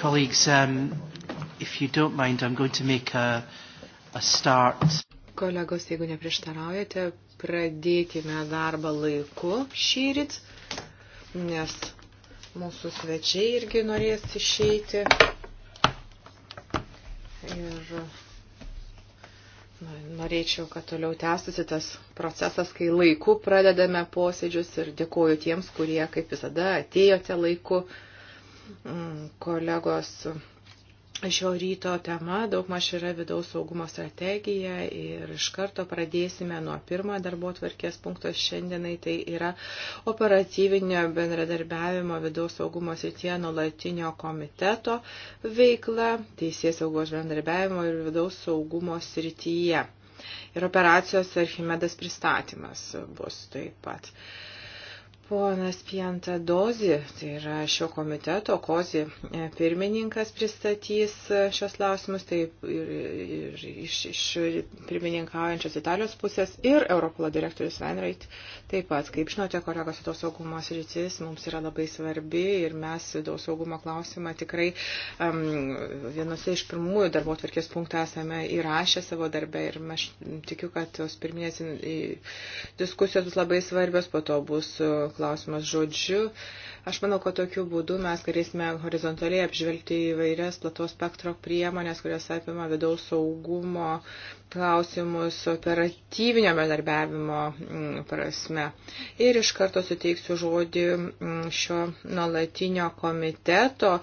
Colleagues, um, if you don't mind, I'm going to make a, a start. Kolegos, jeigu neprieštaraujate, pradėkime darbą laiku šyrit, nes mūsų svečiai irgi norės išeiti. Ir norėčiau, kad toliau tęstusi tas procesas, kai laiku pradedame posėdžius ir dėkoju tiems, kurie, kaip visada, atėjote laiku mm, kolegos šio ryto tema daugmaž yra vidaus saugumo strategija ir iš karto pradėsime nuo pirmo darbo tvarkės punktos šiandienai, tai yra operatyvinio bendradarbiavimo vidaus saugumo srityje nuolatinio komiteto veikla, teisės saugos bendradarbiavimo ir vidaus saugumo srityje. Ir operacijos Archimedas pristatymas bus taip pat. Uh, Ponas Pienta Dozi, tai yra šio komiteto, Kozi e, pirmininkas pristatys e, šios lausimus, taip ir, ir iš, iš pirmininkaujančios Italijos pusės ir Europolo direktorius Venrait. Taip pat, kaip žinote, kolegos vidaus saugumo sritis mums yra labai svarbi ir mes vidaus saugumo klausimą tikrai um, vienose iš pirmųjų darbo tvarkės punktų esame įrašę savo darbę ir aš tikiu, kad tos pirminės diskusijos bus labai svarbios, po to bus klausimas žodžiu. Aš manau, kad tokiu būdu mes galėsime horizontaliai apžvelgti įvairias platos spektro priemonės, kurios apima vidaus saugumo klausimus operatyvinio bendarbiavimo mm, prasme. Ir iš karto suteiksiu žodį mm, šio nuolatinio komiteto,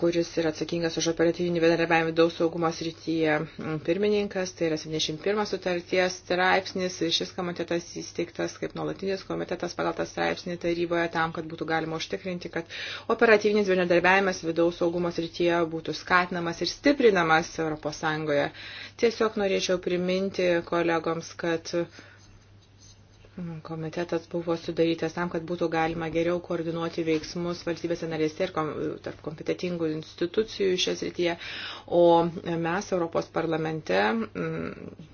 kuris yra atsakingas už operatyvinį bendarbiavimą vidaus saugumo srityje mm, pirmininkas, tai yra 71 sutarties straipsnis ir šis komitetas įsteigtas kaip nuolatinis komitetas pagal tą straipsnį straipsnį taryboje tam, kad būtų galima užtikrinti, kad operatyvinis bendradarbiavimas vidaus saugumos rytyje būtų skatinamas ir stiprinamas ES. Tiesiog norėčiau priminti kolegoms, kad mm, Komitetas buvo sudarytas tam, kad būtų galima geriau koordinuoti veiksmus valstybėse narėse ir kom, tarp kompetitingų institucijų šią srityje, o mes Europos parlamente. Mm,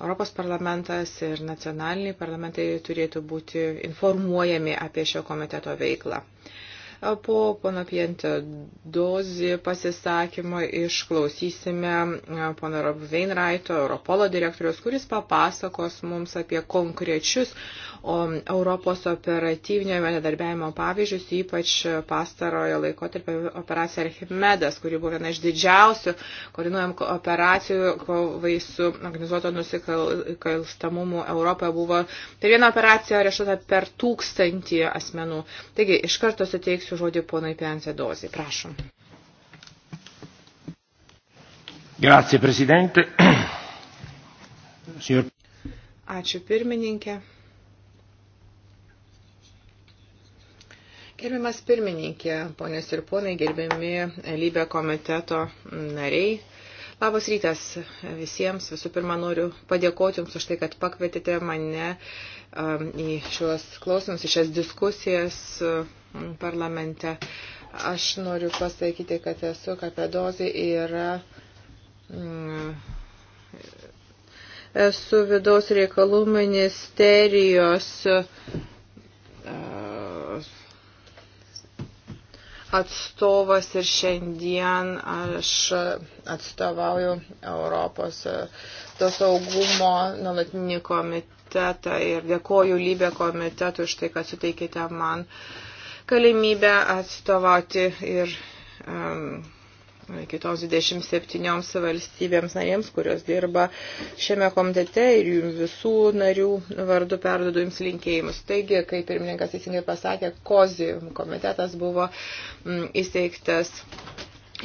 Europos parlamentas ir nacionaliniai parlamentai turėtų būti informuojami apie šio komiteto veiklą. Po pono Pientė dozi pasisakymo išklausysime e, pono Rob Veinraito, Europolo direktorius, kuris papasakos mums apie konkrečius uh, Europos operatyvinio bendradarbiavimo pavyzdžius, ypač pastarojo laikotarpio operacija Archimedas, kuri buvo viena iš didžiausių koordinuojam operacijų kovai su organizuoto nusikalstamumu Europoje buvo. Tai viena operacija areštuota per tūkstantį asmenų. Taigi, iš karto suteiksiu žodį ponai Piancedozį. Prašom. Grazie, Presidente. Signor... Ačiū pirmininkė. Gerbiamas pirmininkė, ponės ir ponai, gerbiami lybė komiteto nariai. Labas rytas visiems. Visų pirma, noriu padėkoti Jums už tai, kad pakvietėte mane um, į šios klausimus, į šias diskusijas um, parlamente. Aš noriu pasakyti, kad esu kapedozė yra. Mm, esu vidaus reikalų ministerijos uh, atstovas ir šiandien aš atstovauju Europos e, to saugumo nuolatinį komitetą ir dėkoju Lybė komitetui už tai, kad suteikite man galimybę atstovauti ir um, kitoms 27 valstybėms narėms, kurios dirba šiame komitete ir jų visų narių vardu perdodu jums linkėjimus. Taigi, kaip pirmininkas teisingai pasakė, kozi komitetas buvo mm, įsteigtas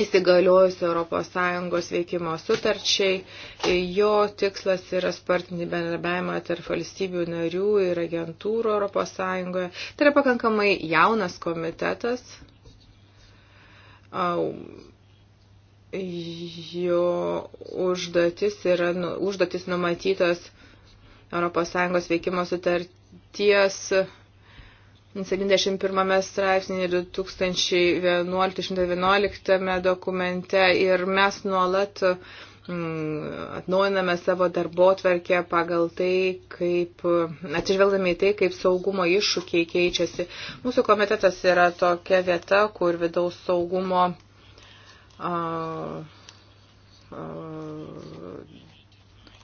įsigaliojus ES veikimo sutarčiai. Jo tikslas yra spartinti bendrabiavimą tarp valstybių narių ir agentūrų ES. Tai yra pakankamai jaunas komitetas jo užduotis yra nu, užduotis numatytos ES veikimo sutarties 71 straipsnį ir 2011 dokumente ir mes nuolat mm, atnaujiname savo darbo tvarkę pagal tai, kaip, atsižvelgdami į tai, kaip saugumo iššūkiai keičiasi. Mūsų komitetas yra tokia vieta, kur vidaus saugumo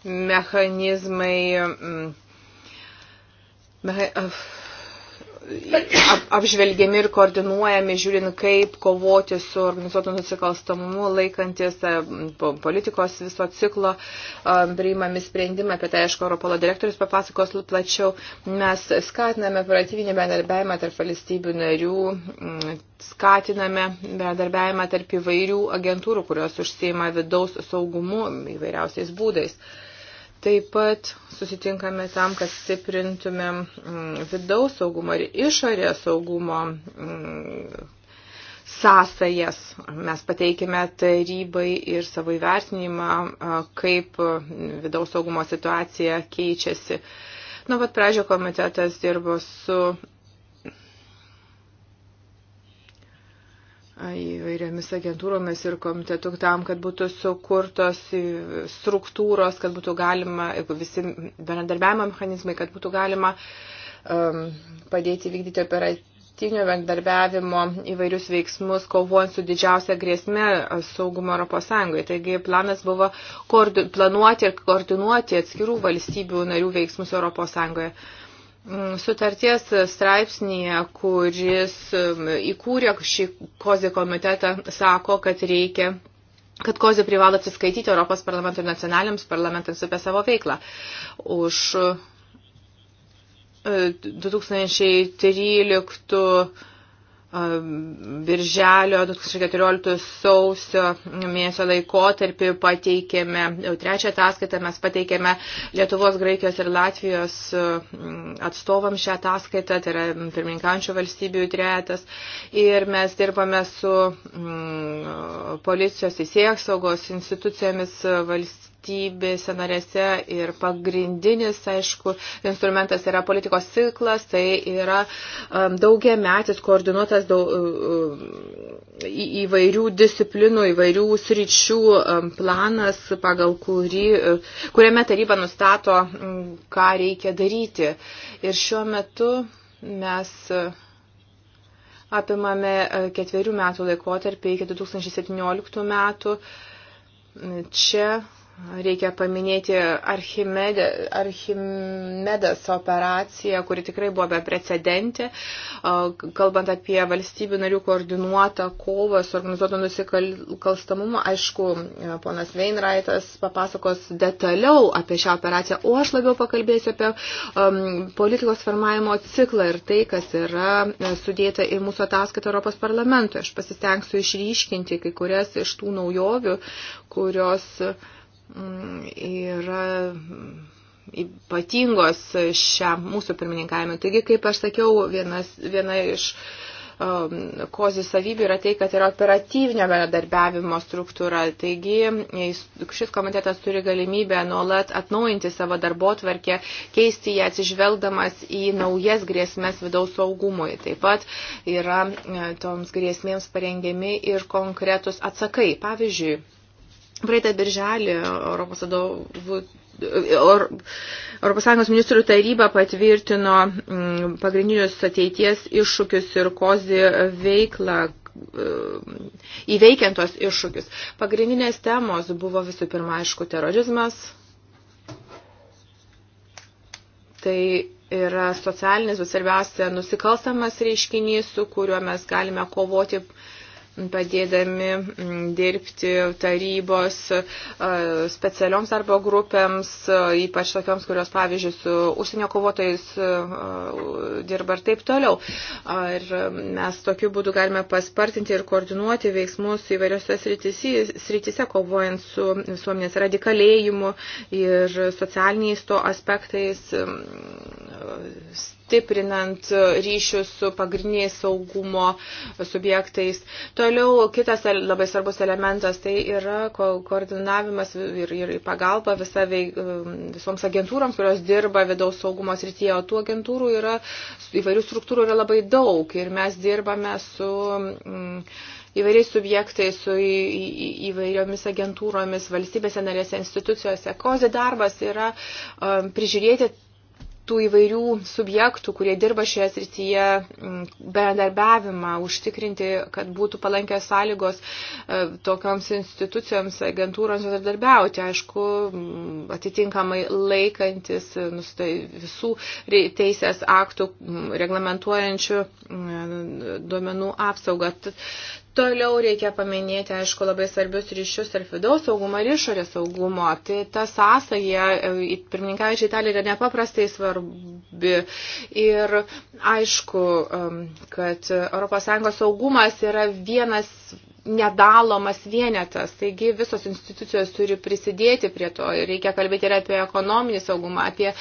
mechanizmai. Mecha, apžvelgiami ir koordinuojami, žiūrint, kaip kovoti su organizuotu nusikalstamumu, laikantis e, politikos viso ciklo, e, priimami sprendimai, apie tai, aišku, Europolo direktorius papasakos plačiau. Mes skatiname operatyvinį bendarbiavimą tarp valstybių narių, skatiname bendarbiavimą tarp įvairių agentūrų, kurios užsieima vidaus saugumu įvairiausiais būdais. Taip pat susitinkame tam, kad stiprintumėm mm, vidaus saugumo ir išorės saugumo mm, sąsajas. Mes pateikime tarybai ir savo įvertinimą, kaip mm, vidaus saugumo situacija keičiasi. Nuo pat pradžio komitetas dirbo su įvairiomis agentūromis ir komitetu tam, kad būtų sukurtos struktūros, kad būtų galima, visi bendradarbiavimo mechanizmai, kad būtų galima um, padėti vykdyti operatyvinio bendradarbiavimo įvairius veiksmus, kovojant su didžiausia grėsme saugumo Europos Sąjungoje. Taigi planas buvo koordi, planuoti ir koordinuoti atskirų valstybių narių veiksmus Europos Sąjungoje. Uh, sutarties straipsnėje, kuris um, įkūrė šį kozį komitetą, sako, kad reikia kad kozė privalo atsiskaityti Europos parlamentui ir nacionaliniams parlamentams apie savo veiklą. Už 2013 uh, Um, birželio 2014 sausio mėnesio laikotarpį pateikėme, jau trečią ataskaitą mes pateikėme Lietuvos, Graikijos ir Latvijos um, atstovams šią ataskaitą, tai yra pirmininkančių valstybių trejatas. Ir mes dirbame su mm, policijos įsieksaugos institucijomis valstybės valstybėse narėse ir pagrindinis, aišku, instrumentas yra politikos ciklas, tai yra um, daugia metis koordinuotas daug, um, įvairių disciplinų, įvairių sričių um, planas, pagal kurį, uh, kuriame taryba nustato, ką reikia daryti. Ir šiuo metu mes uh, apimame uh, ketverių metų laikotarpį iki 2017 metų. Čia Reikia paminėti Archimedė, Archimedas operaciją, kuri tikrai buvo beprecedentė, kalbant apie valstybių narių koordinuotą kovą su organizuotu nusikalstamumu. Aišku, ponas Veinraitas papasakos detaliau apie šią operaciją, o aš labiau pakalbėsiu apie um, politikos formavimo ciklą ir tai, kas yra sudėta į mūsų ataskaitą Europos parlamentui. Aš pasistengsiu išryškinti kai kurias iš tų naujovių, kurios uh, Mm, yra ypatingos šiam mūsų pirmininkavimui. Taigi, kaip aš sakiau, vienas, viena iš um, kozį savybių yra tai, kad yra operatyvinio bendradarbiavimo struktūra. Taigi šis komitetas turi galimybę nuolat atnaujinti savo darbo tvarkę, keisti ją atsižvelgdamas į naujas grėsmės vidaus saugumui. Taip pat yra e, toms grėsmėms parengiami ir konkretus atsakai. Pavyzdžiui, Praeitą birželį Europos vadovų Europos Sąjungos ministrų taryba patvirtino mm, pagrindinius ateities iššūkius ir kozi veiklą e, įveikiant tos iššūkius. Pagrindinės temos buvo visų pirma, aišku, terorizmas. Tai yra socialinis, bet svarbiausia, nusikalstamas reiškinys, su kuriuo mes galime kovoti uh, padėdami mm, dirbti tarybos specialioms darbo grupėms, ypač tokioms, kurios, pavyzdžiui, su užsienio kovotojais dirba ir taip toliau. Ir mes tokiu būdu galime paspartinti ir koordinuoti veiksmus įvairiose srityse, kovojant su visuomenės radikalėjimu ir socialiniais to aspektais stiprinant e, ryšius su pagrindiniais saugumo subjektais. Toliau kitas labai svarbus elementas tai yra koordinavimas ir, ir pagalba visa veik, e, visoms agentūroms, kurios dirba vidaus saugumo srityje, o tų agentūrų yra, įvairių struktūrų yra labai daug ir mes dirbame su. Mm, įvairiais subjektais, su į, į, įvairiomis agentūromis, valstybėse narėse, institucijose. Kozi darbas yra um, prižiūrėti tų įvairių subjektų, kurie dirba šioje srityje, bendarbiavimą, užtikrinti, kad būtų palankios sąlygos e, tokioms institucijoms, agentūroms bendarbiauti, aišku, atitinkamai laikantis e, visų teisės aktų reglamentuojančių duomenų apsaugą. Toliau reikia paminėti, aišku, labai svarbius ryšius tarp vidaus saugumo ir išorės saugumo. Tai ta sąsaja, e, pirmininkaičiai Italija, yra nepaprastai svarbi. Ir aišku, kad ES saugumas yra vienas nedalomas vienetas. Taigi visos institucijos turi prisidėti prie to. Reikia kalbėti ir apie ekonominį saugumą, apie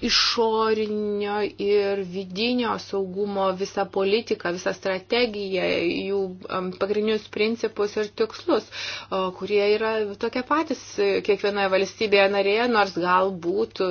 išorinio ir vidinio saugumo visą politiką, visą strategiją, jų um, pagrindinius principus ir tikslus, kurie yra tokie patys kiekvienoje valstybėje narėje, nors galbūt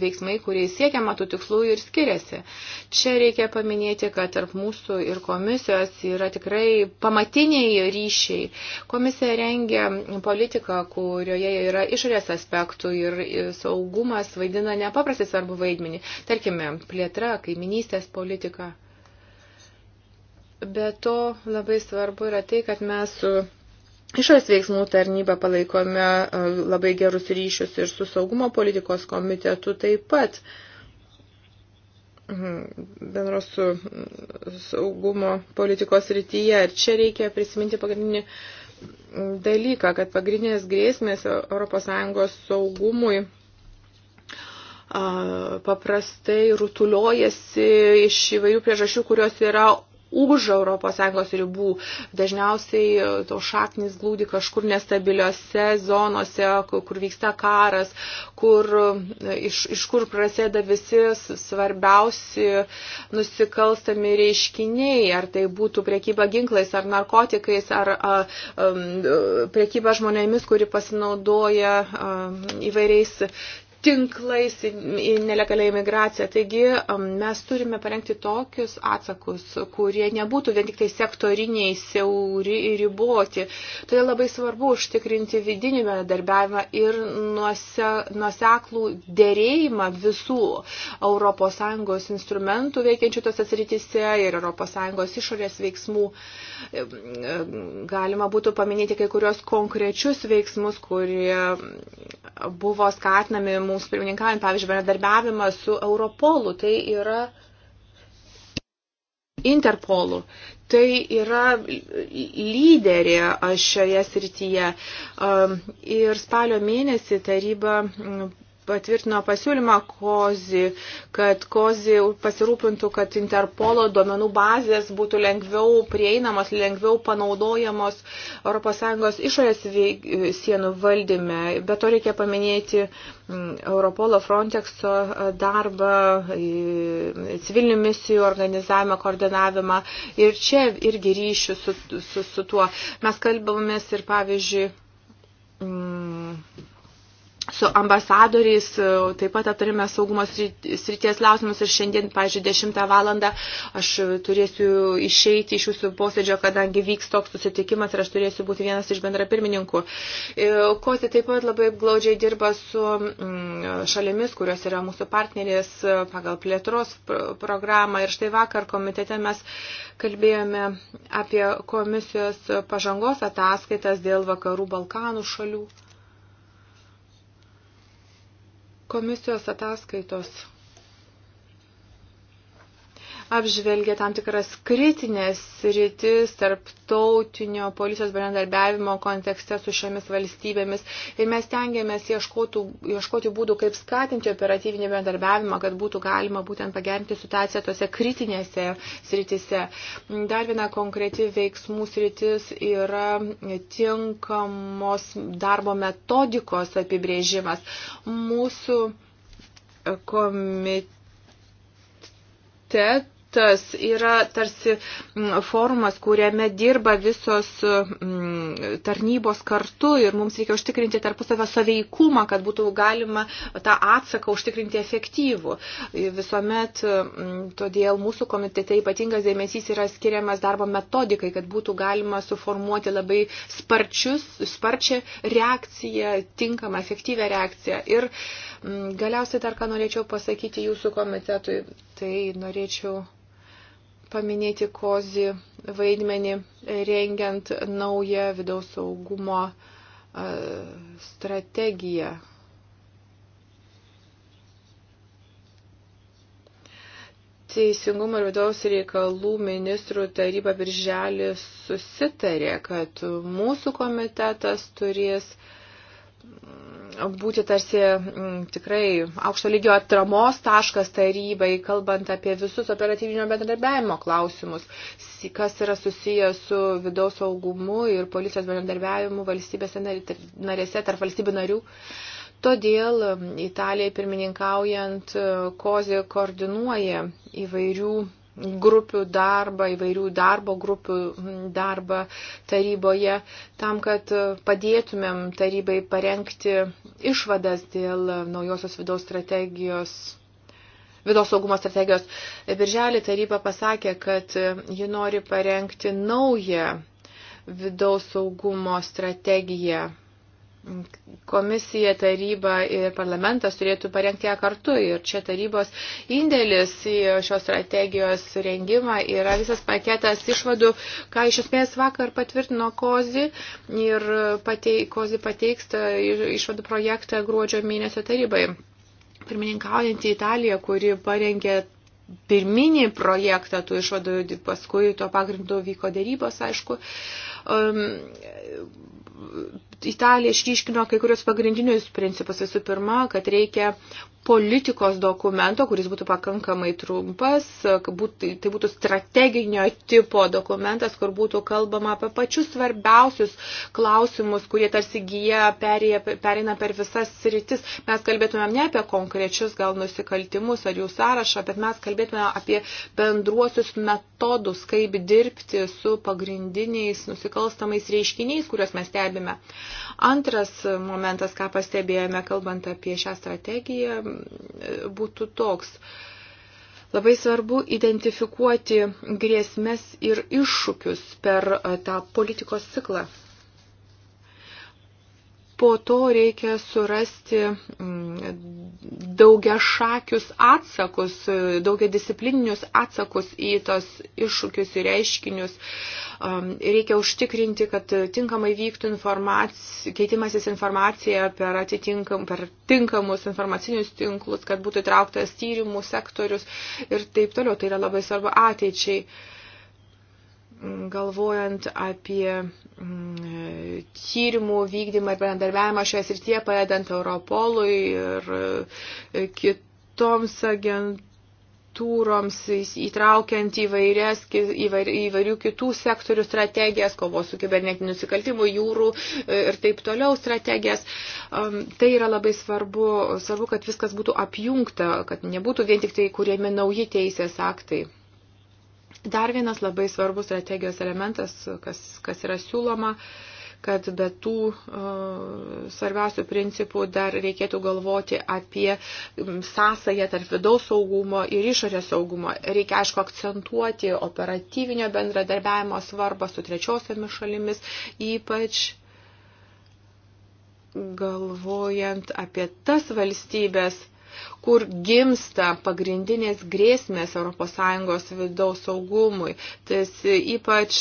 veiksmai, kurie siekiama tų tikslų ir skiriasi. Čia reikia paminėti, kad tarp mūsų ir komisijos yra tikrai pamatiniai ryšiai. Komisija rengia politiką, kurioje yra išorės aspektų ir saugumas vaidina nepaprastai svarbu vaidmenį. Tarkime, plėtra, kaiminystės politika. Be to labai svarbu yra tai, kad mes su Išorės veiksmų tarnybą palaikome e, labai gerus ryšius ir su saugumo politikos komitetu taip pat mhm, bendros su saugumo politikos rytyje. Ir čia reikia prisiminti pagrindinį dalyką, kad pagrindinės grėsmės ES saugumui paprastai rutuliojasi iš įvairių priežasčių, kurios yra už ES ribų. Dažniausiai to šaknis glūdi kažkur nestabiliose zonose, kur vyksta karas, kur, iš, iš kur prasėda visi svarbiausi nusikalstami reiškiniai, ar tai būtų priekyba ginklais, ar narkotikais, ar a, a, priekyba žmonėmis, kuri pasinaudoja a, įvairiais tinklais į nelegalią imigraciją. Taigi um, mes turime parengti tokius atsakus, kurie nebūtų vien tik tai sektoriniai, siauri ir riboti. Todėl labai svarbu užtikrinti vidinį bendarbiavimą ir nuoseklų dėrėjimą visų ES instrumentų veikiančių tose sritise ir ES išorės veiksmų. Galima būtų paminėti kai kurios konkrečius veiksmus, kurie buvo skatinami mūsų mums pirmininkaujant, pavyzdžiui, bendradarbiavimą su Europolu, tai yra Interpolu. Tai yra lyderė šioje srityje. Um, ir spalio mėnesį taryba patvirtino pasiūlymą Kozi, kad Kozi pasirūpintų, kad Interpolo duomenų bazės būtų lengviau prieinamos, lengviau panaudojamos ES išorės sienų valdyme. Be to reikia paminėti Europolo Frontexo darbą, civilinių misijų organizavimą, koordinavimą ir čia irgi ryšių su, su, su tuo. Mes kalbamės ir pavyzdžiui, su ambasadoriais, e, taip pat aptarėme saugumo srities klausimus ir šiandien, pažiūrėjau, 10 valandą aš turėsiu išeiti iš jūsų posėdžio, kadangi vyks toks susitikimas ir aš turėsiu būti vienas iš bendra pirmininkų. E, Kosi taip pat labai glaudžiai dirba su mm, šalimis, kurios yra mūsų partnerės e, pagal plėtros programą ir štai vakar komitete mes kalbėjome apie komisijos pažangos ataskaitas dėl vakarų Balkanų šalių. Komisijos ataskaitos apžvelgia tam tikras kritinės rytis tarptautinio policijos bendradarbiavimo kontekste su šiomis valstybėmis. Ir mes tengiamės ieškotų, ieškoti būdų, kaip skatinti operatyvinį bendradarbiavimą, kad būtų galima būtent pagerinti situaciją tose kritinėse sritise. Dar viena konkreti veiksmų sritis yra tinkamos darbo metodikos apibrėžimas. Mūsų komitetas aktas yra tarsi formas, kuriame dirba visos tarnybos kartu ir mums reikia užtikrinti tarpusavio saveikumą, kad būtų galima tą atsaką užtikrinti efektyvų. Visuomet todėl mūsų komitete ypatingas dėmesys yra skiriamas darbo metodikai, kad būtų galima suformuoti labai sparčius, sparčią reakciją, tinkamą, efektyvę reakciją. Ir galiausiai dar ką norėčiau pasakyti jūsų komitetui, tai norėčiau paminėti kozi vaidmenį rengiant naują vidaus saugumo strategiją. Teisingumo ir vidaus reikalų ministrų taryba birželį susitarė, kad mūsų komitetas turės būti tarsi m, mm, tikrai aukšto lygio atramos taškas tarybai, kalbant apie visus operatyvinio bendradarbiavimo klausimus, kas yra susijęs su vidaus saugumu ir policijos bendradarbiavimu valstybėse narėse tarp valstybių narių. Todėl mm, Italijai pirmininkaujant kozė e, koordinuoja įvairių grupių darbą, įvairių darbo grupių darbą taryboje, tam, kad padėtumėm tarybai parengti išvadas dėl naujosios vidaus strategijos vidaus saugumo strategijos. Birželį taryba pasakė, kad ji nori parengti naują vidaus saugumo strategiją komisija, taryba ir parlamentas turėtų parengti ją kartu. Ir čia tarybos indėlis į šios strategijos rengimą yra visas paketas išvadų, ką iš esmės vakar patvirtino Kozi ir patei, Kozi pateiksta išvadų projektą gruodžio mėnesio tarybai. Pirmininkaujantį Italiją, kuri parengė pirminį projektą tų išvadų, paskui tuo pagrindu vyko dėrybos, aišku. Um, Italija išryškino kai kurios pagrindinius principus. Visų pirma, kad reikia politikos dokumento, kuris būtų pakankamai trumpas, tai, tai būtų strateginio tipo dokumentas, kur būtų kalbama apie pačius svarbiausius klausimus, kurie tarsi gyja perina per visas sritis. Mes kalbėtumėm ne apie konkrečius gal nusikaltimus ar jų sąrašą, bet mes kalbėtumėm apie bendruosius metodus, kaip dirbti su pagrindiniais nusikalstamais reiškiniais, kuriuos mes stebime. Antras momentas, ką pastebėjome, kalbant apie šią strategiją, būtų toks. Labai svarbu identifikuoti grėsmes ir iššūkius per tą politikos ciklą po to reikia surasti mm, daugia šakius atsakus, daugia disciplininius atsakus į tos iššūkius ir reiškinius. Um, reikia užtikrinti, kad tinkamai vyktų informacija, keitimasis informacija per, atitinkam, per tinkamus informacinius tinklus, kad būtų įtrauktas tyrimų sektorius ir taip toliau. Tai yra labai svarbu ateičiai galvojant apie mm, tyrimų vykdymą ir bendarbiavimą šioje srityje, padedant Europolui ir e, kitoms agentūroms, įtraukiant įvairias, įvair, įvairių kitų sektorių strategijas, kovos su kibernetiniu nusikaltimu, jūrų e, ir taip toliau strategijas. Tai yra labai svarbu, svarbu, kad viskas būtų apjungta, kad nebūtų vien tik tai kuriami nauji teisės aktai. Dar vienas labai svarbus strategijos elementas, kas, kas yra siūloma, kad be tų uh, svarbiausių principų dar reikėtų galvoti apie sąsąją tarp vidaus saugumo ir išorės saugumo. Reikia, aišku, akcentuoti operatyvinio bendradarbiavimo svarbą su trečiosiamis šalimis, ypač galvojant apie tas valstybės, kur gimsta pagrindinės grėsmės ES vidaus saugumui. Tas ypač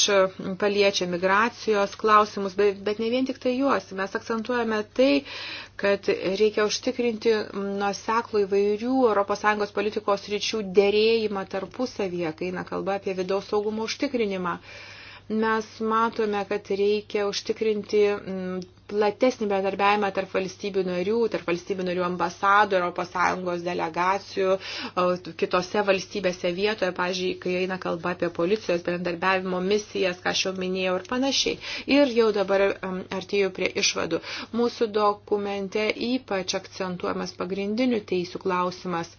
paliečia migracijos klausimus, bet, bet ne vien tik tai juos. Mes akcentuojame tai, kad reikia užtikrinti nuseklų įvairių ES politikos ryčių dėrėjimą tarpusavyje, kai eina kalba apie vidaus saugumo užtikrinimą mes matome, kad reikia užtikrinti platesnį bendarbiavimą tarp valstybių narių, tarp valstybių narių ambasadų, ES delegacijų, kitose valstybėse vietoje, pažiūrėjau, kai eina kalba apie policijos bendarbiavimo misijas, ką aš jau minėjau ir panašiai. Ir jau dabar artėjau prie išvadų. Mūsų dokumente ypač akcentuojamas pagrindinių teisų klausimas.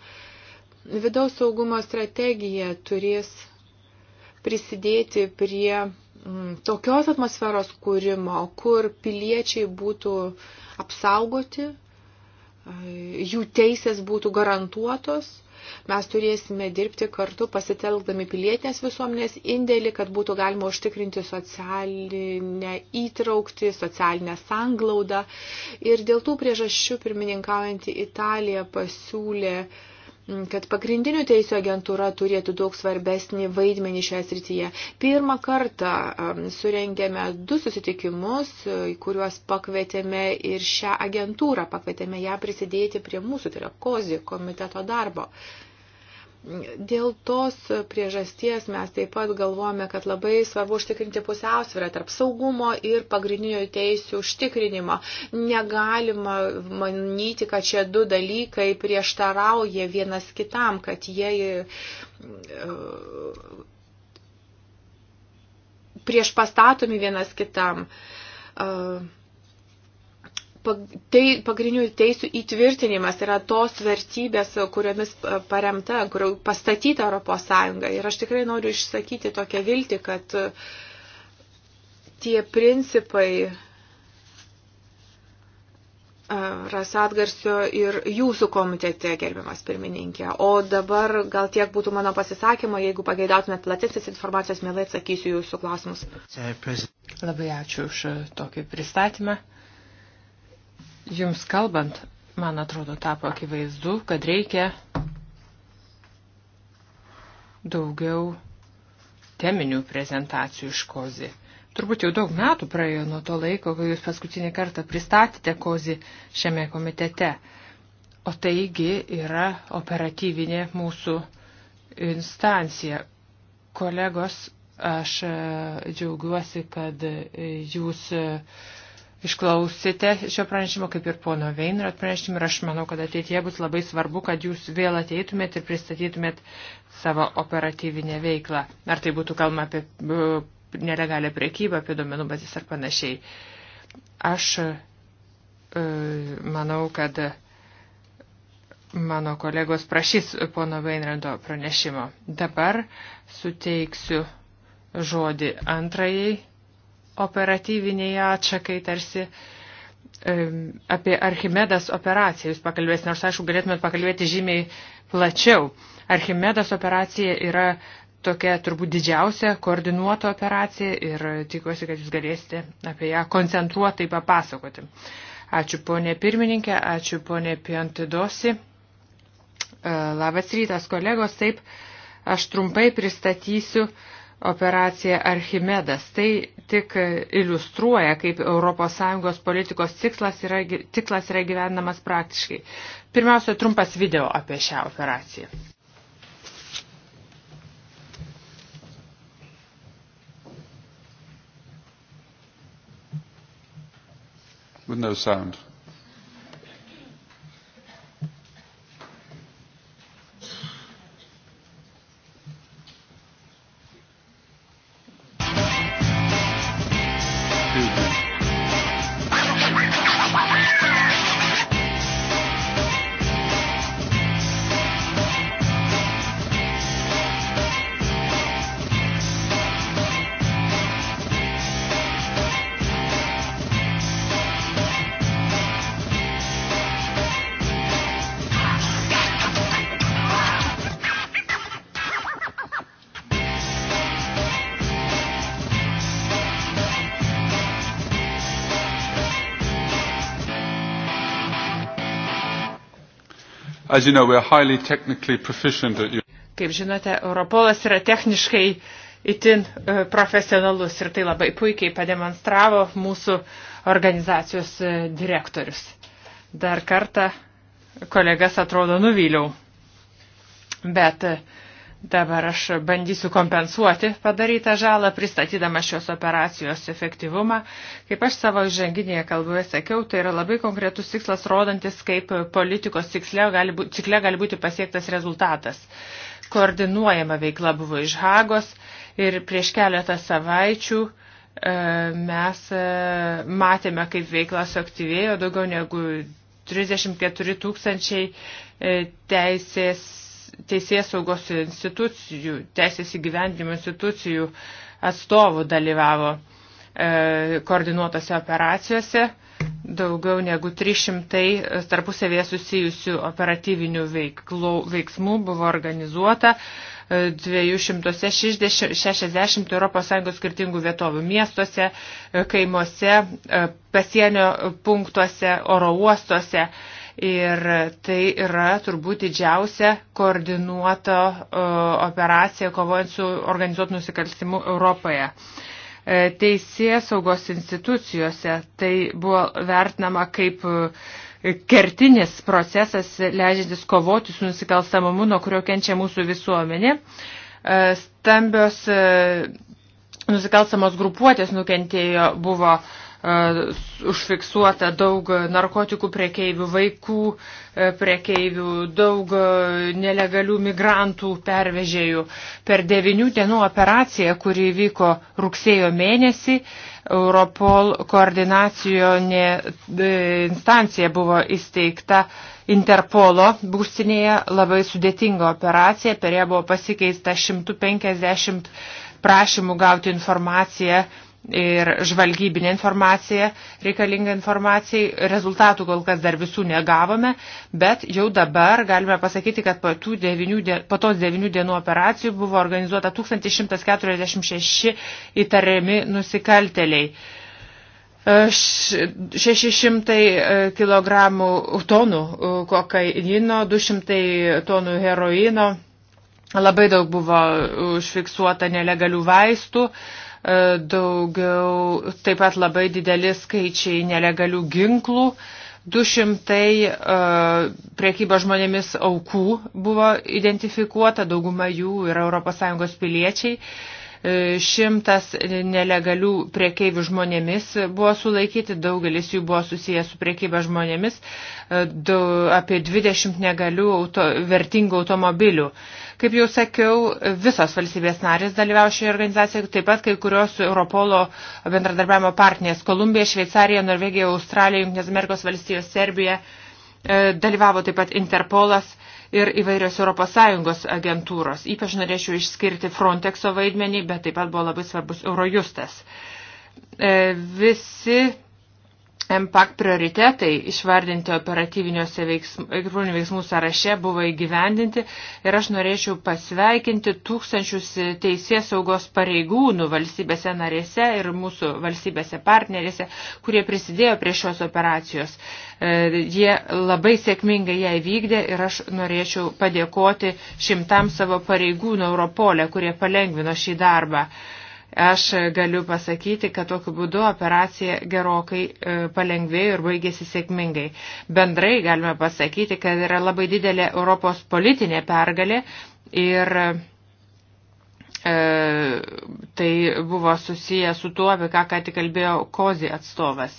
Vidaus saugumo strategija turės prisidėti prie Mm, tokios atmosferos kūrimo, kur piliečiai būtų apsaugoti, e, jų teisės būtų garantuotos. Mes turėsime dirbti kartu pasitelkdami pilietinės visuomenės indėlį, kad būtų galima užtikrinti socialinę įtraukti, socialinę sanglaudą. Ir dėl tų priežasčių pirmininkaujantį Italiją pasiūlė uh, Mm, kad pagrindinių teisų agentūra turėtų daug svarbesnį vaidmenį šioje srityje. Pirmą kartą mm, surengėme du susitikimus, e, į kuriuos pakvietėme ir šią agentūrą, pakvietėme ją prisidėti prie mūsų, tai yra kozi komiteto darbo. Uh, Dėl tos priežasties mes taip pat galvojame, kad labai svarbu užtikrinti pusiausvyrą tarp saugumo ir pagrindinių teisių užtikrinimo. Negalima manyti, kad šie du dalykai prieštarauja vienas kitam, kad jie e, prieš pastatomi vienas kitam. Uh, tai pagrindinių teisų įtvirtinimas yra tos vertybės, kuriomis e, paremta, kurio pastatyta Europos Sąjunga. Ir aš tikrai noriu išsakyti tokią viltį, kad e, tie principai e, ras atgarsio ir jūsų komitete, gerbiamas pirmininkė. O dabar gal tiek būtų mano pasisakymo, jeigu pageidautumėt platesnės informacijos, mielai atsakysiu jūsų klausimus. Labai ačiū už tokį pristatymą. Jums kalbant, man atrodo, tapo akivaizdu, kad reikia daugiau teminių prezentacijų iš kozi. Turbūt jau daug metų praėjo nuo to laiko, kai jūs paskutinį kartą pristatėte kozi šiame komitete. O taigi yra operatyvinė mūsų instancija. Kolegos, aš e, džiaugiuosi, kad e, jūs e, išklausėte šio pranešimo, kaip ir pono Veinrat pranešimą ir aš manau, kad ateityje bus labai svarbu, kad jūs vėl ateitumėt ir pristatytumėt savo operatyvinę veiklą. Ar tai būtų kalba apie uh, nelegalią priekybą, apie domenų bazės ar panašiai. Aš uh, manau, kad mano kolegos prašys pono Veinrando pranešimo. Dabar suteiksiu žodį antrajai operatyviniai atšakai tarsi apie Archimedas operaciją jūs pakalbėsite, nors aišku galėtumėt pakalbėti žymiai plačiau. Archimedas operacija yra tokia turbūt didžiausia koordinuota operacija ir tikiuosi, kad jūs galėsite apie ją koncentruotai papasakoti. Ačiū ponė pirmininkė, ačiū ponė Piantidosi. E, labas rytas, kolegos. Taip, aš trumpai pristatysiu uh, operacija Archimedas. Tai tik iliustruoja, kaip ES politikos tikslas yra, tikslas yra gyvenamas praktiškai. Pirmiausia, trumpas video apie šią operaciją. With no sound. As you know, we are highly technically proficient at Kaip žinote, Europolas yra techniškai itin e, profesionalus ir tai labai puikiai pademonstravo mūsų organizacijos e, direktorius. Dar kartą kolegas atrodo nuvyliau. Bet uh, Dabar aš bandysiu kompensuoti padarytą žalą, pristatydama šios operacijos efektyvumą. Kaip aš savo įženginėje kalboje sakiau, tai yra labai konkretus tikslas, rodantis, kaip politikos cikle gali, būti, cikle gali būti pasiektas rezultatas. Koordinuojama veikla buvo iš Hagos ir prieš keletą savaičių e, mes e, matėme, kaip veikla suaktyvėjo daugiau negu 34 tūkstančiai e, teisės teisės saugos institucijų, teisės įgyvendimo institucijų atstovų dalyvavo e, koordinuotose operacijose, daugiau negu 300 e, tarpusavėje susijusių operatyvinių veiklų, veiksmų buvo organizuota 260 e, ES skirtingų vietovių miestuose, e, kaimuose, pasienio punktuose, oro uostuose. E, Ir tai yra turbūt didžiausia koordinuota e, operacija kovojant su organizuotų nusikalstimu Europoje e, teisės saugos institucijose. Tai buvo vertinama kaip e, kertinis procesas, leidžiantis kovoti su nusikalstamumu, nuo kurio kenčia mūsų visuomenė. Stambios nusikalstamos grupuotės nukentėjo buvo uh, užfiksuota daug narkotikų prekeivių, vaikų e, prekeivių, daug e, nelegalių migrantų pervežėjų. Per devinių dienų operaciją, kuri vyko rugsėjo mėnesį, Europol koordinacijonė e, instancija buvo įsteigta Interpolo būstinėje, labai sudėtinga operacija, per ją buvo pasikeista 150 prašymų gauti informaciją ir žvalgybinė informacija, reikalinga informacijai. Rezultatų kol kas dar visų negavome, bet jau dabar galime pasakyti, kad po, devinių, po tos devinių dienų operacijų buvo organizuota 1146 įtariami nusikalteliai. 600 e, e, kg tonų e, kokainino, 200 tonų heroino, labai daug buvo užfiksuota nelegalių vaistų, E, daugiau, taip pat labai dideli skaičiai nelegalių ginklų. 200 uh, e, priekybo žmonėmis aukų buvo identifikuota, dauguma jų yra ES piliečiai. Uh, E, šimtas nelegalių priekeivių žmonėmis buvo sulaikyti, daugelis jų buvo susijęs su priekyba žmonėmis, e, du, apie 20 negalių auto, vertingų automobilių. Kaip jau sakiau, visos valstybės narės dalyvauja šioje organizacijoje, taip pat kai kurios Europolo bendradarbiavimo partnės - Kolumbija, Šveicarija, Norvegija, Australija, Junktinės Amerikos valstijos, Serbija. E, dalyvavo taip pat Interpolas ir įvairios ES agentūros. Ypač norėčiau išskirti Frontexo vaidmenį, bet taip pat buvo labai svarbus Eurojustas. E, visi MPAC prioritetai išvardinti operatyviniuose veiksmų, veiksmų sąraše buvo įgyvendinti ir aš norėčiau pasveikinti tūkstančius teisės saugos pareigūnų valstybėse narėse ir mūsų valstybėse partnerėse, kurie prisidėjo prie šios operacijos. E, jie labai sėkmingai ją įvykdė ir aš norėčiau padėkoti šimtam savo pareigūnų Europolė, kurie palengvino šį darbą. Aš galiu pasakyti, kad tokiu būdu operacija gerokai e, palengvėjo ir baigėsi sėkmingai. Bendrai galime pasakyti, kad yra labai didelė Europos politinė pergalė ir E, tai buvo susiję su tuo, apie ką ką tik kalbėjo Kozi atstovas.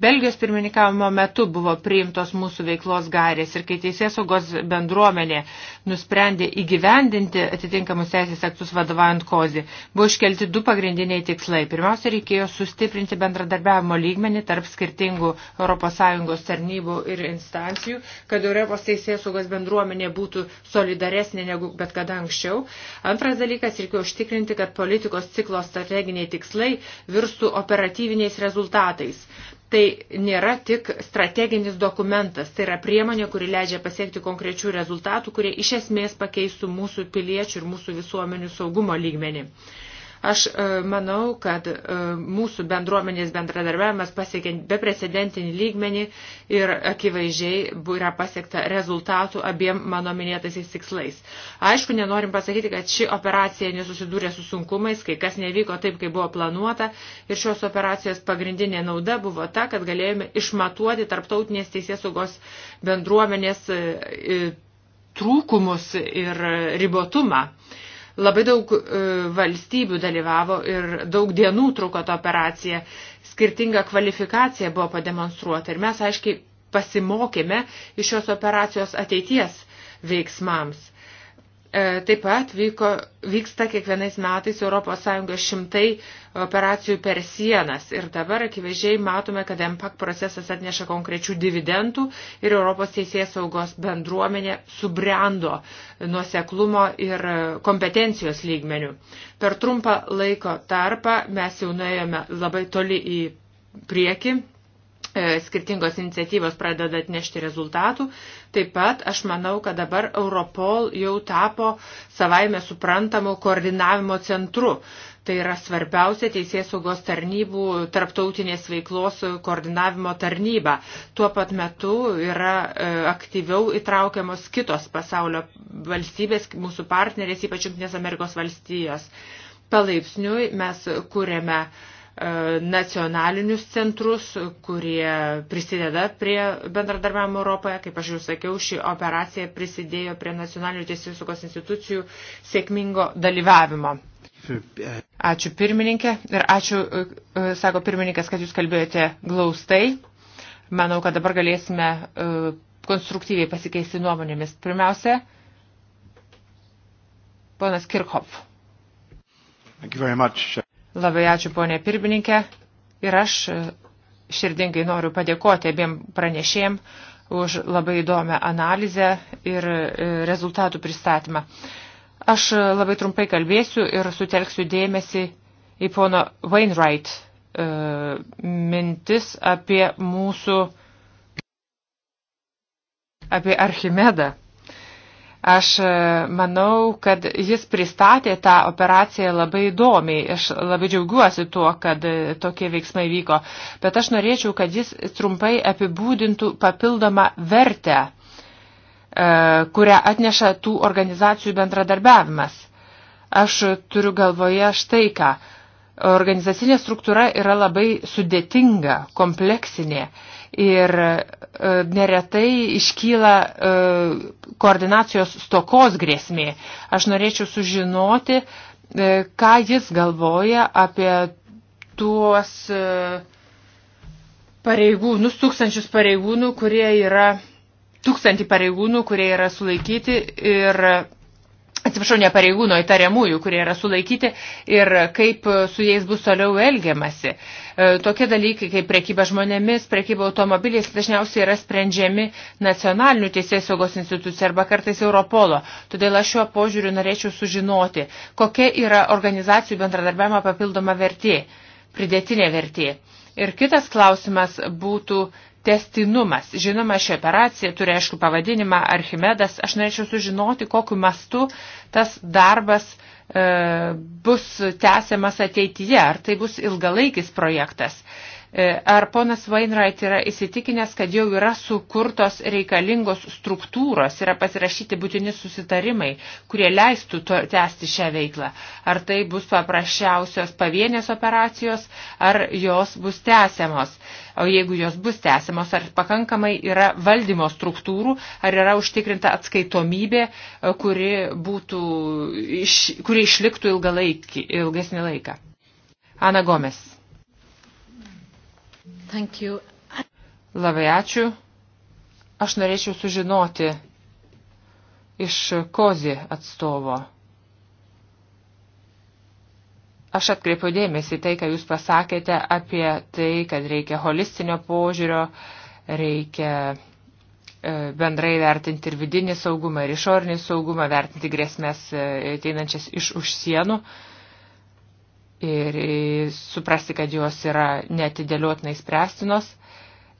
Belgijos pirmininkavimo metu buvo priimtos mūsų veiklos gairės ir kai teisėsaugos bendruomenė nusprendė įgyvendinti atitinkamus teisės aktus vadovaujant Kozi, buvo iškelti du pagrindiniai tikslai. Pirmiausia, reikėjo sustiprinti bendradarbiavimo lygmenį tarp skirtingų ES tarnybų ir instancijų, kad Europos teisėsaugos bendruomenė būtų solidaresnė negu bet kada anksčiau. Antras dalykas, reikėjo užtikrinti, kad politikos ciklo strateginiai tikslai virstų operatyviniais rezultatais. Tai nėra tik strateginis dokumentas, tai yra priemonė, kuri leidžia pasiekti konkrečių rezultatų, kurie iš esmės pakeistų mūsų piliečių ir mūsų visuomenių saugumo lygmenį. Aš e, manau, kad e, mūsų bendruomenės bendradarbiavimas pasiekė beprecedentinį lygmenį ir akivaizdžiai yra pasiekta rezultatų abiem mano minėtaisiais tikslais. Aišku, nenorim pasakyti, kad ši operacija nesusidūrė su sunkumais, kai kas nevyko taip, kaip buvo planuota ir šios operacijos pagrindinė nauda buvo ta, kad galėjome išmatuoti tarptautinės teisės saugos bendruomenės e, trūkumus ir ribotumą. Labai daug e, valstybių dalyvavo ir daug dienų truko ta operacija. Skirtinga kvalifikacija buvo pademonstruota ir mes aiškiai pasimokėme iš šios operacijos ateities veiksmams. E, taip pat vyko, vyksta kiekvienais metais ES šimtai operacijų per sienas ir dabar akivaizdžiai matome, kad MPAC procesas atneša konkrečių dividendų ir Europos teisės saugos bendruomenė subrendo nuoseklumo ir kompetencijos lygmenių. Per trumpą laiko tarpą mes jau nuėjome labai toli į priekį E, skirtingos iniciatyvos pradeda atnešti rezultatų. Taip pat aš manau, kad dabar Europol jau tapo savaime suprantamų koordinavimo centru. Tai yra svarbiausia teisės saugos tarnybų tarptautinės veiklos koordinavimo tarnyba. Tuo pat metu yra e, aktyviau įtraukiamos kitos pasaulio valstybės, mūsų partnerės, ypač Junktinės Amerikos valstijos. Palaipsniui mes kūrėme e, E, nacionalinius centrus, kurie prisideda prie bendradarbiavimo Europoje. Kaip aš jau sakiau, ši operacija prisidėjo prie nacionalinių teisėsaugos institucijų sėkmingo dalyvavimo. Ačiū pirmininkė ir ačiū, e, e, sako pirmininkas, kad jūs kalbėjote glaustai. Manau, kad dabar galėsime konstruktyviai pasikeisti nuomonėmis. Pirmiausia, ponas Kirchhoff. Labai ačiū, ponė pirmininkė. Ir aš e, širdingai noriu padėkoti abiem pranešėjim už labai įdomią analizę ir e, rezultatų pristatymą. Aš e, labai trumpai kalbėsiu ir sutelksiu dėmesį į pono Wainwright mintis apie mūsų, apie Archimedą. Aš e, manau, kad jis pristatė tą operaciją labai įdomiai. Aš labai džiaugiuosi tuo, kad e, tokie veiksmai vyko. Bet aš norėčiau, kad jis trumpai apibūdintų papildomą vertę, e, kurią atneša tų organizacijų bendradarbiavimas. Aš turiu galvoje štai ką. Organizacinė struktūra yra labai sudėtinga, kompleksinė Ir e, neretai iškyla e, koordinacijos stokos grėsmė. Aš norėčiau sužinoti, e, ką jis galvoja apie tuos pareigūnus, tūkstančius pareigūnų, kurie yra, tūkstantį pareigūnų, kurie yra sulaikyti ir atsiprašau, ne pareigūno įtariamųjų, kurie yra sulaikyti ir kaip su jais bus toliau elgiamasi. E, tokie dalykai kaip prekyba žmonėmis, prekyba automobiliais dažniausiai yra sprendžiami nacionalinių teisės saugos institucijų arba kartais Europolo. Todėl aš šiuo požiūriu norėčiau sužinoti, kokia yra organizacijų bendradarbiavimo papildoma vertė, pridėtinė vertė. Ir kitas klausimas būtų testinumas. Žinoma, ši operacija turi aišku pavadinimą Archimedas. Aš norėčiau sužinoti, kokiu mastu tas darbas e, bus tęsiamas ateityje. Ar tai bus ilgalaikis projektas? E, E, ar ponas Wainwright yra įsitikinęs, kad jau yra sukurtos reikalingos struktūros, yra pasirašyti būtini susitarimai, kurie leistų to, tęsti šią veiklą? Ar tai bus paprasčiausios pavienės operacijos, ar jos bus tęsiamos? O jeigu jos bus tęsiamos, ar pakankamai yra valdymo struktūrų, ar yra užtikrinta atskaitomybė, e, kuri, būtų, iš, kuri išliktų ilgalaikį, ilgesnį laiką? Ana Gomes. Labai ačiū. Aš norėčiau sužinoti iš Kozi atstovo. Aš atkreipiu dėmesį tai, ką jūs pasakėte apie tai, kad reikia holistinio požiūrio, reikia e, bendrai vertinti ir vidinį saugumą, ir išorinį saugumą, vertinti grėsmės e, ateinančias iš už sienų. Uh, ir suprasti, kad jos yra netidėliotinai spręstinos.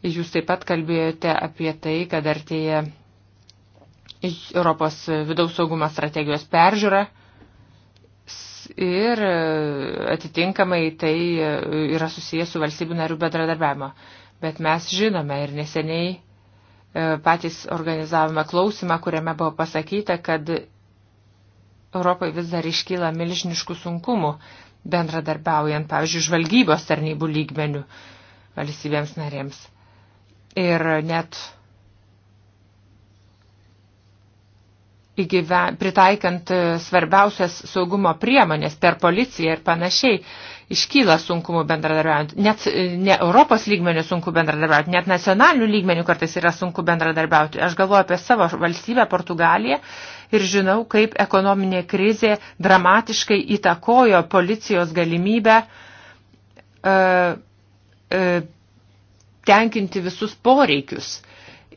Jūs taip pat kalbėjote apie tai, kad artėja Europos vidaus saugumo strategijos peržiūra ir atitinkamai tai yra susijęs su valstybių narių bendradarbiavimo. Bet mes žinome ir neseniai e, patys organizavome klausimą, kuriame buvo pasakyta, kad Europai vis dar iškyla milžiniškų sunkumų bendradarbiaujant, pavyzdžiui, žvalgybos tarnybų lygmenių valstybėms narėms. Ir net įgyve, pritaikant e, svarbiausias saugumo priemonės per policiją ir panašiai, iškyla sunkumų bendradarbiaujant. Net e, ne Europos lygmenių sunku bendradarbiauti, net nacionalinių lygmenių kartais yra sunku bendradarbiauti. Aš galvoju apie savo valstybę Portugaliją ir žinau, kaip ekonominė krizė dramatiškai įtakojo policijos galimybę uh, uh, tenkinti visus poreikius.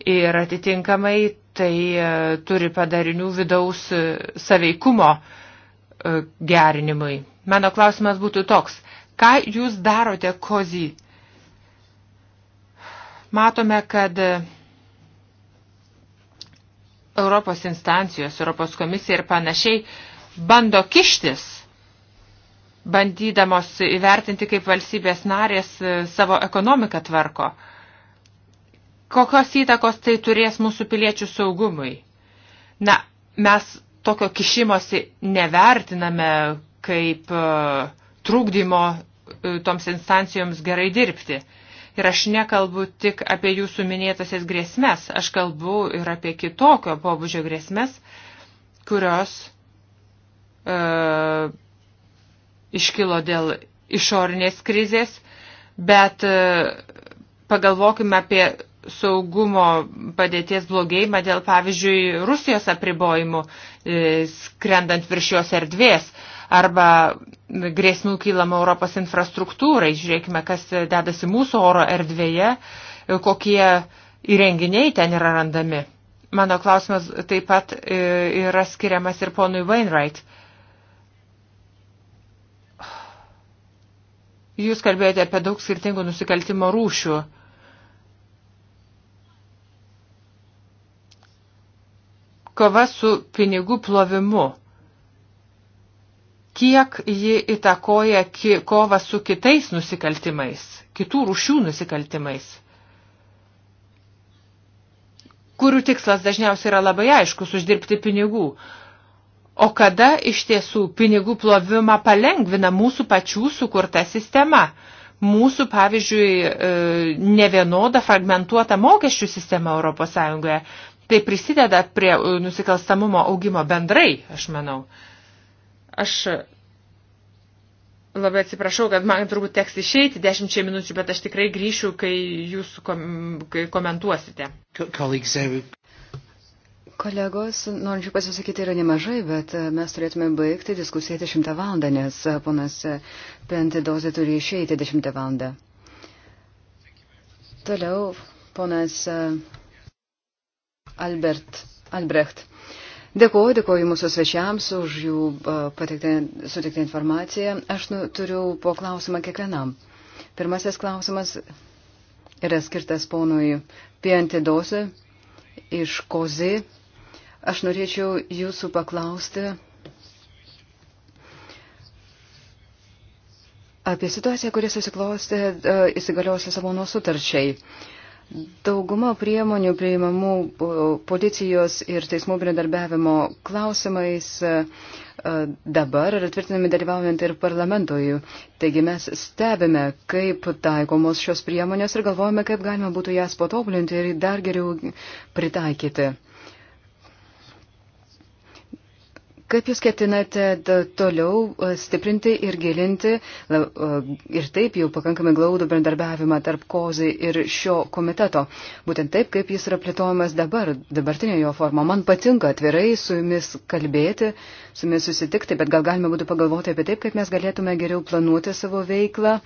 Ir atitinkamai tai e, turi padarinių vidaus e, saveikumo e, gerinimui. Mano klausimas būtų toks. Ką jūs darote kozy? Matome, kad Europos instancijos, Europos komisija ir panašiai bando kištis, bandydamos įvertinti, kaip valstybės narės savo ekonomiką tvarko kokios įtakos tai turės mūsų piliečių saugumui. Na, mes tokio kišimosi nevertiname kaip uh, e, trūkdymo uh, e, toms instancijoms gerai dirbti. Ir aš nekalbu tik apie jūsų minėtasias grėsmes, aš kalbu ir apie kitokio pobūdžio grėsmes, kurios uh, iškilo dėl išorinės krizės, bet uh, pagalvokime apie saugumo padėties blogėjimą dėl, pavyzdžiui, Rusijos apribojimų e, skrendant virš jos erdvės arba grėsmių kylama Europos infrastruktūrai. Žiūrėkime, kas dedasi mūsų oro erdvėje, e, kokie įrenginiai ten yra randami. Mano klausimas taip pat e, yra skiriamas ir ponui Wainwright. Jūs kalbėjote apie daug skirtingų nusikaltimo rūšių. Kova su pinigų plovimu. Kiek ji įtakoja ki, kovą su kitais nusikaltimais, kitų rušių nusikaltimais? kurių tikslas dažniausiai yra labai aiškus – uždirbti pinigų. O kada iš tiesų pinigų plovimą palengvina mūsų pačių sukurta sistema? Mūsų, pavyzdžiui, e, nevienoda fragmentuota mokesčių sistema Europos Sąjungoje. Tai prisideda prie uh, nusikalstamumo augimo bendrai, aš manau. Aš uh, labai atsiprašau, kad man turbūt teks išeiti dešimčiai minučių, bet aš tikrai grįšiu, kai jūs kom, kai komentuosite. Uh, Kolegos, norinčių pasisakyti yra nemažai, bet mes turėtume baigti diskusiją 10 valandą, nes ponas Pentidozė turi išeiti 10 valandą. Toliau ponas Albert, Albrecht. Dėkuoju, dėkuoju mūsų svečiams už jų sutiktą informaciją. Aš nu, turiu po klausimą kiekvienam. Pirmasis klausimas yra skirtas ponui Piantidosi iš Kozi. Aš norėčiau jūsų paklausti apie situaciją, kuris susiklosti įsigalios Lisabono sutarčiai. Uh, Dauguma priemonių priimamų policijos ir teismų bendradarbiavimo klausimais e, e, dabar yra tvirtinami dalyvaujant ir parlamentojų. Taigi mes stebime, kaip taikomos šios priemonės ir galvojame, kaip galima būtų jas patobulinti ir dar geriau pritaikyti. Kaip Jūs ketinate toliau stiprinti ir gilinti ir taip jau pakankamai glaudų bendarbiavimą tarp kozai ir šio komiteto? Būtent taip, kaip jis yra plėtojamas dabar, dabartinė jo forma. Man patinka atvirai su Jumis kalbėti, su Jumis susitikti, bet gal galime būtų pagalvoti apie taip, kaip mes galėtume geriau planuoti savo veiklą,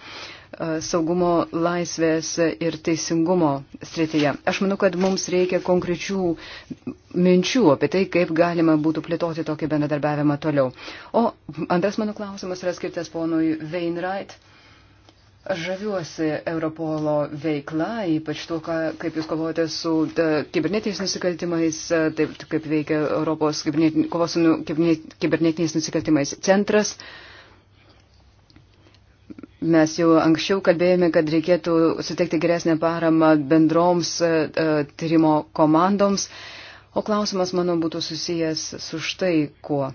E, saugumo, laisvės ir teisingumo srityje. Aš manau, kad mums reikia konkrečių minčių apie tai, kaip galima būtų plėtoti tokį bendradarbiavimą toliau. O antras mano klausimas yra skirtas ponui Weinreit. Aš žaviuosi Europolo veikla, ypač to, ką, kaip jūs kovojate su da, e, kibernetiniais nusikaltimais, e, taip kaip veikia Europos kibernet, kovos su kibernet, nu, kibernetiniais nusikaltimais centras. Uh, Mes jau anksčiau kalbėjome, kad reikėtų suteikti geresnę paramą bendroms e, e, tyrimo komandoms, o klausimas mano būtų susijęs su štai kuo.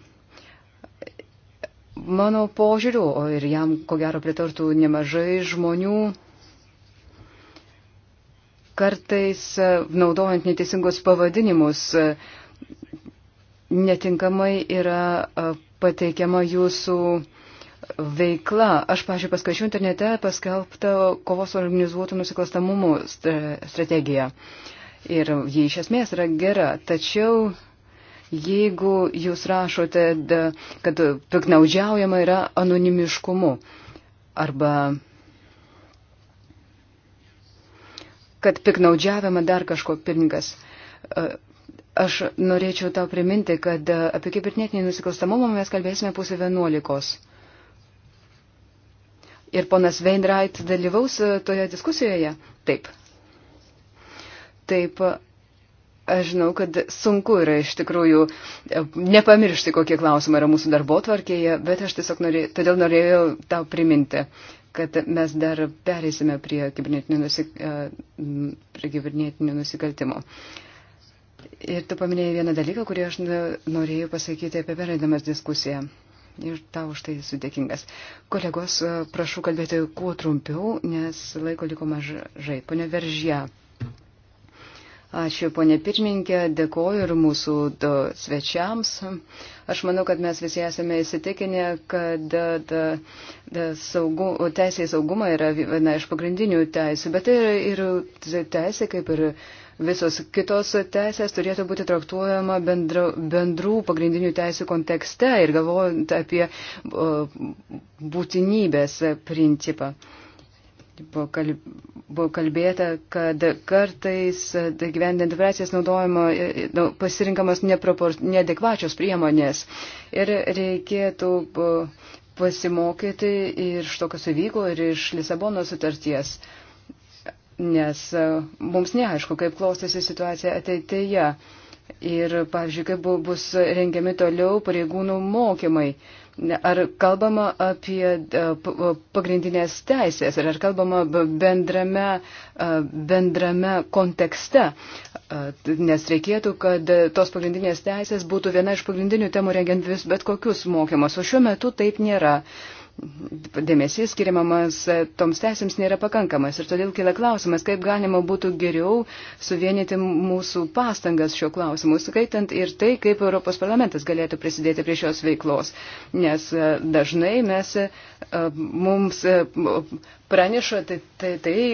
Mano požiūriu, o ir jam ko gero pritartų nemažai žmonių, kartais e, naudojant neteisingus pavadinimus, netinkamai yra pateikiama jūsų uh, veikla. Aš, pažiūrėjau, paskaičiu internete paskelbtą kovos organizuotų nusikalstamumų strategiją. Ir jie iš esmės yra gera. Tačiau jeigu jūs rašote, kad piknaudžiaujama yra anonimiškumu arba kad piknaudžiavimą dar kažko pirmininkas. E, aš norėčiau tau priminti, kad e, apie kibernetinį nusikalstamumą mes kalbėsime pusė vienuolikos. Ir ponas Veinrait dalyvaus e, toje diskusijoje? Taip. Taip, aš žinau, kad sunku yra iš tikrųjų e, nepamiršti, kokie klausimai yra mūsų darbo tvarkėje, bet aš tiesiog norėjau, todėl norėjau tau priminti, kad mes dar perėsime prie kibernetinių, nusik, e, prie kibernetinių nusikaltimų. Ir tu paminėjai vieną dalyką, kurį aš norėjau pasakyti apie perėdamas diskusiją ir tau už tai esu dėkingas. Kolegos, e, prašau kalbėti kuo trumpiau, nes laiko liko mažai. Pone Veržė. Ačiū, ponė pirmininkė, dėkoju ir mūsų do, svečiams. Aš manau, kad mes visi esame įsitikinę, kad da, da, da, saugu, teisė į saugumą yra viena iš pagrindinių teisų, bet tai yra ir teisė, kaip ir visos kitos teisės, turėtų būti traktuojama bendru, bendrų pagrindinių teisų kontekste ir galvojant apie o, būtinybės principą. O, Buvo kalbėta, kad kartais e, gyvendant operacijas naudojama e, e, nu, pasirinkamas neadekvačios priemonės ir reikėtų pasimokyti ir iš to, kas įvyko, ir iš Lisabono sutarties, nes mums neaišku, kaip klostėsi situacija ateityje. Ir, pavyzdžiui, kaip bus rengiami toliau pareigūnų mokymai. Ar kalbama apie e, e, pagrindinės teisės, ar, ar kalbama bendrame, e, bendrame kontekste, nes reikėtų, kad tos pagrindinės teisės būtų viena iš pagrindinių temų rengiant vis bet kokius mokymus, o šiuo metu taip nėra dėmesys skiriamamas e, toms teisėms nėra pakankamas. Ir todėl kila klausimas, kaip galima būtų geriau suvienyti mūsų pastangas šio klausimu, skaitant ir tai, kaip Europos parlamentas galėtų prisidėti prie šios veiklos. Nes e, dažnai mes e, mums praneša tai, tai, tai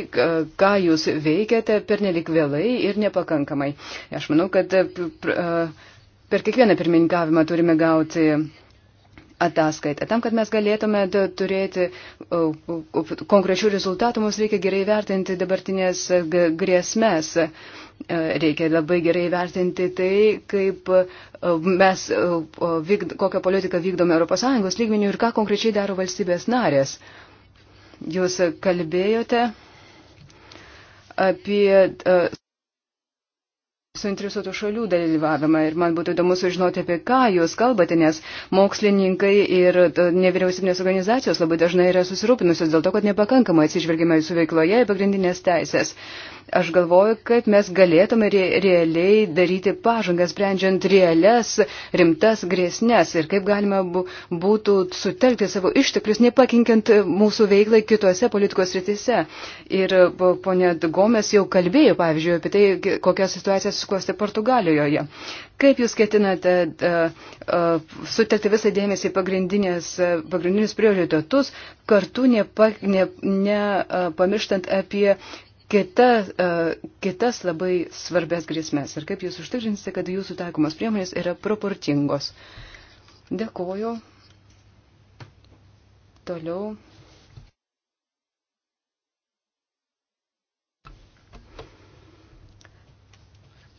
ką jūs veikiate pernelik vėlai ir nepakankamai. Aš manau, kad per kiekvieną pirmininkavimą turime gauti ataskaitą. Tam, kad mes galėtume turėti konkrečių rezultatų, mums reikia gerai vertinti dabartinės e, grėsmės. E, reikia labai gerai vertinti tai, kaip e, mes, kokią politiką vykdome ES lygmenių ir ką konkrečiai daro valstybės narės. Jūs kalbėjote apie suinteresuotų šalių dalyvavimą ir man būtų įdomu sužinoti, apie ką jūs kalbate, nes mokslininkai ir nevyriausybinės organizacijos labai dažnai yra susirūpinusios dėl to, kad nepakankamai atsižvelgiame jūsų veikloje į pagrindinės teisės. Aš galvoju, kad mes galėtume re realiai daryti pažangą, sprendžiant realias rimtas grėsnes ir kaip galima būtų sutelkti savo išteklius, nepakinkiant mūsų veiklai kitose politikos rytise. Ir ponė Gomes jau kalbėjo, pavyzdžiui, apie tai, kokią situaciją sukosti Portugalijoje. Kaip Jūs ketinate uh, uh, sutelkti visą dėmesį pagrindinės, uh, pagrindinius prioritetus, kartu nepamirštant ne, ne, uh, apie kita, e, kitas labai svarbės grėsmės ir kaip jūs užtikrinsite, kad jūsų taikomas priemonės yra proporcingos. Dėkoju. Toliau.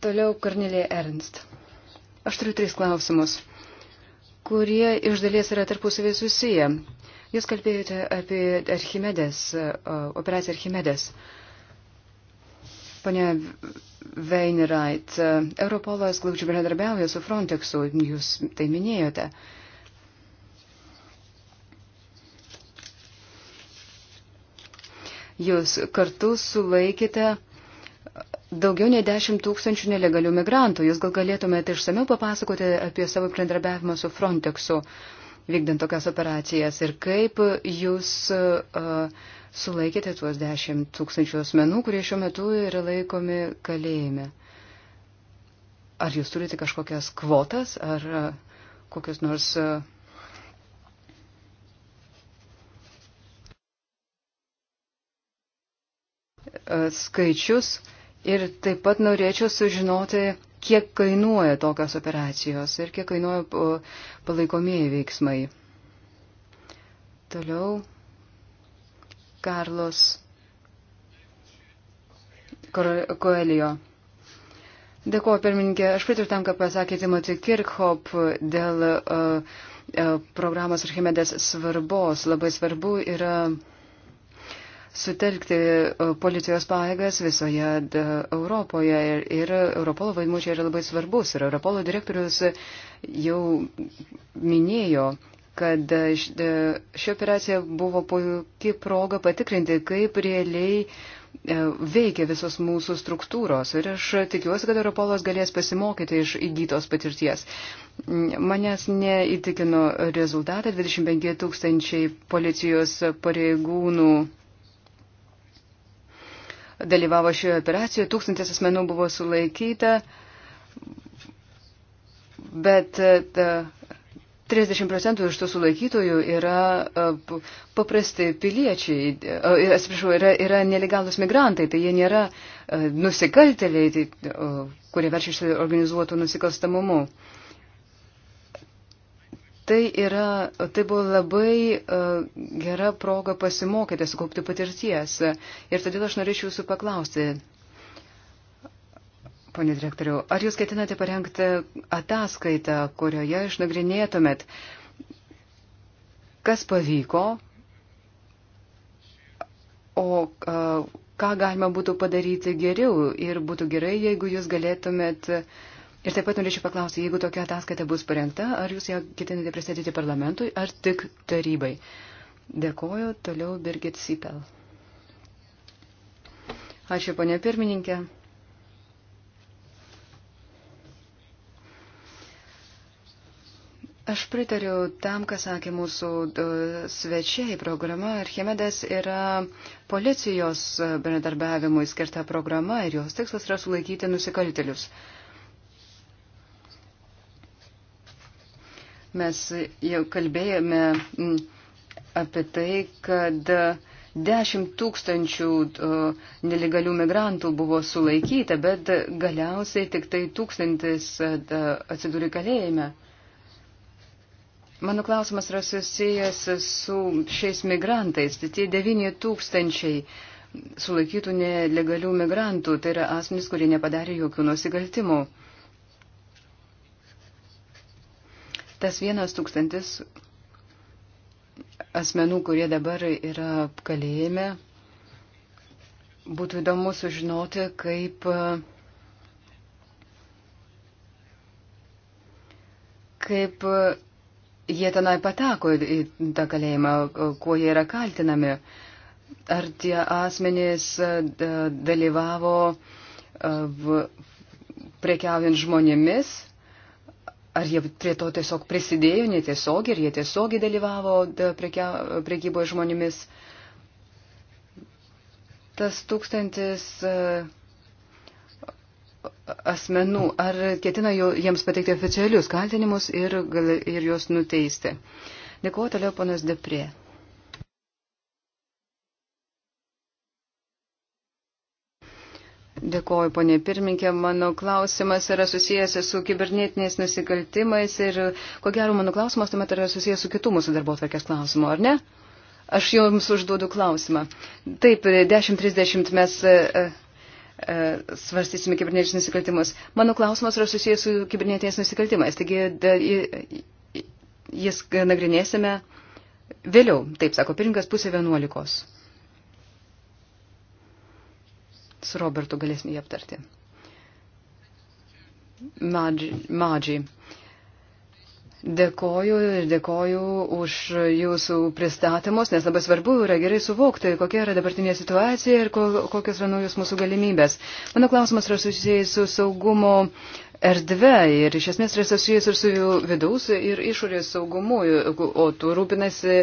Toliau Kornelija Ernst. Aš turiu tris klausimus, kurie iš dalies yra tarpusavį susiję. Jūs kalbėjote apie Archimedės, e, operaciją Archimedės. Uh, Pane Veinerait, Europolas glaudžiai bendradarbiauja su Frontexu, jūs tai minėjote. Jūs kartu sulaikėte daugiau nei 10 tūkstančių nelegalių migrantų. Jūs gal galėtumėte išsameu papasakoti apie savo bendradarbiavimą su Frontexu, vykdant tokias operacijas ir kaip jūs uh, sulaikėte tuos dešimt tūkstančių asmenų, kurie šiuo metu yra laikomi kalėjime. Ar jūs turite kažkokias kvotas ar kokius nors. skaičius ir taip pat norėčiau sužinoti, kiek kainuoja tokios operacijos ir kiek kainuoja palaikomieji veiksmai. Toliau Karlos Koelio. Dėkuoju, pirmininkė. Aš pritariu tam, ką pasakė Timothy Kirkhop dėl uh, uh, programos Archimedės svarbos. Labai svarbu yra sutelkti e, policijos pajėgas visoje Europoje ir, ir Europolo vaidmuo čia yra labai svarbus. Ir Europolo direktorius jau minėjo, kad e, e, ši operacija buvo puikiai proga patikrinti, kaip realiai e, veikia visos mūsų struktūros. Ir aš tikiuosi, kad Europolas galės pasimokyti iš įgytos patirties. Mm, manęs neįtikino rezultatą 25 tūkstančiai policijos pareigūnų. Dalyvavo šioje operacijoje, tūkstantis asmenų buvo sulaikyta, bet ta, 30 procentų iš tų sulaikytojų yra e, paprasti piliečiai, e, e, atsiprašau, yra, yra nelegalus migrantai, tai jie nėra nusikaltėliai, tai, kurie verčiasi organizuotų nusikalstamumu. Tai, yra, tai buvo labai uh, gera proga pasimokyti, sukaupti patirties. Ir todėl aš norėčiau jūsų paklausti, Pone direktoriu, ar jūs ketinate parengti ataskaitą, kurioje išnagrinėtumėt, kas pavyko, o ką galima būtų padaryti geriau ir būtų gerai, jeigu jūs galėtumėt. Ir taip pat norėčiau paklausti, jeigu tokia ataskaita bus parengta, ar jūs ją ketinate pristatyti parlamentui ar tik tarybai? Dėkoju, toliau Birgit Sipel. Ačiū, ponė pirmininkė. Aš pritariu tam, ką sakė mūsų e, svečiai. Programa Archimedas yra policijos e, bendradarbiavimui skirta programa ir jos tikslas yra sulaikyti nusikaltelius. Mes jau kalbėjome apie tai, kad dešimt tūkstančių e, nelegalių migrantų buvo sulaikyta, bet galiausiai tik tai tūkstantis atsidūrė kalėjime. Mano klausimas yra susijęs su šiais migrantais. Tai tie 9 tūkstančiai sulaikytų nelegalių migrantų, tai yra asmenys, kurie nepadarė jokių nusikaltimų. Tas vienas tūkstantis asmenų, kurie dabar yra kalėjime, būtų įdomu sužinoti, kaip, kaip jie tenai pateko į tą kalėjimą, kuo jie yra kaltinami. Ar tie asmenys e, dalyvavo e, prekiaujant žmonėmis, ar jie prie to tiesiog prisidėjo netiesiogiai, ar jie tiesiogiai dalyvavo prekyboje žmonėmis. Tas tūkstantis. Uh, asmenų, ar ketina jiems pateikti oficialius kaltinimus ir, ir juos nuteisti. Dėkuoju toliau, ponas Deprė. Dėkuoju, ponė pirminkė. Mano klausimas yra susijęs su kibernetiniais nusikaltimais ir ko gero mano klausimas tuomet yra susijęs su kitų mūsų darbo atvarkės klausimu, ar ne? Aš jums užduodu klausimą. Taip, 10.30 mes. Uh, E, svarstysime kibernetinius nusikaltimus. Mano klausimas yra susijęs su kibernetiniais nusikaltimais, taigi jis nagrinėsime vėliau, taip sako pirinkas, pusė vienuolikos. Su Robertu galėsime jį aptarti. Madžiai. Dėkoju ir dėkoju už jūsų pristatymus, nes labai svarbu yra gerai suvokti, kokia yra dabartinė situacija ir kokios yra naujos mūsų galimybės. Mano klausimas yra susijęs su saugumo erdve ir iš esmės yra susijęs ir su jų vidaus ir išorės saugumu, o tu rūpinasi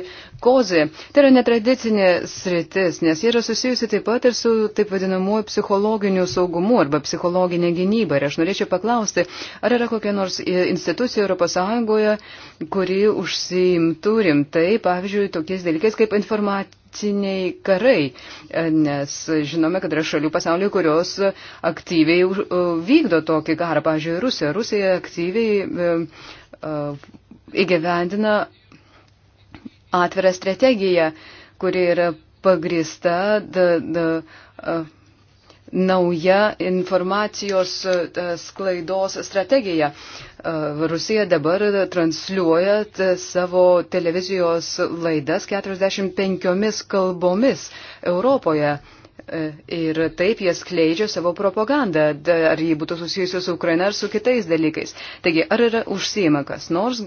kozė. Tai yra netradicinė sritis, nes jie yra susijusi taip pat ir su taip vadinamuoju psichologiniu saugumu arba psichologinė gynyba. Ir aš norėčiau paklausti, ar yra kokia nors institucija ES, kuri užsiimtų rimtai, pavyzdžiui, tokiais dalykais kaip informacija informaciniai karai, nes žinome, kad yra šalių pasaulyje, kurios aktyviai e, vykdo tokį karą. Pavyzdžiui, Rusija. Rusija aktyviai e, e, įgyvendina atvirą strategiją, kuri yra pagrista. Da, da, nauja informacijos e, sklaidos strategija. E, Rusija dabar transliuoja e, savo televizijos laidas 45 kalbomis Europoje. Ir taip jie skleidžia savo propagandą, ar jį būtų susijusi su Ukraina ar su kitais dalykais. Taigi, ar yra užsima kas nors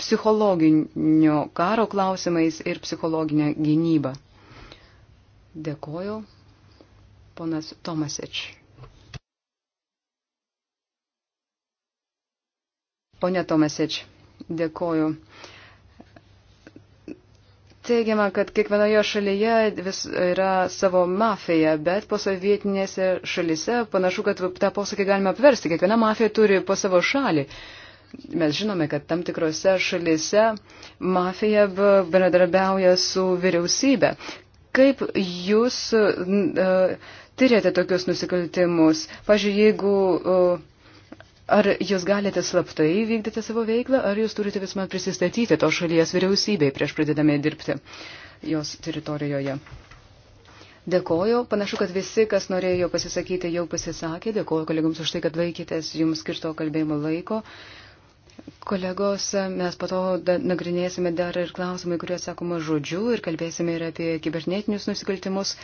psichologinio karo klausimais ir psichologinė gynyba? Dėkoju ponas Tomasič. Pone Tomasič, dėkoju. Teigiama, kad kiekvienoje šalyje vis yra savo mafija, bet po sovietinėse šalyse panašu, kad tą posakį galima apversti. Kiekviena mafija turi po savo šalį. Mes žinome, kad tam tikrose šalyse mafija bendradarbiauja su vyriausybė. Kaip jūs. Uh, tyrėte tokius nusikaltimus? Pavyzdžiui, jeigu ar jūs galite slaptai vykdyti savo veiklą, ar jūs turite vis man prisistatyti to šalies vyriausybei prieš pradėdami dirbti jos teritorijoje? Dėkoju. Panašu, kad visi, kas norėjo pasisakyti, jau pasisakė. Dėkoju kolegams už tai, kad laikytės jums skirto kalbėjimo laiko. Kolegos, mes pato nagrinėsime dar ir klausimai, kurie sakoma žodžiu ir kalbėsime ir apie kibernetinius nusikaltimus.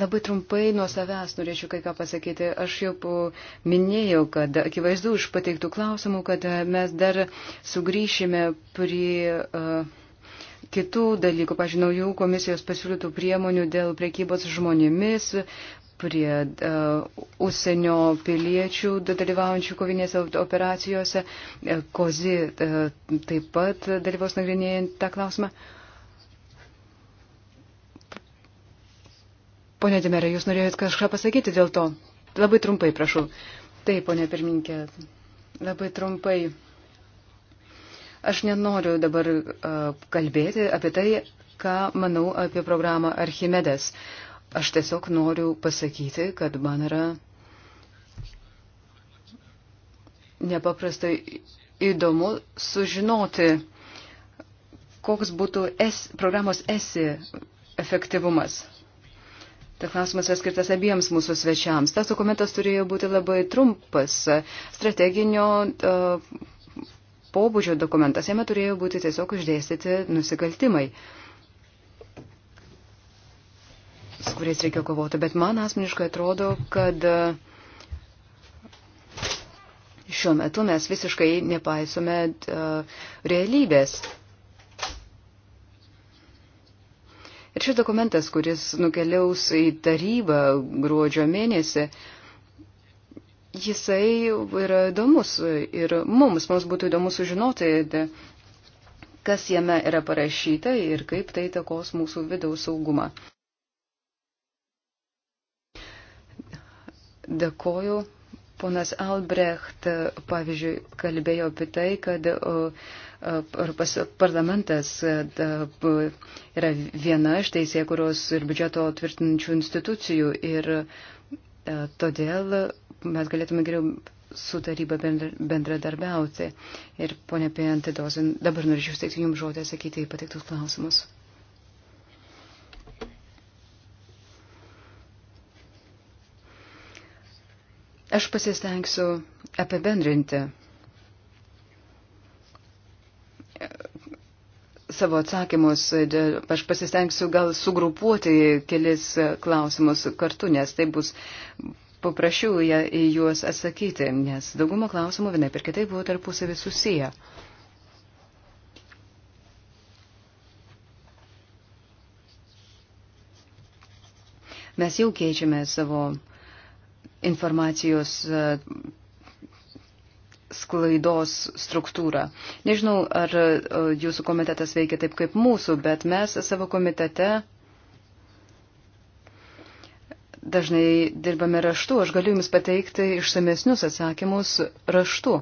Labai trumpai nuo savęs norėčiau kai ką pasakyti. Aš jau minėjau, kad akivaizdu iš pateiktų klausimų, kad mes dar sugrįšime prie uh, kitų dalykų, pažiūrėjau, naujų komisijos pasiūlytų priemonių dėl priekybos žmonėmis, prie uh, užsienio piliečių dalyvaujančių kovinėse operacijose. Kozi uh, taip pat dalyvaus nagrinėjant tą klausimą. Uh, Pone Demerė, jūs norėjot kažką pasakyti dėl to? Labai trumpai, prašau. Taip, ponė pirminkė, labai trumpai. Aš nenoriu dabar uh, kalbėti apie tai, ką manau apie programą Archimedes. Aš tiesiog noriu pasakyti, kad man yra nepaprastai įdomu sužinoti, koks būtų es, programos esi efektyvumas. Ta klausimas yra skirtas abiems mūsų svečiams. Tas dokumentas turėjo būti labai trumpas, strateginio uh, pobūdžio dokumentas. Jame turėjo būti tiesiog išdėstyti nusikaltimai, su kuriais reikia kovoti. Bet man asmeniškai atrodo, kad e, šiuo metu mes visiškai nepaisome uh, realybės. Ir šis dokumentas, kuris nukeliaus į tarybą gruodžio mėnesį, jisai yra įdomus ir mums, mums būtų įdomu sužinoti, kas jame yra parašyta ir kaip tai takos mūsų vidaus saugumą. Dėkoju. Ponas Albrecht, pavyzdžiui, kalbėjo apie tai, kad uh, Europos parlamentas e, yra viena iš teisė, kurios ir biudžeto tvirtinančių institucijų ir e, todėl mes galėtume geriau su taryba bendradarbiauti. Ir ponia Piantidozin, dabar norėčiau steikti jums žodį atsakyti į patiktus klausimus. Aš pasistengsiu apibendrinti savo atsakymus, aš pasistengsiu gal sugrupuoti kelis klausimus kartu, nes tai bus paprašiau ją į juos atsakyti, nes dauguma klausimų vienai per kitai buvo tarpusavį susiję. Mes jau keičiame savo informacijos sklaidos struktūrą. Nežinau, ar e, jūsų komitetas veikia taip kaip mūsų, bet mes savo komitete dažnai dirbame raštu. Aš galiu Jums pateikti išsamesnius atsakymus raštu.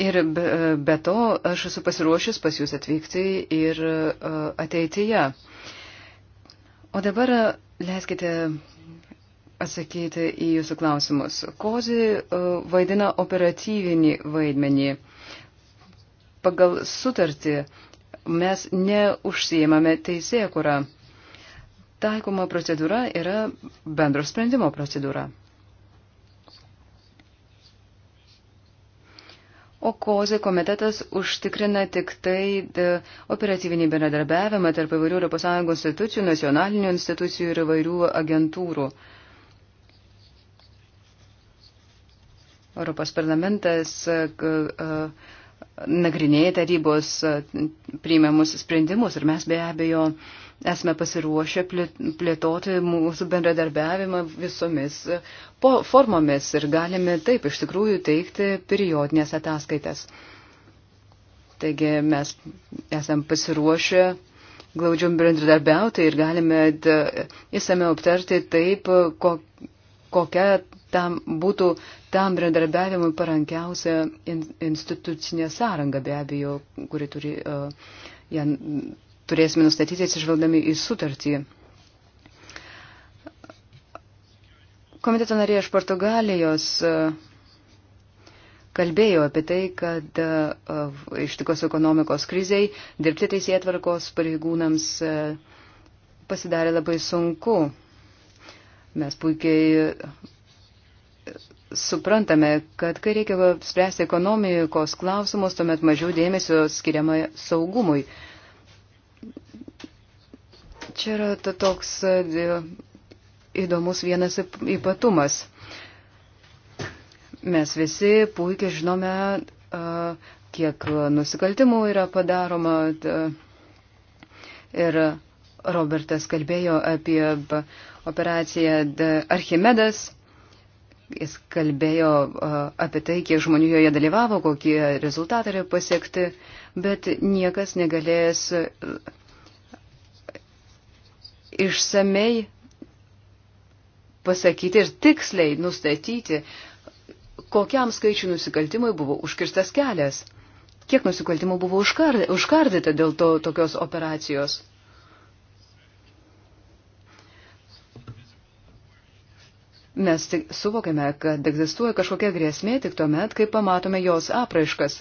Ir be, be to aš esu pasiruošęs pas Jūs atvykti ir e, ateityje. O dabar leiskite atsakyti į jūsų klausimus. Kozi e, vaidina operatyvinį vaidmenį. Pagal sutartį mes neužsijimame teisėkurą. Taikoma procedūra yra bendro sprendimo procedūra. O kozė komitetas užtikrina tik tai e, operatyvinį bendradarbiavimą tarp įvairių ES institucijų, nacionalinių institucijų ir įvairių agentūrų. Uh, Europos parlamentas e, e, nagrinėja tarybos e, priimamus sprendimus ir mes be abejo esame pasiruošę plėtoti mūsų bendradarbiavimą visomis formomis ir galime taip iš tikrųjų teikti periodinės ataskaitas. Taigi mes esam pasiruošę glaudžiam bendradarbiauti ir galime įsame aptarti taip, ko, kokia tam būtų tam bendradarbiavimui parankiausia in, institucinė sąranga, be abejo, kuri turi, uh, ją turėsime nustatyti atsižvelgdami į sutartį. Komiteto narė iš Portugalijos e, kalbėjo apie tai, kad e, ištikos ekonomikos kriziai dirbti teisėtvarkos pareigūnams pasidarė labai sunku. Mes puikiai suprantame, kad kai reikia spręsti ekonomikos klausimus, tuomet mažiau dėmesio skiriama saugumui. Čia yra to toks e, įdomus vienas ypatumas. Mes visi puikiai žinome, e, kiek nusikaltimų yra padaroma. E, ir Robertas kalbėjo apie operaciją Archimedas Jis kalbėjo apie tai, kiek žmonių joje dalyvavo, kokie rezultatai yra pasiekti, bet niekas negalės išsamei pasakyti ir tiksliai nustatyti, kokiam skaičiu nusikaltimui buvo užkirstas kelias, kiek nusikaltimų buvo užkardyta dėl to tokios operacijos. Mes tik suvokiame, kad egzistuoja kažkokia grėsmė tik tuomet, kai pamatome jos apraiškas.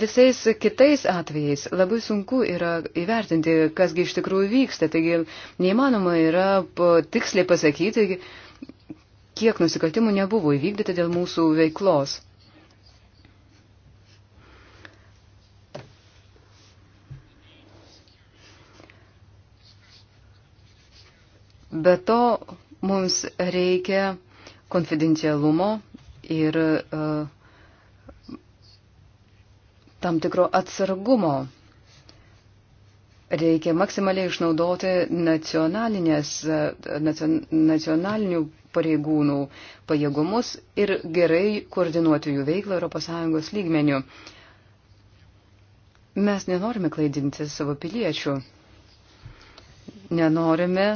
Visais kitais atvejais labai sunku yra įvertinti, kasgi iš tikrųjų vyksta, taigi neįmanoma yra tiksliai pasakyti, kiek nusikaltimų nebuvo įvykdyta dėl mūsų veiklos. Be to, Mums reikia konfidencialumo ir uh, tam tikro atsargumo. Reikia maksimaliai išnaudoti e, nacion, nacionalinių pareigūnų pajėgumus ir gerai koordinuoti jų veiklą ES lygmenių. Mes nenorime klaidinti savo piliečių, nenorime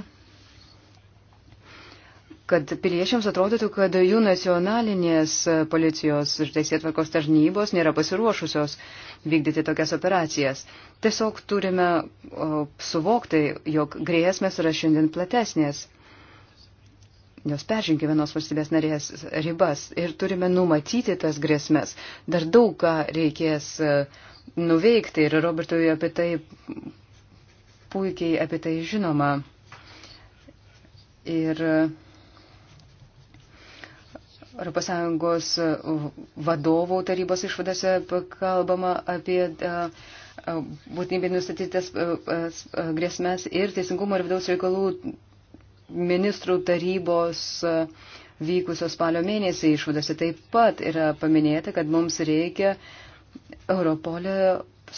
kad piliečiams atrodytų, kad jų nacionalinės policijos ir teisėtvarkos tarnybos nėra pasiruošusios vykdyti tokias operacijas. Tiesiog turime o, suvokti, jog grėsmės yra šiandien platesnės. Jos peržengia vienos valstybės narės ribas ir turime numatyti tas grėsmės. Dar daug ką reikės e, nuveikti ir Robertui apie tai puikiai apie tai žinoma. Ir uh... ES vadovų tarybos išvadose kalbama apie būtinybę nustatytas grėsmės ir teisingumo ir vidaus reikalų ministrų tarybos vykusios spalio mėnesį išvadose taip pat yra paminėta, kad mums reikia Europolė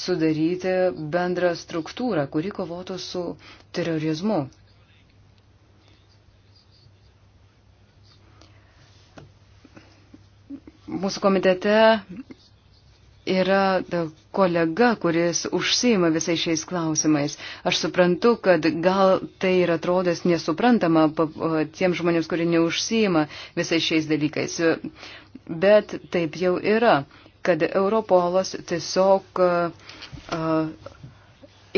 sudaryti bendrą struktūrą, kuri kovotų su terorizmu. Mūsų komitete yra kolega, kuris užsima visais šiais klausimais. Aš suprantu, kad gal tai yra atrodęs nesuprantama tiems žmonėms, kurie neužsima visais šiais dalykais. Bet taip jau yra, kad Europolas tiesiog uh,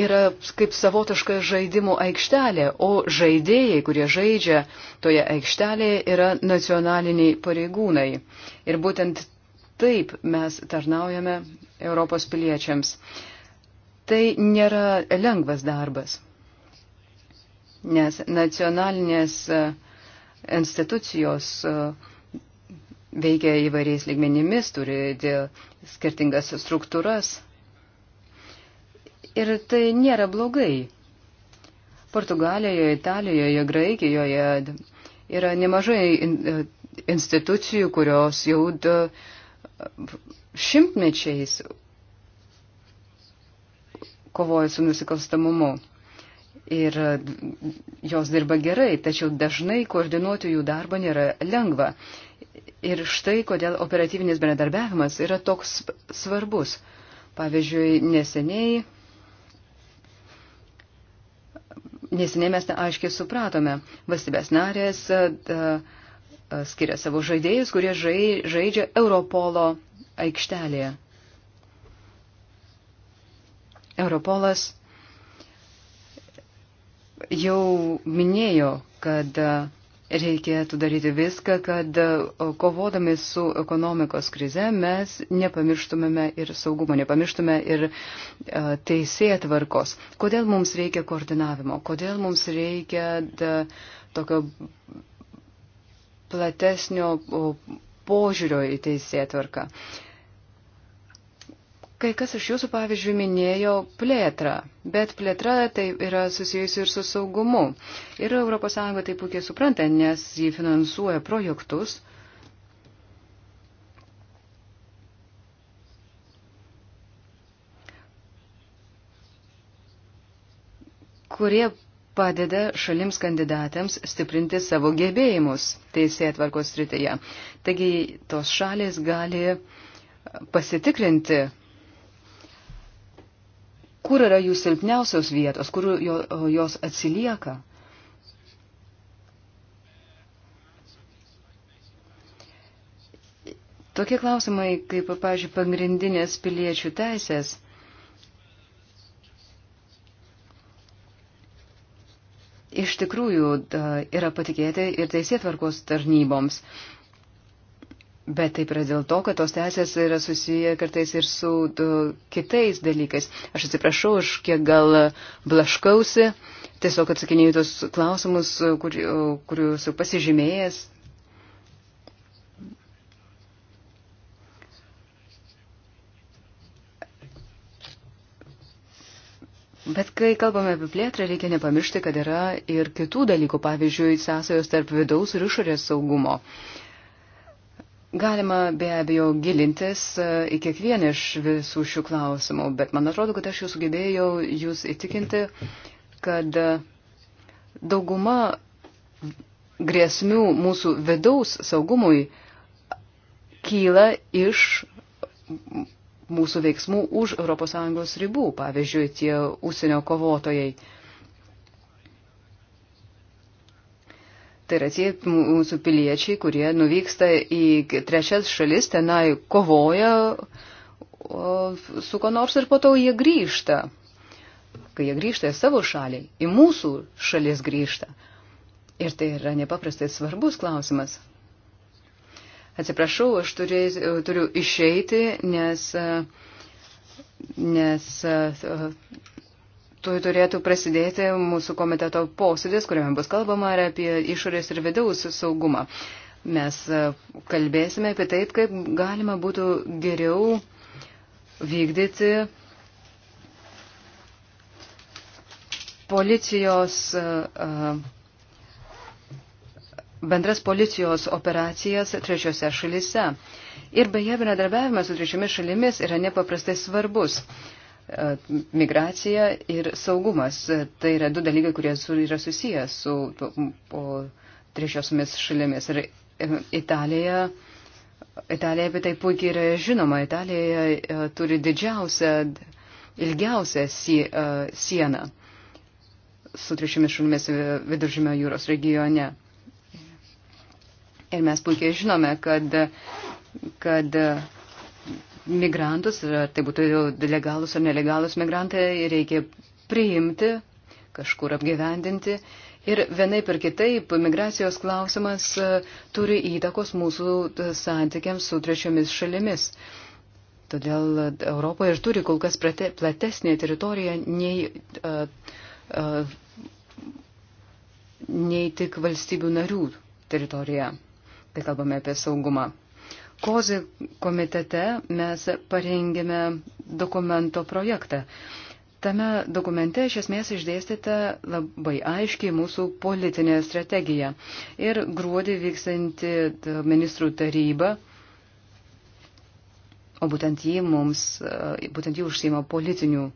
yra kaip savotiška žaidimų aikštelė, o žaidėjai, kurie žaidžia toje aikštelėje, yra nacionaliniai pareigūnai. Ir būtent taip mes tarnaujame Europos piliečiams. Tai nėra lengvas darbas, nes nacionalinės e, institucijos e, veikia įvairiais lygmenimis, turi skirtingas struktūras Ir tai nėra blogai. Portugalijoje, Italijoje, Graikijoje yra nemažai e, institucijų, kurios jau e, šimtmečiais kovoja su nusikalstamumu. Ir e, jos dirba gerai, tačiau dažnai koordinuoti jų darbą nėra lengva. Ir štai kodėl operatyvinis bendradarbiavimas yra toks svarbus. Pavyzdžiui, neseniai Nesiniai mes aiškiai supratome, valstybės narės e, e, skiria savo žaidėjus, kurie žaidžia Europolo aikštelėje. Europolas jau minėjo, kad e, Reikėtų daryti viską, kad kovodami su ekonomikos krize mes nepamirštumėme ir saugumo, nepamirštume ir e, teisėje tvarkos. Kodėl mums reikia koordinavimo? Kodėl mums reikia tokio platesnio požiūrio į teisėje tvarką? Uh, Kai kas iš jūsų, pavyzdžiui, minėjo plėtrą, bet plėtra tai yra susijusi ir su saugumu. Ir ES tai puikiai supranta, nes jį finansuoja projektus, kurie padeda šalims kandidatėms stiprinti savo gebėjimus teisėje tvarkos srityje. Taigi tos šalis gali pasitikrinti kur yra jų silpniausios vietos, kur jo, jos atsilieka. Tokie klausimai, kaip, pavyzdžiui, pagrindinės piliečių teisės, iš tikrųjų da, yra patikėti ir teisėtvarkos tarnyboms. Uh, Bet taip yra dėl to, kad tos teisės yra susiję kartais ir su du, kitais dalykais. Aš atsiprašau, aš kiek gal blaškausi, tiesiog atsakinėjau tos klausimus, kur, kurių esu pasižymėjęs. Bet kai kalbame apie plėtrą, reikia nepamiršti, kad yra ir kitų dalykų, pavyzdžiui, sąsajos tarp vidaus ir išorės saugumo. Uh, Galima be abejo gilintis e, į kiekvieną iš visų šių klausimų, bet man atrodo, kad aš jau sugebėjau jūs įtikinti, kad e, dauguma grėsmių mūsų vidaus saugumui kyla iš mūsų veiksmų už ES ribų, pavyzdžiui, tie užsienio kovotojai. Tai yra tie mūsų piliečiai, kurie nuvyksta į trečias šalis, tenai kovoja su ko nors ir po to jie grįžta. Kai jie grįžta į savo šalį, į mūsų šalis grįžta. Ir tai yra nepaprastai svarbus klausimas. Atsiprašau, aš turė, turiu išeiti, nes, nes tu turėtų prasidėti mūsų komiteto posėdis, kuriame bus kalbama ir apie išorės ir vidaus saugumą. Mes e, kalbėsime apie taip, kaip galima būtų geriau vykdyti policijos, e, e, bendras policijos operacijas trečiose šalise. Ir beje, bendradarbiavimas su trečiomis šalimis yra nepaprastai svarbus migracija ir saugumas. Tai yra du dalykai, kurie yra susijęs su trečiosiomis šalimis. Ir e, Italija, Italija apie tai puikiai yra žinoma. Italija e, turi didžiausią, ilgiausią si, e, sieną su trečiomis šalimis viduržymio jūros regione. Ir mes puikiai žinome, kad, kad migrantus, ar tai būtų legalus ar nelegalus migrantai, reikia priimti, kažkur apgyvendinti. Ir vienai per kitaip migracijos klausimas e, turi įtakos mūsų santykiams su trečiomis šalimis. Todėl Europoje ir turi kol kas platesnė teritorija nei, uh, uh, nei tik valstybių narių teritorija, kai kalbame apie saugumą. Kozi komitete mes parengėme dokumento projektą. Tame dokumente iš esmės išdėstėte labai aiškiai mūsų politinę strategiją. Ir gruodį vyksanti ministrų taryba, o būtent jį mums, e, būtent jį užsima politinių,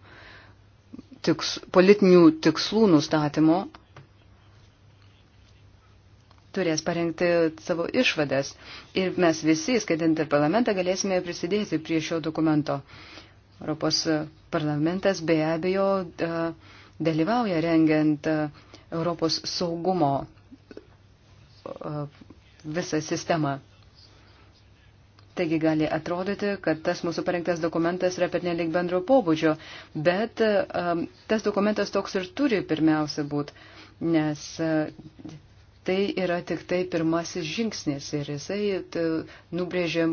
tiks, politinių tikslų nustatymo turės parengti savo išvadas. Ir mes visi, skaitant ir parlamentą, galėsime prisidėti prie šio dokumento. Europos parlamentas be abejo dalyvauja rengiant Europos saugumo visą sistemą. Taigi gali atrodyti, kad tas mūsų parengtas dokumentas yra pernelik bendro pobūdžio, bet um, tas dokumentas toks ir turi pirmiausia būti, nes uh, tai yra tik tai pirmasis žingsnis ir jisai nubrėžė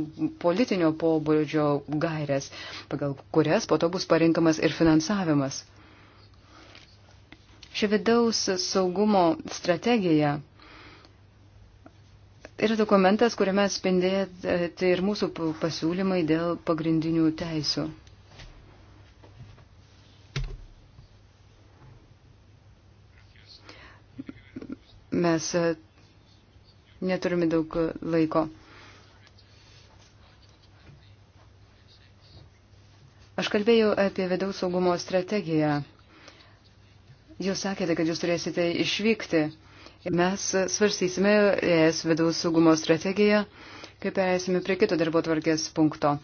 politinio pobūdžio gairias, pagal kurias po to bus parinkamas ir finansavimas. Ši vidaus saugumo strategija yra dokumentas, kuriame spindėti ir mūsų pasiūlymai dėl pagrindinių teisų. mes e, neturime daug e, laiko. Aš kalbėjau apie vidaus saugumo strategiją. Jūs sakėte, kad jūs turėsite išvykti. Mes svarstysime ES vidaus saugumo strategiją kai perėsime prie kito darbo tvarkės punkto.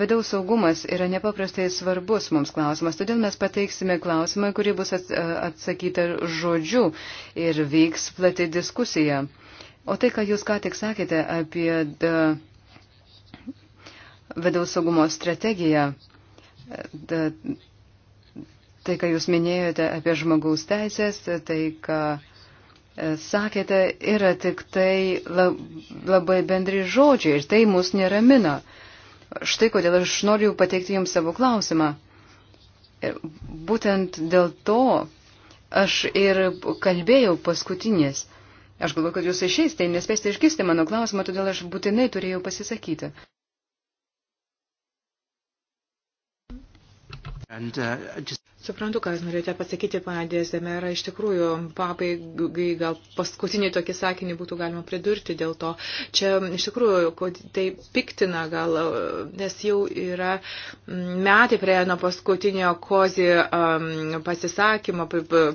Vidaus saugumas yra nepaprastai svarbus mums klausimas, todėl mes pateiksime klausimą, kurį bus atsakyta žodžiu ir vyks plati diskusija. O tai, ką jūs ką tik sakėte apie vidaus saugumo strategiją, da, tai, ką jūs minėjote apie žmogaus teisės, tai, ką. Ka E, sakėte, yra tik tai labai bendri žodžiai ir tai mus neramina. Štai kodėl aš noriu pateikti Jums savo klausimą. Ir e, būtent dėl to aš ir kalbėjau paskutinės. Aš galvoju, kad Jūs išeisite, nespėsite išgirsti mano klausimą, todėl aš būtinai turėjau pasisakyti. And, uh, just... Suprantu, ką jūs norėjote pasakyti, pana Dėzemera. Iš tikrųjų, pabaigai gal paskutinį tokį sakinį būtų galima pridurti dėl to. Čia iš tikrųjų, tai piktina gal, nes jau yra metai prie nuo paskutinio kozi um, pasisakymo,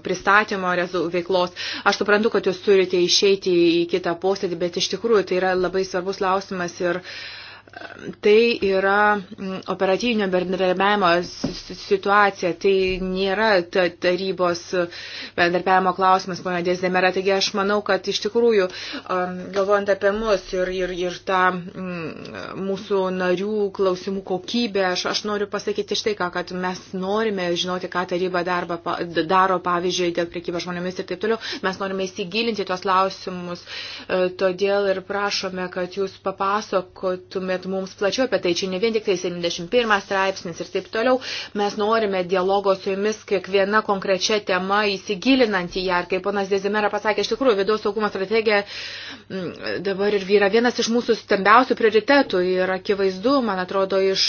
pristatymo rezu, veiklos. Aš suprantu, kad jūs turite išeiti į kitą posėdį, bet iš tikrųjų tai yra labai svarbus klausimas ir uh, tai yra mm, operatyvinio bendradarbiavimo situacija, tai nėra tarybos bendradarbiavimo klausimas, ponia Dėsdemera. Taigi aš manau, kad iš tikrųjų, um, galvojant apie mus ir, ir, ir tą mm, mūsų narių klausimų kokybę, aš, aš noriu pasakyti štai ką, kad mes norime žinoti, ką taryba darba, daro, pavyzdžiui, dėl priekybos žmonėmis ir taip toliau. Mes norime įsigilinti tuos klausimus, e, todėl ir prašome, kad jūs papasakotumėte pasakotumėt mums plačiau apie tai, čia ne vien tik tai 71 straipsnis ir taip toliau, mes norime dialogo su jumis kiekviena konkrečia tema įsigilinant į ją. Ir kaip ponas Dezimera pasakė, iš tikrųjų, vidaus saugumo strategija mm, dabar ir yra vienas iš mūsų stambiausių prioritetų ir akivaizdu, man atrodo, iš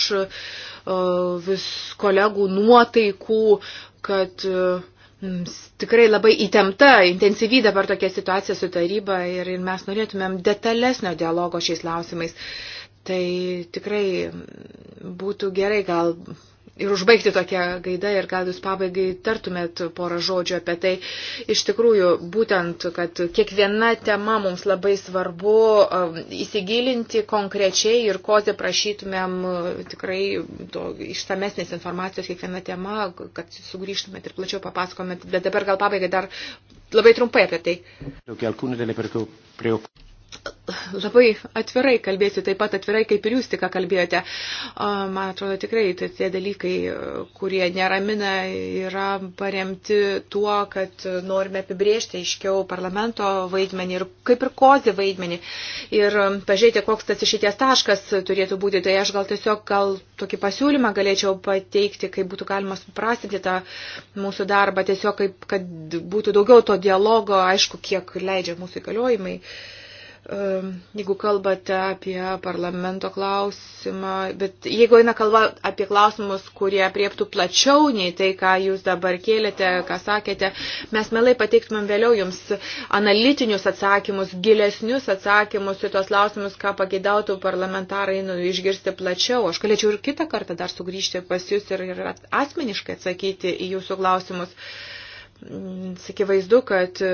vis kolegų nuotaikų, kad mm, tikrai labai įtempta, intensyvi dabar tokia situacija su taryba ir, ir mes norėtumėm detalesnio dialogo šiais klausimais. Uh, Tai tikrai būtų gerai gal ir užbaigti tokią gaidą ir gal jūs pabaigai tartumėt porą žodžių apie tai. Iš tikrųjų, būtent, kad kiekviena tema mums labai svarbu um, įsigilinti konkrečiai ir ko atsiprašytumėm uh, tikrai to, išsamesnės informacijos kiekviena tema, kad sugrįžtumėt ir plačiau papasakomėt. Bet dabar gal pabaigai dar labai trumpai apie tai labai atvirai kalbėsiu, taip pat atvirai, kaip ir jūs tik kalbėjote. Man atrodo tikrai, tai tie dalykai, kurie neramina, yra paremti tuo, kad norime apibriežti aiškiau parlamento vaidmenį ir kaip ir kozį vaidmenį. Ir um, pažiūrėti, koks tas išėties taškas turėtų būti, tai aš gal tiesiog gal tokį pasiūlymą galėčiau pateikti, kaip būtų galima suprastinti tą mūsų darbą, tiesiog kaip, kad būtų daugiau to dialogo, aišku, kiek leidžia mūsų įgaliojimai. Uh, jeigu kalbate apie parlamento klausimą, bet jeigu eina kalba apie klausimus, kurie prieptų plačiau nei tai, ką jūs dabar kėlėte, ką sakėte, mes melai pateiktumėm vėliau jums analitinius atsakymus, gilesnius atsakymus į tuos klausimus, ką pageidautų parlamentarai nu, išgirsti plačiau. Aš galėčiau ir kitą kartą dar sugrįžti pas jūs ir, ir asmeniškai atsakyti į jūsų klausimus. Uh, Sakyvaizdu, kad e,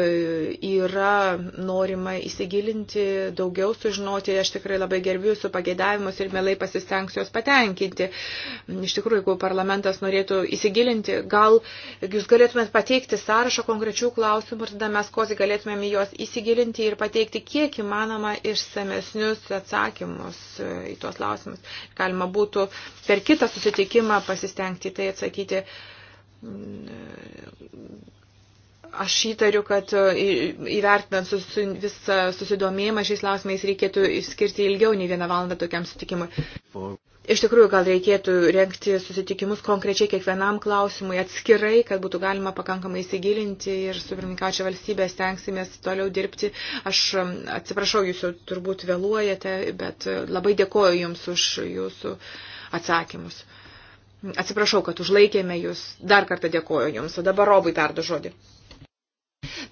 yra norima įsigilinti, daugiau sužinoti, aš tikrai labai gerbiu su pageidavimus ir mielai pasistengsiu juos patenkinti. Iš tikrųjų, jeigu parlamentas norėtų įsigilinti, gal jūs galėtumėt pateikti sąrašą konkrečių klausimų ir tada mes kozi galėtumėm į juos įsigilinti ir pateikti kiek įmanoma išsamesnius atsakymus e, į tuos klausimus. Galima būtų per kitą susitikimą pasistengti tai atsakyti mm, e, Aš įtariu, kad e, įvertinant sus, visą susidomėjimą šiais klausimais reikėtų skirti ilgiau nei vieną valandą tokiam sutikimui. Iš tikrųjų, gal reikėtų renkti susitikimus konkrečiai kiekvienam klausimui atskirai, kad būtų galima pakankamai įsigilinti ir su pirmininkaučia valstybė stengsimės toliau dirbti. Aš atsiprašau, jūs jau turbūt vėluojate, bet e, labai dėkoju Jums už Jūsų atsakymus. Atsiprašau, kad užlaikėme Jūs. Dar kartą dėkoju Jums, o dabar Robui perdu žodį.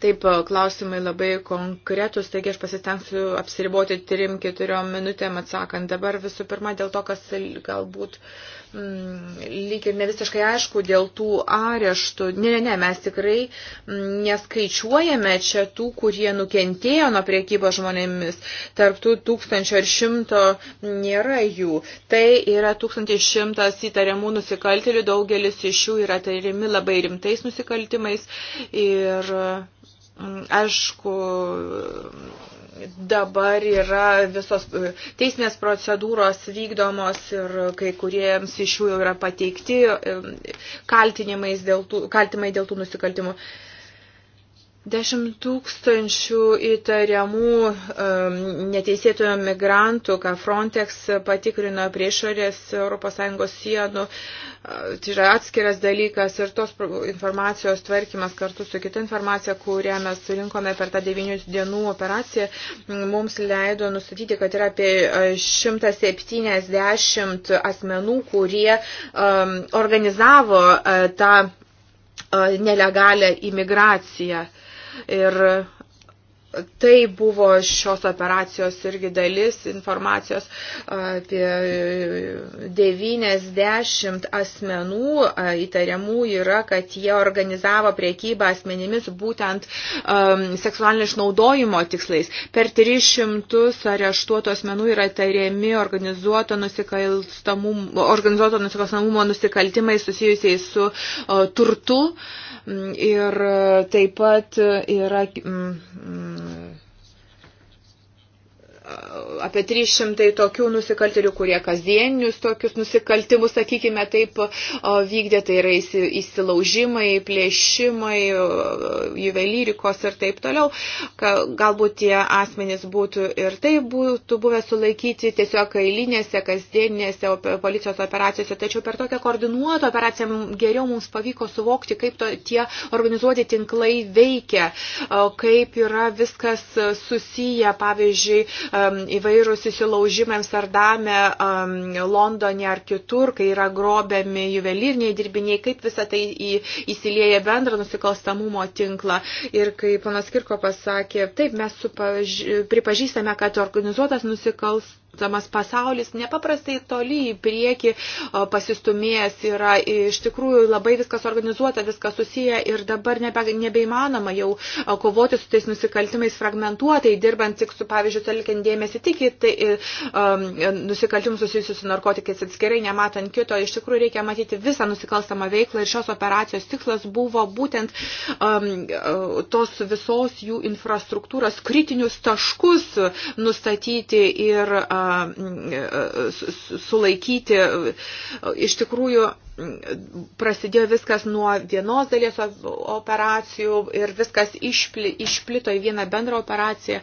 Taip, e, klausimai labai konkretus, taigi aš pasistengsiu apsiriboti trim, keturiom minutėm atsakant. Dabar visų pirma dėl to, kas galbūt uh, Mm, lyg ir ne visiškai aišku dėl tų areštų. Ne, ne, ne, mes tikrai mm, neskaičiuojame čia tų, kurie nukentėjo nuo priekybos žmonėmis. Tarptų tūkstančio ir šimto nėra jų. Tai yra tūkstantis šimtas įtariamų nusikaltėlių, daugelis iš jų yra tariami labai rimtais nusikaltimais. Ir mm, aišku, dabar yra visos e, teisinės procedūros vykdomos ir kai kuriems iš jų yra pateikti e, kaltinimai dėl tų, kaltimai dėl tų nusikaltimų. Dešimt tūkstančių įtariamų um, neteisėtų migrantų, ką Frontex patikrino prie išorės ES sienų, e, tai yra atskiras dalykas ir tos informacijos tvarkymas kartu su kita informacija, kurią mes surinkome per tą devinių dienų operaciją, mums leido nustatyti, kad yra apie 170 e, asmenų, kurie um, organizavo uh, tą uh, nelegalią imigraciją. Uh, Ir tai buvo šios operacijos irgi dalis informacijos apie 90 asmenų įtariamų yra, kad jie organizavo priekybą asmenimis būtent um, seksualinio išnaudojimo tikslais. Per 300 areštuotų asmenų yra įtariami organizuoto nusikalstamumo, organizuoto nusikalstamumo nusikaltimai susijusiai su uh, turtu. Uh, Ir taip pat yra mm, apie 300 tokių nusikaltelių, kurie kasdienius tokius nusikaltimus, sakykime, taip vykdė, tai yra įsilaužimai, plėšimai, juvelyrikos ir taip toliau. Galbūt tie asmenys būtų ir tai būtų buvę sulaikyti tiesiog eilinėse, kasdieninėse policijos operacijose, tačiau per tokią koordinuotą operaciją geriau mums pavyko suvokti, kaip to, tie organizuoti tinklai veikia, kaip yra viskas susiję, pavyzdžiui, Um, įvairūs įsilaužimai Amsterdame, um, Londone ar kitur, kai yra grobiami juvelyriniai dirbiniai, kaip visą tai įsilieja bendrą nusikalstamumo tinklą. Ir kaip panas Kirko pasakė, taip mes supaž... pripažįstame, kad organizuotas nusikalstamumas Tamas pasaulis nepaprastai toli į priekį pasistumėjęs yra, iš tikrųjų labai viskas organizuota, viskas susiję ir dabar nebe, nebeįmanoma jau kovoti su tais nusikaltimais fragmentuotai, dirbant tik su, pavyzdžiui, telkiant dėmesį tik į tai, um, nusikaltimus susijusius su narkotikais atskirai, nematant kito, iš tikrųjų reikia matyti visą nusikalstamą veiklą ir šios operacijos tikslas buvo būtent um, tos visos jų infrastruktūros kritinius taškus nustatyti ir um, sulaikyti. Iš tikrųjų, prasidėjo viskas nuo vienos dalies operacijų ir viskas išpli, išplito į vieną bendrą operaciją.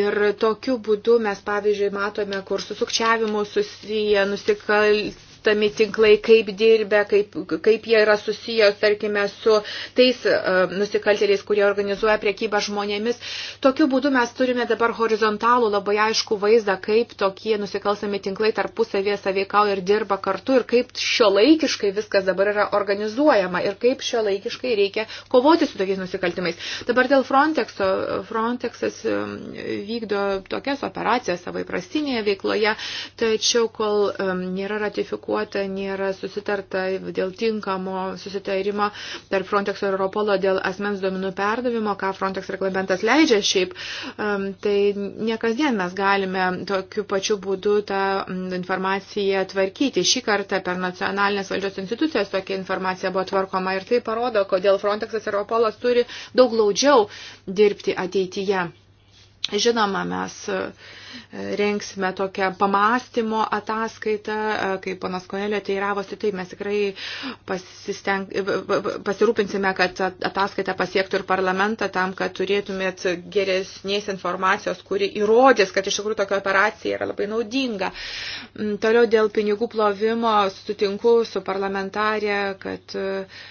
Ir tokiu būdu mes, pavyzdžiui, matome, kur su sukčiavimu susiję nusikal, tami tinklai, kaip dirbia, kaip, kaip jie yra susijęs, tarkime, su tais uh, nusikaltėliais, kurie organizuoja priekybą žmonėmis. Tokiu būdu mes turime dabar horizontalų labai aišku vaizdą, kaip tokie nusikalstami tinklai tarpusavėje saveikauja ir dirba kartu ir kaip šio laikiškai viskas dabar yra organizuojama ir kaip šio laikiškai reikia kovoti su tokiais nusikaltimais. Dabar dėl Frontexo. Frontexas e, vykdo tokias operacijas savo įprastinėje veikloje, tačiau kol um, nėra ratifikuota ratifikuota, nėra susitarta dėl tinkamo susitarimo tarp Frontex ir Europolo dėl asmens duomenų perdavimo, ką Frontex reglamentas leidžia šiaip, um, tai niekasdien mes galime tokiu pačiu būdu tą um, informaciją tvarkyti. Šį kartą per nacionalinės valdžios institucijas tokia informacija buvo tvarkoma ir tai parodo, kodėl Frontexas ir Europolas turi daug glaudžiau dirbti ateityje. Žinoma, mes e, rengsime tokią pamastymo ataskaitą, e, kaip panas Koelio teiravosi, taip mes tikrai e, pasirūpinsime, kad ataskaita pasiektų ir parlamentą tam, kad turėtumėt geresnės informacijos, kuri įrodys, kad iš tikrųjų tokia operacija yra labai naudinga. Mm, toliau dėl pinigų plovimo sutinku su parlamentarė, kad uh,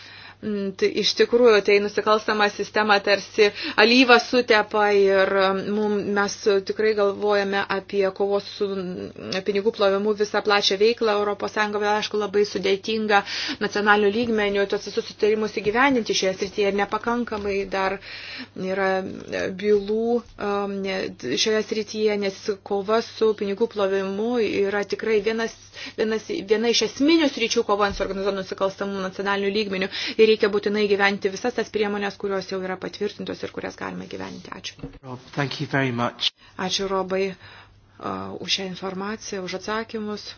Mm, tai iš tikrųjų, tai nusikalstama sistema tarsi alyva sutepa ir mm, mum, mes tikrai galvojame apie kovos su mm, pinigų plovimu visą plačią veiklą ES, bet aišku, labai sudėtinga nacionalių lygmenių tos visus sutarimus įgyveninti šioje srityje ir nepakankamai dar yra e, bylų šioje srityje, nes kova su pinigų plovimu yra tikrai vienas, vienas, viena iš esminių sryčių kovant su organizuotų nusikalstamų nacionalinių lygmenių. Ir reikia būtinai gyventi visas tas priemonės, kurios jau yra patvirtintos ir kurias galime gyventi. Ačiū. Rob, thank you very much. Ačiū Robai uh, už šią informaciją, už atsakymus.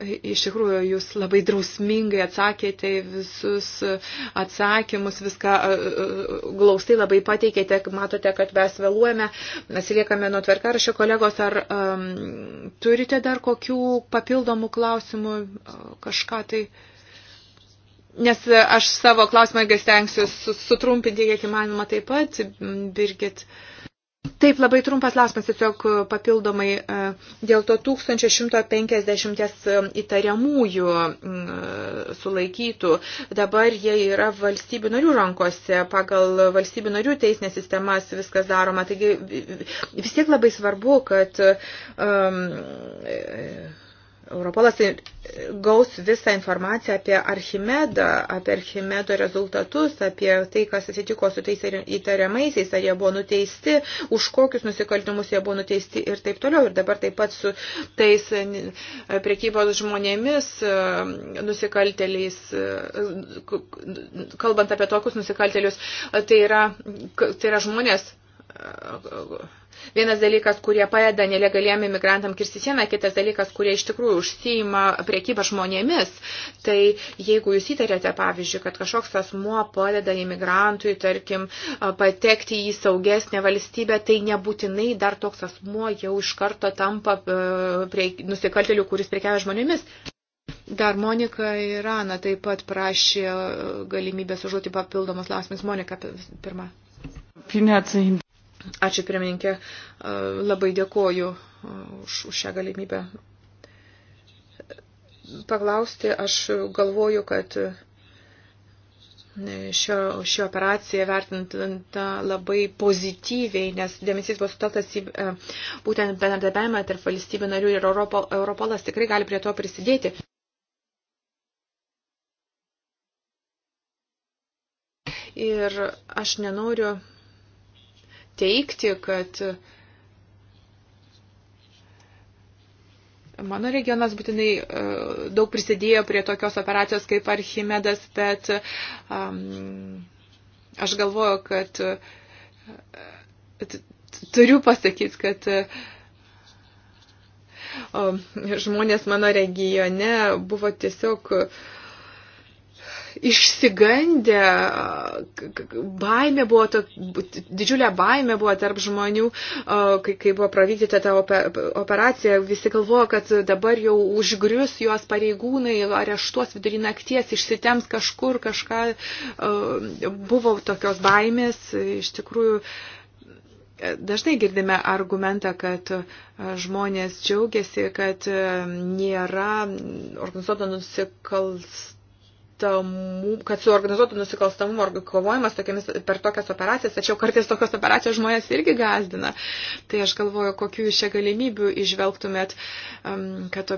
Iš tikrųjų, jūs labai drausmingai atsakėte visus atsakymus, viską uh, uh, glaustai labai pateikėte, matote, kad mes vėluojame, atsiliekame nuo tvarkarašio kolegos, ar um, turite dar kokių papildomų klausimų, uh, kažką tai. Uh, Nes aš savo klausimą irgi stengsiu sutrumpinti, kiek įmanoma taip pat, Birgit. Taip, labai trumpas klausimas, tiesiog papildomai e, dėl to 1150 e, įtariamųjų e, sulaikytų. Dabar jie yra valstybių narių rankose, pagal valstybių narių teisinės sistemas viskas daroma. Taigi vis tiek labai svarbu, kad. Um, Europolas tai, e, gaus visą informaciją apie Archimedą, apie Archimedo rezultatus, apie tai, kas atsitiko su tais įtariamaisiais, ar jie buvo nuteisti, už kokius nusikaltimus jie buvo nuteisti ir taip toliau. Ir dabar taip pat su tais e, e, priekybos žmonėmis nusikalteliais, kalbant apie tokius nusikaltelius, tai yra, tai yra žmonės Vienas dalykas, kurie padeda nelegaliem imigrantam kirsti sieną, kitas dalykas, kurie iš tikrųjų užsiima priekybą žmonėmis. Tai jeigu jūs įtarėte, pavyzdžiui, kad kažkoks asmuo padeda imigrantui, tarkim, patekti į saugesnę valstybę, tai nebūtinai dar toks asmuo jau iš karto tampa e, prie, nusikalteliu, kuris prekiavė žmonėmis. Dar Monika ir Ana taip pat prašė galimybės užduoti papildomus klausimus. Monika pirma. Ačiū pirmininkė, labai dėkoju už, už šią galimybę paklausti. Aš galvoju, kad e, šio, šio operaciją vertinta labai pozityviai, nes dėmesys buvo sutelktas į e, būtent bendradarbiavimą tarp valstybių narių ir Europol, Europolas tikrai gali prie to prisidėti. Ir aš nenoriu teikti, kad mano regionas būtinai e, daug prisidėjo prie tokios operacijos kaip Archimedas, bet um, aš galvoju, kad e, turiu pasakyti, kad um, žmonės mano regione buvo tiesiog uh, išsigandę, baime buvo, to, didžiulė baime buvo tarp žmonių, kai, kai buvo pravydyta ta operacija, visi galvojo, kad dabar jau užgrius juos pareigūnai, areštuos vidurį nakties, išsitems kažkur kažką, buvo tokios baimės, iš tikrųjų dažnai girdime argumentą, kad e, žmonės džiaugiasi, kad e, nėra organizuoto nusikalst kad suorganizuotų nusikalstamumo kovojimas tokiamis, per tokias operacijas, tačiau kartais tokios operacijos žmonės irgi gazdina. Tai aš galvoju, kokiu iš čia galimybių išvelgtumėt, um, kad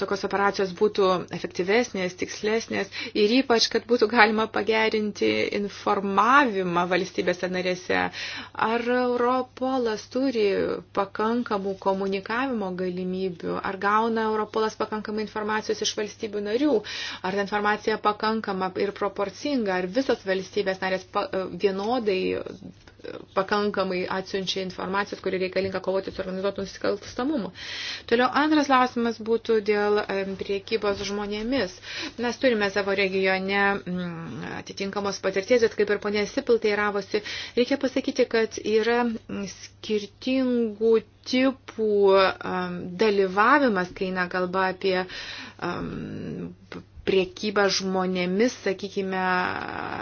tokios operacijos būtų efektyvesnės, tikslesnės ir ypač, kad būtų galima pagerinti informavimą valstybėse narėse. Ar Europolas turi pakankamų komunikavimo galimybių? Ar gauna Europolas pakankamai informacijos iš valstybių narių? Ar ta informacija pakankamai? pakankama ir proporcinga, ar visas valstybės narės e, vienodai e, pakankamai atsiunčia informacijos, kuri reikalinga kovoti su organizuotų nusikalstamumu. Toliau antras klausimas būtų dėl e, priekybos žmonėmis. Mes turime savo regione mm, atitinkamos patirties, bet kaip ir ponė Sipil teiravosi, reikia pasakyti, kad yra skirtingų tipų um, dalyvavimas, kai eina kalba apie um, priekyba žmonėmis, sakykime,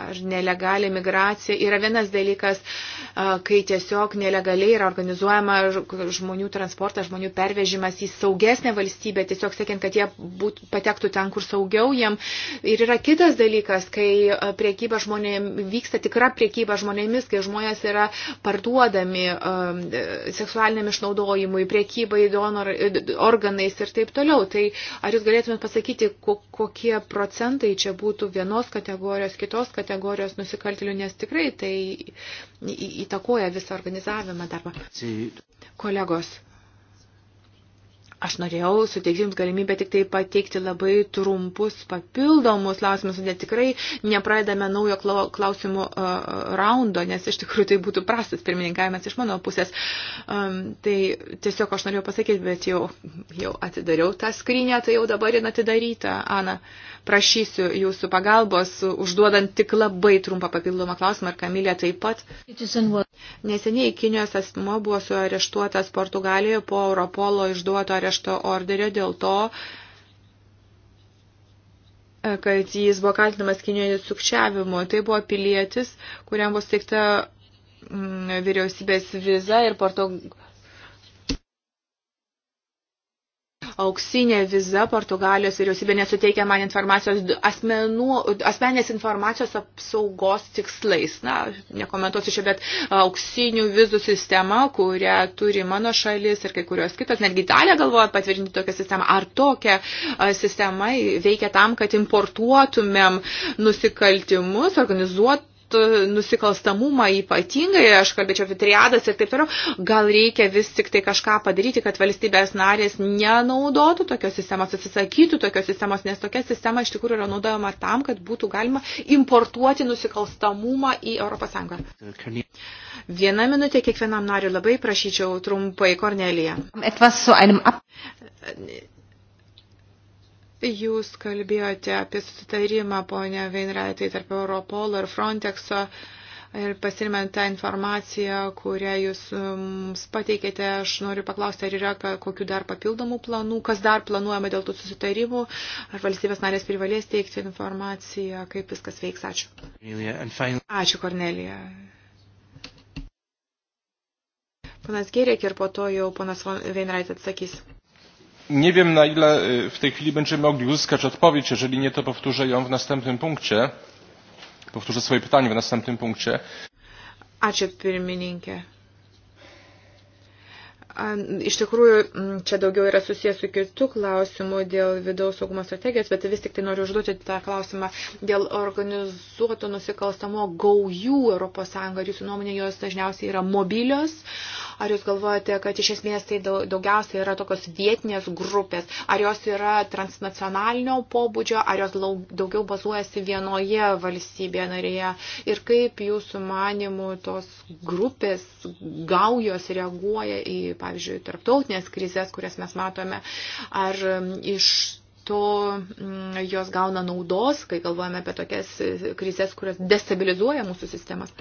ar nelegali migracija yra vienas dalykas, kai tiesiog nelegaliai yra organizuojama žmonių transportas, žmonių pervežimas į saugesnę valstybę, tiesiog siekiant, kad jie būt, patektų ten, kur saugiau jiem. Ir yra kitas dalykas, kai priekyba žmonėmis vyksta tikra priekyba žmonėmis, kai žmonės yra parduodami seksualiniam išnaudojimui, priekybai donor, organais ir taip toliau. Tai ar jūs galėtumėt pasakyti, kokie kokie procentai čia būtų vienos kategorijos, kitos kategorijos nusikaltėlių, nes tikrai tai įtakoja visą organizavimą darbą. Kolegos, Aš norėjau suteikti Jums galimybę tik tai pateikti labai trumpus papildomus klausimus, nes tikrai nepraėdame naujo klausimų raundo, nes iš tikrųjų tai būtų prastas pirmininkavimas iš mano pusės. Tai tiesiog aš norėjau pasakyti, bet jau, jau atidariau tą skrinę, tai jau dabar jin atidaryta, Ana. Uh, prašysiu jūsų pagalbos, užduodant tik labai trumpą papildomą klausimą, ar Kamilė taip pat. Neseniai Kinijos asmo buvo suareštuotas Portugalijoje po Europolo išduoto arešto orderio dėl to, kad jis buvo kaltinamas Kinijoje sukčiavimu. Tai buvo pilietis, kuriam buvo steigta mm, vyriausybės viza ir Portugalija auksinė viza Portugalijos vyriausybė nesuteikia man informacijos asmenų, asmenės informacijos apsaugos tikslais. Na, nekomentuosiu čia, bet auksinių vizų sistema, kurią turi mano šalis ir kai kurios kitos, netgi Italija galvoja patvirtinti tokią sistemą. Ar tokia sistema veikia tam, kad importuotumėm nusikaltimus, organizuot nusikalstamumą ypatingai, aš kalbėčiau apie triadas ir taip toliau, gal reikia vis tik tai kažką padaryti, kad valstybės narės nenaudotų tokios sistemos, atsisakytų tokios sistemos, nes tokia sistema iš tikrųjų yra naudojama tam, kad būtų galima importuoti nusikalstamumą į ES. Viena minutė kiekvienam nariu labai prašyčiau trumpai, Kornelija. Jūs kalbėjote apie susitarimą, ponia Veinraitai, tarp Europolo ir Frontexo ir pasirimant tą informaciją, kurią jūs mm, mums pateikėte, aš noriu paklausti, ar yra kokių dar papildomų planų, kas dar planuojama dėl tų susitarimų, ar valstybės narės privalės teikti informaciją, kaip viskas veiks. Ačiū. Ačiū, Kornelija. Panas Gerėk ir po to jau panas Veinrait atsakys nie wiem na ile w tej chwili będziemy mogli uzyskać odpowiedź jeżeli nie to powtórzę ją w następnym punkcie powtórzę swoje pytanie w następnym punkcie Ačiū pirmininkė. Iš tikrųjų, čia daugiau yra susijęs su kitų klausimų dėl vidaus saugumo strategijos, bet vis tik tai noriu užduoti tą klausimą dėl organizuoto nusikalstamo gaujų Europos Sąjunga. Jūsų nuomonė, jos dažniausiai yra mobilios, Ar jūs galvojate, kad iš esmės tai daugiausiai yra tokios vietinės grupės? Ar jos yra transnacionalinio pobūdžio, ar jos daugiau bazuojasi vienoje valstybėje narėje? Ir kaip jūsų manimų tos grupės gaujos reaguoja į, pavyzdžiui, tarptautinės krizės, kurias mes matome? Ar iš to mm, jos gauna naudos, kai galvojame apie tokias e, krizės, kurios destabilizuoja mūsų sistemas.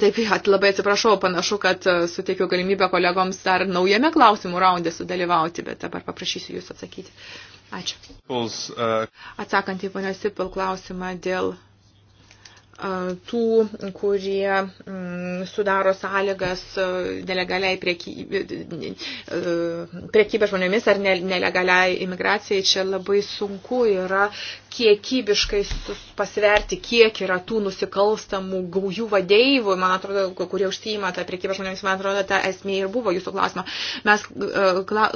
Taip, labai atsiprašau, panašu, kad e, suteikiau galimybę kolegoms dar naujame klausimų raundė sudalyvauti, bet dabar paprašysiu jūs atsakyti. Ačiū. Uh, Atsakant į ponios Sipil klausimą dėl tų, kurie mm, sudaro sąlygas nelegaliai priekybę žmonėmis ar nelegaliai imigracijai. Čia labai sunku yra kiekybiškai pasiverti, kiek yra tų nusikalstamų gaujų vadeivų, man atrodo, kurie užsijima tą priekybą žmonėmis, man atrodo, ta esmė ir buvo jūsų klausimo. Mes e,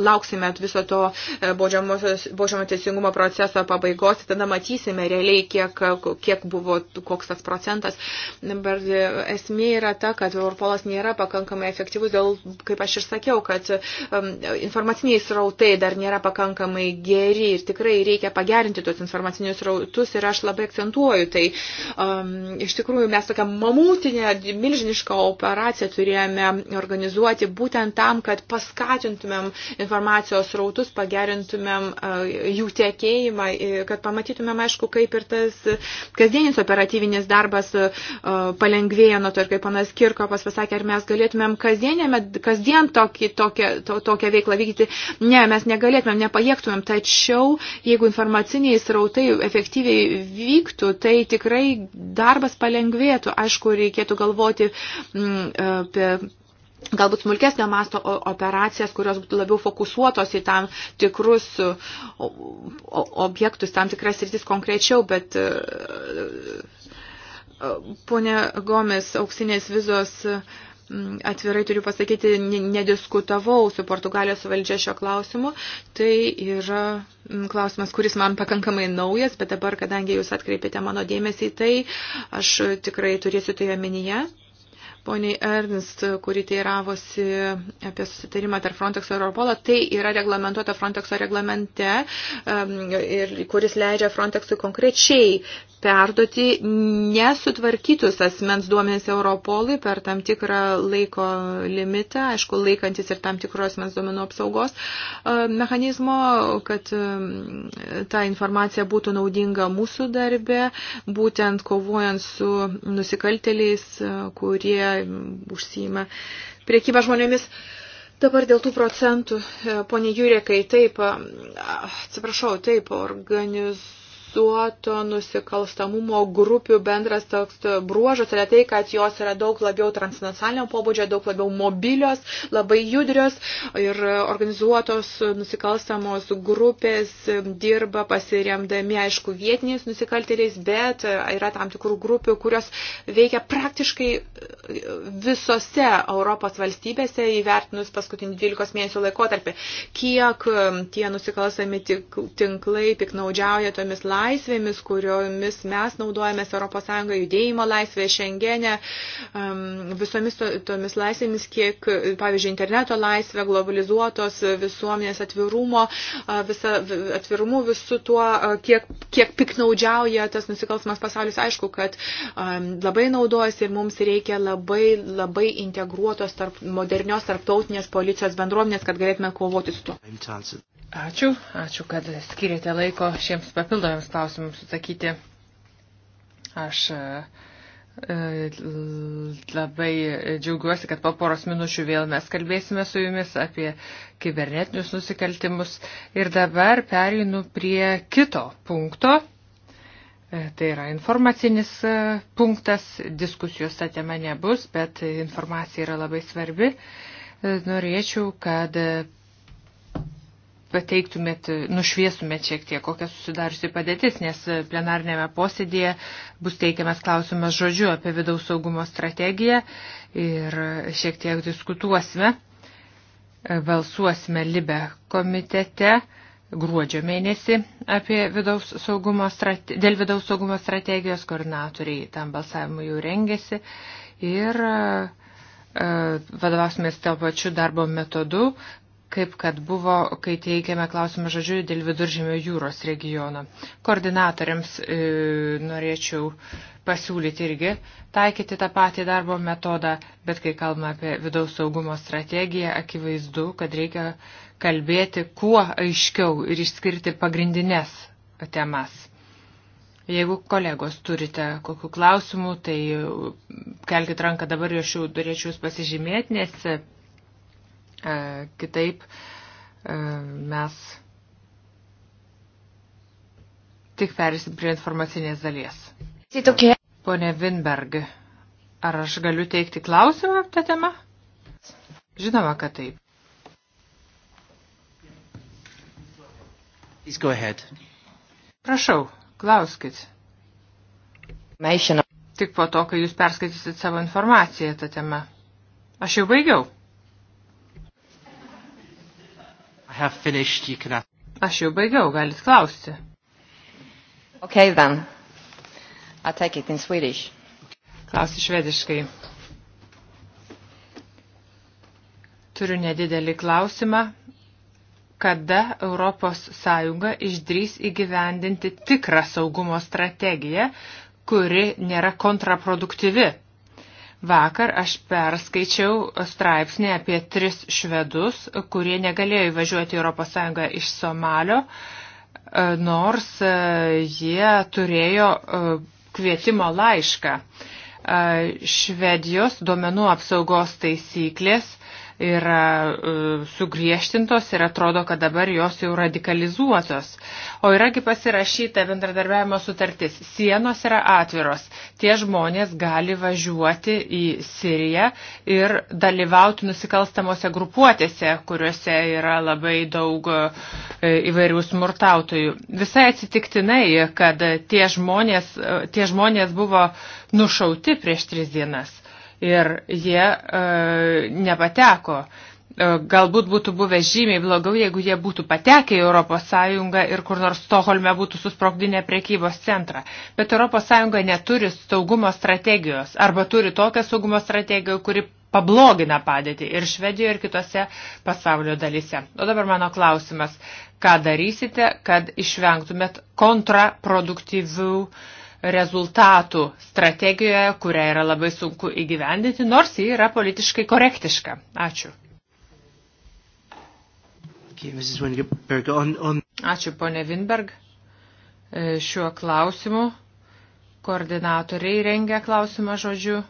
lauksime viso to e, baudžiamo teisingumo proceso pabaigos, tada matysime realiai, kiek, kiek buvo, koks tas procentas. Dabar e, esmė yra ta, kad Europolas nėra pakankamai efektyvus, dėl, kaip aš ir sakiau, kad um, informaciniai srautai dar nėra pakankamai geri ir tikrai reikia pagerinti tos informacinius finansinius rautus ir aš labai akcentuoju. Tai um, iš tikrųjų mes tokią mamutinę, milžinišką operaciją turėjome organizuoti būtent tam, kad paskatintumėm informacijos rautus, pagerintumėm uh, jų tiekėjimą, kad pamatytumėm, aišku, kaip ir tas kasdienis operatyvinis darbas uh, palengvėja nuo to ir kaip panas Kirkopas pasakė, ar mes galėtumėm kasdienėme, kasdien tokį, tokią, to, tokią veiklą vykdyti. Ne, mes negalėtumėm, nepajėgtumėm, tačiau jeigu informaciniai srautai efektyviai vyktų, tai tikrai darbas palengvėtų. Aišku, reikėtų galvoti mm, e, apie galbūt smulkesnio masto operacijas, kurios būtų labiau fokusuotos į tam tikrus objektus, tam tikras rytis konkrečiau, bet e, e, Pone Gomis, auksinės vizos Mm, atvirai turiu pasakyti, nediskutavau su Portugalijos valdžia šio klausimu. Tai yra mm, klausimas, kuris man pakankamai naujas, bet dabar, kadangi jūs atkreipėte mano dėmesį, tai aš tikrai turėsiu tai omenyje. Poniai Ernst, kuri teiravosi apie susitarimą tarp Frontexo ir Europolo, tai yra reglamentuota Frontexo reglamente, um, ir, kuris leidžia Frontexui konkrečiai perduoti nesutvarkytus asmens duomenis Europolui per tam tikrą laiko limitą, aišku, laikantis ir tam tikros asmens duomenų apsaugos e, mechanizmo, kad e, ta informacija būtų naudinga mūsų darbe, būtent kovojant su nusikalteliais, e, kurie užsima priekybą žmonėmis. Dabar dėl tų procentų, ponė Jurekai, taip, atsiprašau, taip, organizuoju organizuoto nusikalstamumo grupių bendras toks bruožas yra tai, kad jos yra daug labiau transnacionalinio pobūdžio, daug labiau mobilios, labai judrios ir organizuotos nusikalstamos grupės dirba pasiremdami, aišku, vietiniais nusikaltėliais, bet yra tam tikrų grupių, kurios veikia praktiškai visose Europos valstybėse įvertinus paskutinį 12 mėnesių laikotarpį. Kiek tie nusikalstami tinklai piknaudžiauja tomis laisvėmis, laisvėmis, kuriomis mes naudojamės ES, judėjimo laisvė, šengenė, um, visomis tomis laisvėmis, kiek, pavyzdžiui, interneto laisvė, globalizuotos visuomenės atvirumo, uh, visa, atvirumu visu tuo, uh, kiek, kiek piknaudžiauja tas nusikalstamas pasaulis. Aišku, kad um, labai naudojasi ir mums reikia labai, labai integruotos tarp, modernios tarptautinės policijos bendruomenės, kad galėtume kovoti su tuo. Ačiū, ačiū, kad skiriate laiko šiems papildomiems klausimams atsakyti. Aš e, e, labai džiaugiuosi, kad po poros minučių vėl mes kalbėsime su jumis apie kibernetinius nusikaltimus. Ir dabar pereinu prie kito punkto. E, tai yra informacinis punktas, diskusijos ta tema nebus, bet informacija yra labai svarbi. Norėčiau, kad pateiktumėt, nušviesumėt šiek tiek, kokia susidariusi padėtis, nes plenarnėme posėdėje bus teikiamas klausimas žodžiu apie vidaus saugumo strategiją ir šiek tiek diskutuosime, balsuosime Libe komitete gruodžio mėnesį apie vidaus saugumo strate, dėl vidaus saugumo strategijos koordinatoriai tam balsavimui jau rengėsi ir e, vadovausime tuo pačiu darbo metodu, kaip kad buvo, kai teikėme klausimą žodžiu dėl viduržėmio jūros regiono. Koordinatoriams e, norėčiau pasiūlyti irgi taikyti tą patį darbo metodą, bet kai kalbame apie vidaus saugumo strategiją, akivaizdu, kad reikia kalbėti kuo aiškiau ir išskirti pagrindinės temas. Jeigu kolegos turite kokių klausimų, tai kelkite ranką dabar, aš jau turėčiau jūs pasižymėti, nes E, kitaip e, mes tik perėsim prie informacinės dalies. Tai Pone Winberg, ar aš galiu teikti klausimą tą temą? Žinoma, kad taip. Please go ahead. Prašau, klauskit. Tik po to, kai jūs perskaitysit savo informaciją tą temą. Aš jau baigiau. finished, you can ask. Aš jau baigiau, galit klausti. Okay, then. I'll take it in Swedish. Klausi švediškai. Turiu nedidelį klausimą. Kada Europos Sąjunga išdrys įgyvendinti tikrą saugumo strategiją, kuri nėra kontraproduktyvi Vakar aš perskaičiau straipsnį apie tris švedus, kurie negalėjo įvažiuoti ES iš Somalio, e, nors e, jie turėjo e, kvietimo laišką. Švedijos duomenų apsaugos taisyklės yra e, sugriežtintos ir atrodo, kad dabar jos jau radikalizuotos. O yragi pasirašyta bendradarbiavimo sutartis. Sienos yra atviros. Tie žmonės gali važiuoti į Siriją ir dalyvauti nusikalstamose grupuotėse, kuriuose yra labai daug e, įvairių smurtautojų. Visai atsitiktinai, kad tie žmonės, e, tie žmonės buvo nušauti prieš tris dienas ir jie e, nepateko. E, galbūt būtų buvę žymiai blogiau, jeigu jie būtų patekę į Europos Sąjungą ir kur nors Stoholme būtų susprogdinę prekybos centrą. Bet Europos Sąjunga neturi saugumo strategijos arba turi tokią saugumo strategiją, kuri pablogina padėtį ir Švedijoje, ir kitose pasaulio dalyse. O dabar mano klausimas, ką darysite, kad išvengtumėt kontraproduktyvių uh, rezultatų strategijoje, kurią yra labai sunku įgyvendinti, nors ji yra politiškai korektiška. Ačiū. Ačiū, ponė Winberg. E, šiuo klausimu koordinatoriai rengia klausimą žodžiu.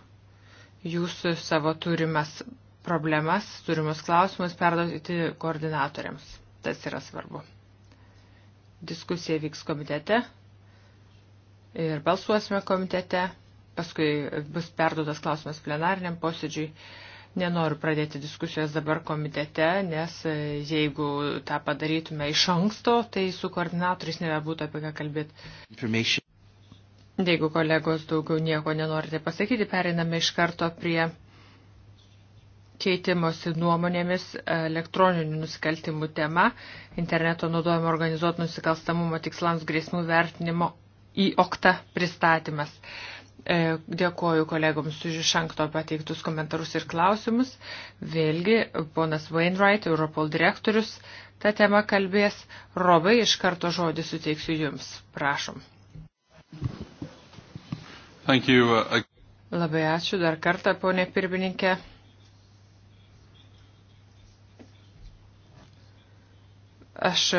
Jūs savo turimas problemas, turimus klausimus perduoti koordinatoriams. Tas yra svarbu. Diskusija vyks komitete ir balsuosime komitete, paskui bus perduotas klausimas plenariniam posėdžiui. Nenoriu pradėti diskusijos dabar komitete, nes e, jeigu tą padarytume iš anksto, tai su koordinatoriais nebebūtų apie ką kalbėti. Jeigu kolegos daugiau nieko nenorite pasakyti, periname iš karto prie keitimosi nuomonėmis elektroninių nusikaltimų tema, interneto naudojimo organizuotų nusikalstamumo tikslams grėsmų vertinimo į oktą pristatymas. E, Dėkuoju kolegoms už iš ankto pateiktus komentarus ir klausimus. Vėlgi, ponas Wainwright, Europol direktorius, tą temą kalbės. Robai, iš karto žodį suteiksiu Jums. Prašom. Thank you. Uh, Labai ačiū dar kartą, ponė pirmininkė. Aš e,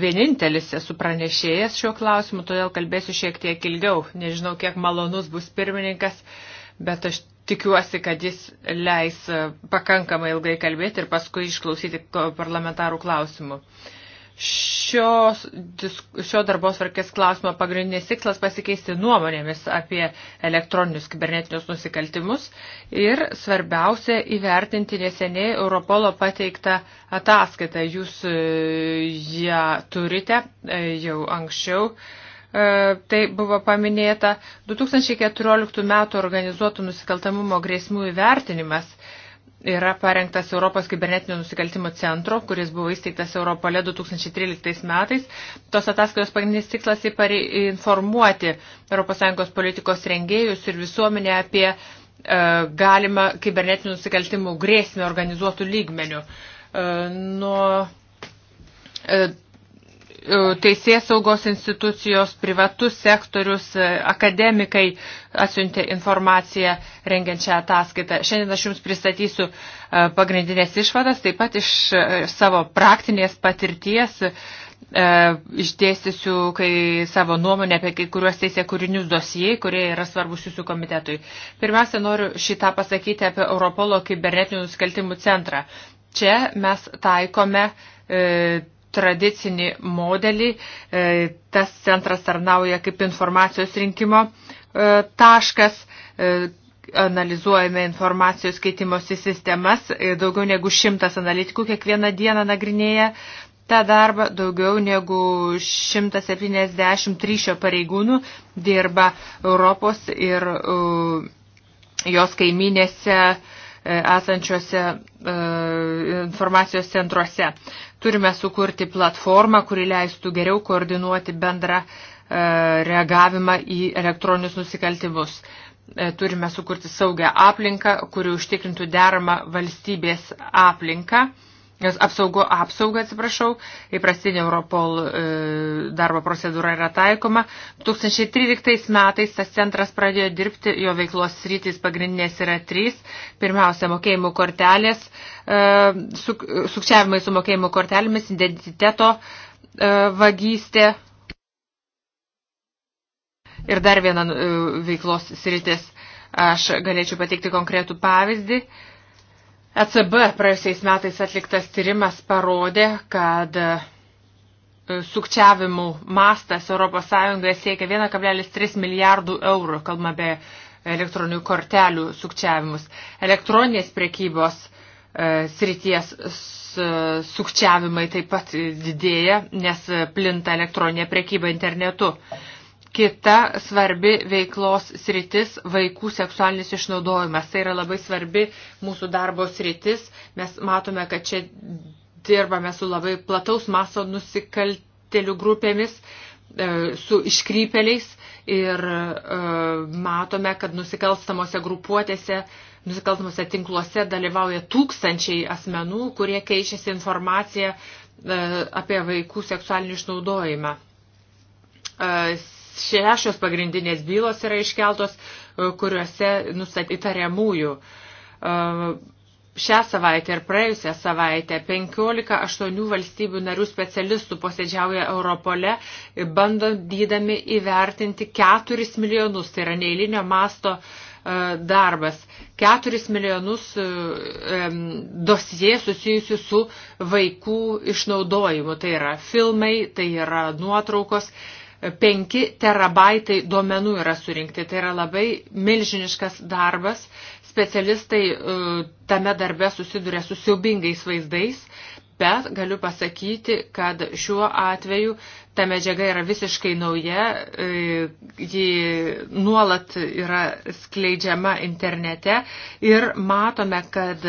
vienintelis esu pranešėjęs šiuo klausimu, todėl kalbėsiu šiek tiek ilgiau. Nežinau, kiek malonus bus pirmininkas, bet aš tikiuosi, kad jis leis e, pakankamai ilgai kalbėti ir paskui išklausyti parlamentarų klausimų. Uh, šios, šio darbos varkės klausimo pagrindinis tikslas pasikeisti nuomonėmis apie elektroninius kibernetinius nusikaltimus ir svarbiausia įvertinti neseniai Europolo pateiktą ataskaitą. Jūs e, ją turite e, jau anksčiau. E, tai buvo paminėta 2014 metų organizuotų nusikaltamumo grėsmų įvertinimas yra parengtas Europos kibernetinių nusikaltimų centro, kuris buvo įsteigtas Europole 2013 metais. Tos ataskaitos pagrindinis tikslas informuoti ES politikos rengėjus ir visuomenę apie e, galimą kibernetinių nusikaltimų grėsmę organizuotų lygmenių. E, nuo e, E, teisės saugos institucijos, privatus sektorius, e, akademikai atsiuntė informaciją rengiančią ataskaitą. Šiandien aš Jums pristatysiu e, pagrindinės išvadas, taip pat iš savo praktinės patirties išdėstysiu kai savo nuomonę apie kai kuriuos teisė kūrinius dosijai, kurie yra svarbus jūsų komitetui. Pirmiausia, noriu šitą pasakyti apie Europolo kibernetinių nusikaltimų centrą. Čia mes taikome e, tradicinį modelį. E, tas centras tarnauja kaip informacijos rinkimo e, taškas. E, analizuojame informacijos keitimosi sistemas. Daugiau negu šimtas analitikų kiekvieną dieną nagrinėja tą darbą. Daugiau negu 170 ryšio pareigūnų dirba Europos ir jos kaiminėse uh, E, esančiuose e, informacijos centruose. Turime sukurti platformą, kuri leistų geriau koordinuoti bendrą e, reagavimą į elektroninius nusikaltimus. Turime sukurti saugią aplinką, kuri užtikrintų deramą valstybės aplinką apsaugo, apsaugą, atsiprašau, įprastinė Europol e, darbo procedūra yra taikoma. 2013 metais tas centras pradėjo dirbti, jo veiklos sritys pagrindinės yra trys. Pirmiausia, mokėjimų kortelės, e, suk, sukčiavimai su mokėjimų kortelėmis, identiteto e, vagystė. Ir dar viena e, veiklos sritis. Aš galėčiau pateikti konkretų pavyzdį. E, ECB praėjusiais metais atliktas tyrimas parodė, kad e, sukčiavimų mastas ES siekia 1,3 milijardų eurų, kalbame apie elektroninių kortelių sukčiavimus. Elektroninės prekybos e, srities sukčiavimai taip pat didėja, nes plinta elektroninė prekyba internetu. Kita svarbi veiklos sritis - vaikų seksualinis išnaudojimas. Tai yra labai svarbi mūsų darbo sritis. Mes matome, kad čia dirbame su labai plataus maso nusikaltelių grupėmis, e, su iškrypeliais ir e, matome, kad nusikalstamose grupuotėse, nusikalstamose tinkluose dalyvauja tūkstančiai asmenų, kurie keičiasi informaciją e, apie vaikų seksualinį išnaudojimą šešios pagrindinės bylos yra iškeltos, e, kuriuose nustatytariamųjų. E, šią savaitę ir praėjusią savaitę 15-8 valstybių narių specialistų posėdžiauja Europole, bandydami įvertinti 4 milijonus, tai yra neįlinio masto e, darbas. 4 milijonus dosijė susijusių su vaikų išnaudojimu, tai yra filmai, tai yra nuotraukos 5 terabaitai duomenų yra surinkti. Tai yra labai milžiniškas darbas. Specialistai e, tame darbe susiduria su siaubingais vaizdais, bet galiu pasakyti, kad šiuo atveju ta medžiaga yra visiškai nauja, e, ji nuolat yra skleidžiama internete ir matome, kad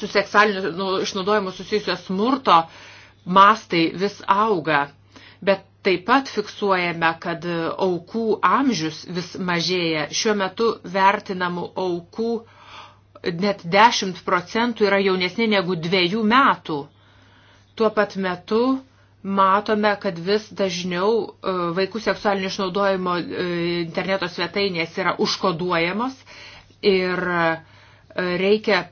su seksualiniu nu, išnaudojimu susijusio smurto mastai vis auga. Bet Taip pat fiksuojame, kad aukų amžius vis mažėja. Šiuo metu vertinamų aukų net 10 procentų yra jaunesni negu dviejų metų. Tuo pat metu matome, kad vis dažniau e, vaikų seksualinio išnaudojimo e, interneto svetainės yra užkoduojamos ir e, reikia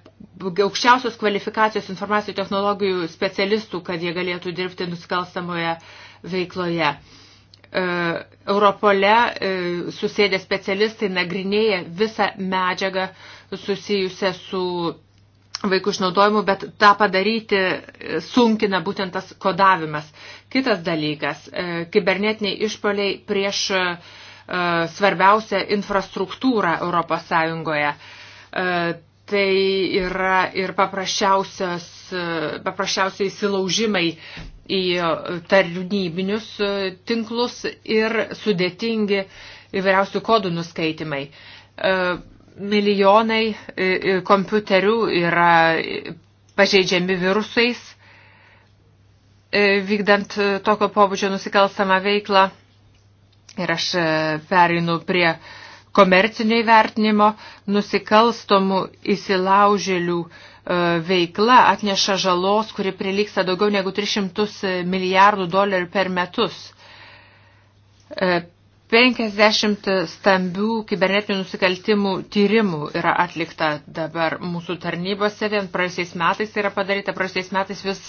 aukščiausios kvalifikacijos informacijų technologijų specialistų, kad jie galėtų dirbti nusikalstamoje veikloje. E, Europole e, susėdė specialistai nagrinėja visą medžiagą susijusią su vaikų išnaudojimu, bet tą padaryti sunkina būtent tas kodavimas. Kitas dalykas e, – kibernetiniai išpoliai prieš svarbiausią infrastruktūrą Europos Sąjungoje. Tai yra ir paprasčiausios E, paprasčiausiai įsilaužimai į e, tarnybinius e, tinklus ir sudėtingi įvairiausių kodų nuskaitimai. Milijonai kompiuterių yra pažeidžiami virusais, vykdant tokio pobūdžio nusikalstamą veiklą. Ir aš pereinu prie komercinio įvertinimo nusikalstomų įsilaužėlių uh, E, veikla atneša žalos, kuri priliksta daugiau negu 300 milijardų dolerių per metus. 50 e, stambių kibernetinių nusikaltimų tyrimų yra atlikta dabar mūsų tarnybose. Vien praeisiais metais tai yra padaryta. Praeisiais metais vis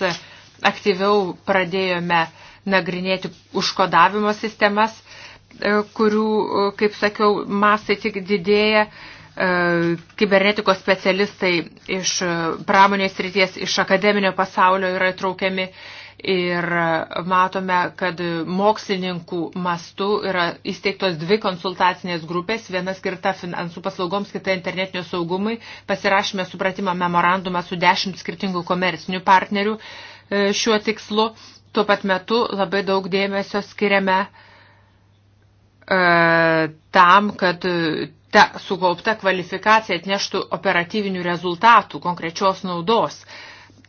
aktyviau pradėjome nagrinėti užkodavimo sistemas, e, kurių, kaip sakiau, mastai tik didėja. E, kibernetikos specialistai iš e, pramonės ryties, iš akademinio pasaulio yra įtraukiami ir e, matome, kad mokslininkų mastu yra įsteigtos dvi konsultacinės grupės, viena skirta finansų paslaugoms, kita internetinio saugumui. Pasirašėme supratimą memorandumą su dešimt skirtingų komercinių partnerių šiuo tikslu. Tuo pat metu labai daug dėmesio skiriame tam, kad ta sukaupta kvalifikacija atneštų operatyvinių rezultatų, konkrečios naudos.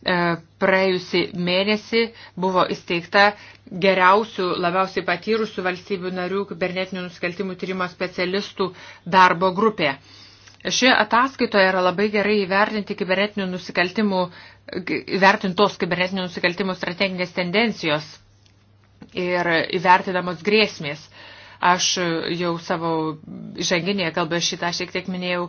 E, Praėjusi mėnesį buvo įsteigta geriausių, labiausiai patyrusių valstybių narių kibernetinių nusikaltimų tyrimo specialistų darbo grupė. Šioje ataskaitoje yra labai gerai įvertinti kibernetinių nusikaltimų, įvertintos kibernetinių nusikaltimų strateginės tendencijos ir įvertinamos grėsmės. Aš jau savo žanginėje kalbą šitą šiek tiek minėjau,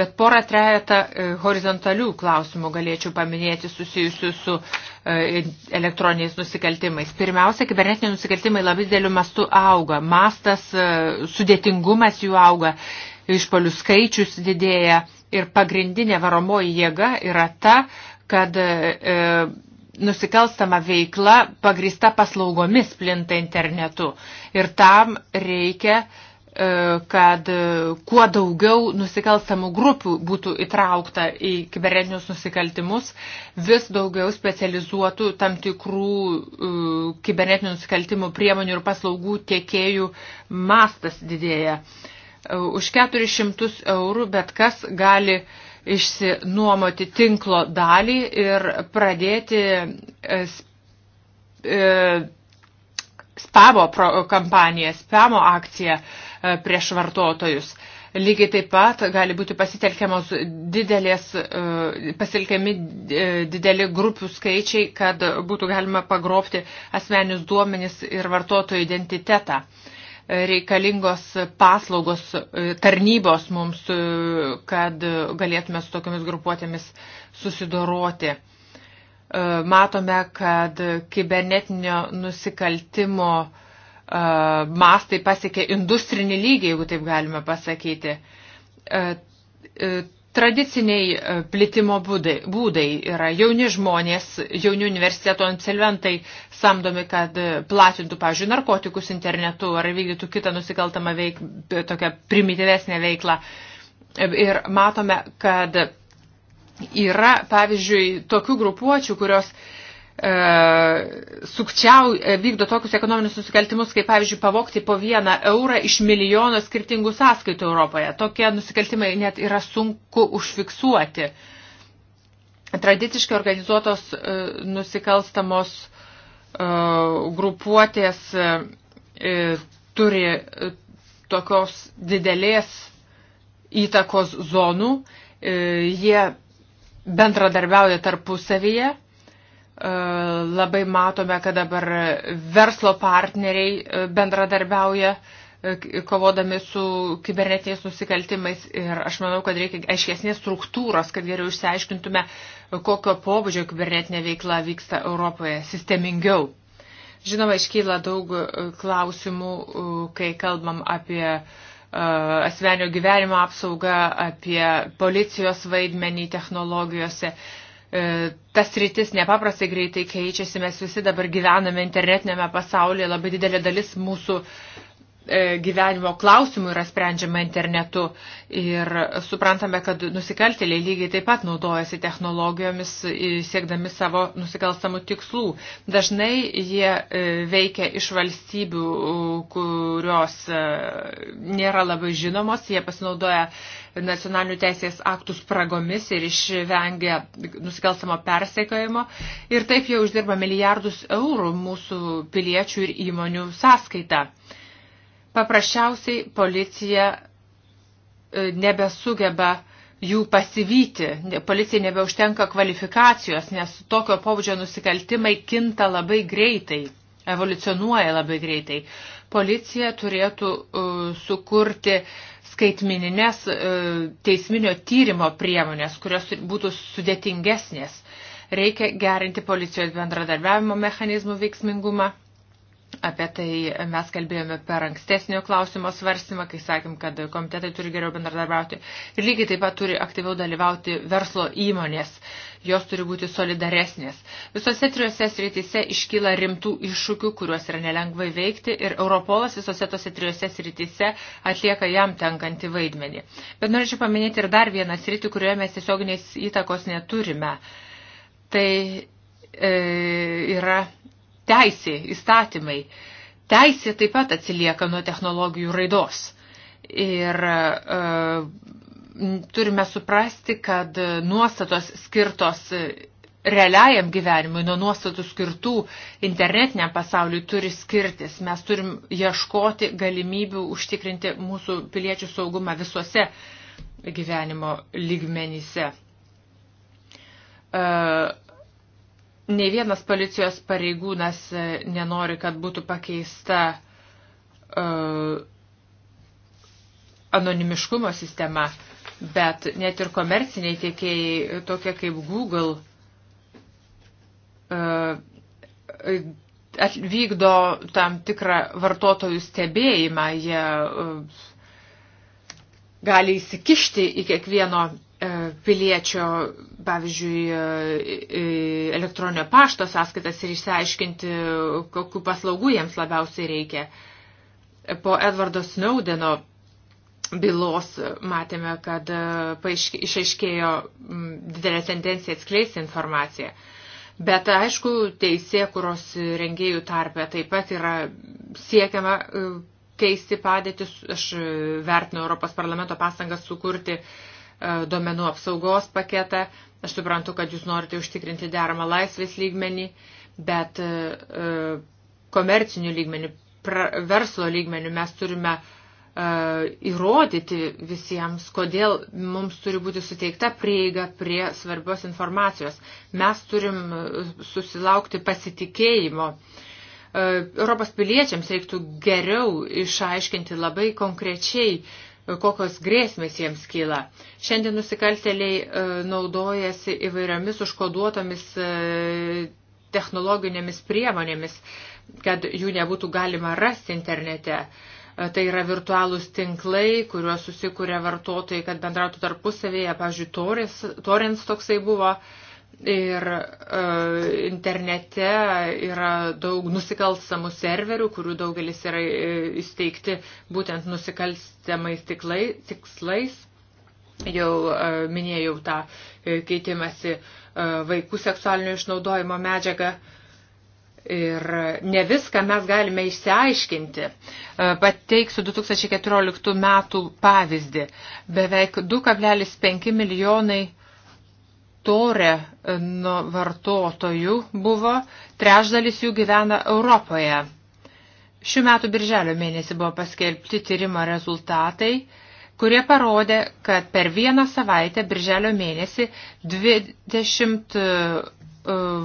bet porą trejata e, horizontalių klausimų galėčiau paminėti susijusių su e, elektroniniais nusikaltimais. Pirmiausia, kibernetiniai nusikaltimai labai dėliu mastu auga. Mastas, e, sudėtingumas jų auga, išpolių skaičius didėja ir pagrindinė varomoji jėga yra ta, kad e, nusikalstama veikla pagrįsta paslaugomis plinta internetu. Ir tam reikia, e, kad e, kuo daugiau nusikalstamų grupių būtų įtraukta į kibernetinius nusikaltimus, vis daugiau specializuotų tam tikrų e, kibernetinių nusikaltimų priemonių ir paslaugų tiekėjų mastas didėja. Už 400 eurų bet kas gali uh, išsinuomoti tinklo dalį ir pradėti e, e, spamo kampaniją, spamo akciją e, prieš vartotojus. Lygiai taip pat gali būti pasitelkiamos didelės, pasitelkiami dideli grupių skaičiai, kad būtų galima pagrobti asmenius duomenis ir vartotojų identitetą. Uh, reikalingos paslaugos, e, tarnybos mums, e, kad galėtume su tokiamis grupuotėmis susidoroti. E, matome, kad kibernetinio nusikaltimo mastai pasiekė industrinį lygį, jeigu taip galime pasakyti tradiciniai e, plitimo būdai, būdai yra jauni žmonės, jauni universiteto absolventai samdomi, kad e, platintų, pavyzdžiui, narkotikus internetu ar vykdytų kitą nusikaltamą veik, e, tokią primityvesnę veiklą. Ir matome, kad yra, pavyzdžiui, tokių grupuočių, kurios uh, E, sukčiau, e, vykdo tokius ekonominius nusikaltimus, kaip pavyzdžiui pavokti po vieną eurą iš milijono skirtingų sąskaitų Europoje. Tokie nusikaltimai net yra sunku užfiksuoti. Tradiciškai organizuotos e, nusikalstamos grupuotės turi tokios didelės įtakos zonų, jie bendradarbiauja tarpusavyje Labai matome, kad dabar verslo partneriai e, bendradarbiauja e, kovodami su kibernetiniais nusikaltimais ir aš manau, kad reikia aiškesnės struktūros, kad geriau išsiaiškintume, kokio pobūdžio kibernetinė veikla vyksta Europoje sistemingiau. Žinoma, iškyla daug e, klausimų, kai kalbam apie asmenio gyvenimo apsaugą, apie policijos vaidmenį technologijose. E, tas rytis nepaprastai greitai keičiasi, mes visi dabar gyvename internetinėme pasaulyje, labai didelė dalis mūsų E, gyvenimo klausimų yra sprendžiama internetu ir suprantame, kad nusikaltėliai lygiai taip pat naudojasi technologijomis e, siekdami savo nusikalstamų tikslų. Dažnai jie e, veikia iš valstybių, kurios nėra labai žinomos, jie pasinaudoja nacionalinių teisės aktų spragomis ir išvengia nusikalstamo persekiojimo ir taip jau uždirba milijardus eurų mūsų piliečių ir įmonių sąskaitą. Paprasčiausiai policija e, nebesugeba jų pasivyti, policijai nebeužtenka kvalifikacijos, nes tokio pobūdžio nusikaltimai kinta labai greitai, evoliucionuoja labai greitai. Policija turėtų uh, sukurti skaitmininės uh, teisminio tyrimo priemonės, kurios būtų sudėtingesnės. Reikia gerinti policijos bendradarbiavimo mechanizmų veiksmingumą. Apie tai mes kalbėjome per ankstesnio klausimo svarstymą, kai sakėm, kad komitetai turi geriau bendradarbiauti. Ir lygiai taip pat turi aktyviau dalyvauti verslo įmonės. Jos turi būti solidaresnės. Visose trijose srityse iškyla rimtų iššūkių, kuriuos yra nelengvai veikti ir Europolas visose tose trijose srityse atlieka jam tenkantį vaidmenį. Bet norėčiau paminėti ir dar vieną sritį, kurioje mes tiesioginės įtakos neturime. Tai e, yra teisė, įstatymai. Teisė taip pat atsilieka nuo technologijų raidos. Ir e, turime suprasti, kad nuostatos skirtos e, realiajam gyvenimui nuo nuostatų skirtų internetiniam pasauliui turi skirtis. Mes turim ieškoti galimybių užtikrinti mūsų piliečių saugumą visuose gyvenimo lygmenyse. Uh, Ne vienas policijos pareigūnas e, nenori, kad būtų pakeista uh, anonimiškumo sistema, bet net ir komerciniai tiekėjai, e, tokie kaip Google, uh, vykdo tam tikrą vartotojų stebėjimą, jie uh, gali įsikišti į kiekvieno E, piliečio, pavyzdžiui, e, e, elektroninio pašto sąskaitas ir išsiaiškinti, kokiu paslaugų jiems labiausiai reikia. Po Edvardo Snowdeno bylos matėme, kad išaiškėjo didelė tendencija atskleisti informaciją. Bet aišku, teisė, kurios rengėjų tarpe taip pat yra siekiama keisti padėtis. Aš vertinu Europos parlamento pastangas sukurti uh, E, duomenų apsaugos paketą. Aš suprantu, kad jūs norite užtikrinti deramą laisvės lygmenį, bet e, e, komercinių lygmenių, verslo lygmenių mes turime įrodyti visiems, kodėl mums turi būti suteikta prieiga prie svarbios informacijos. Mes turim susilaukti pasitikėjimo. Europos piliečiams reiktų geriau išaiškinti labai konkrečiai kokios grėsmės jiems kyla. Šiandien nusikalteliai e, naudojasi įvairiomis užkoduotomis e, technologinėmis priemonėmis, kad jų nebūtų galima rasti internete. E, tai yra virtualūs tinklai, kuriuos susikuria vartotojai, kad bendrautų tarpusavėje. Pavyzdžiui, Torins toksai buvo. Uh, Ir e, internete yra daug nusikalstamų serverių, kurių daugelis yra e, įsteigti būtent nusikalstamais tiklai, tikslais. Jau e, minėjau tą e, keitimąsi e, vaikų seksualinio išnaudojimo medžiagą. Ir ne viską mes galime išsiaiškinti. E, pateiksiu 2014 metų pavyzdį. Beveik 2,5 milijonai sektorė e, nuo vartotojų buvo, trešdalis jų gyvena Europoje. Šių metų birželio mėnesį buvo paskelbti tyrimo rezultatai, kurie parodė, kad per vieną savaitę birželio mėnesį 20 e,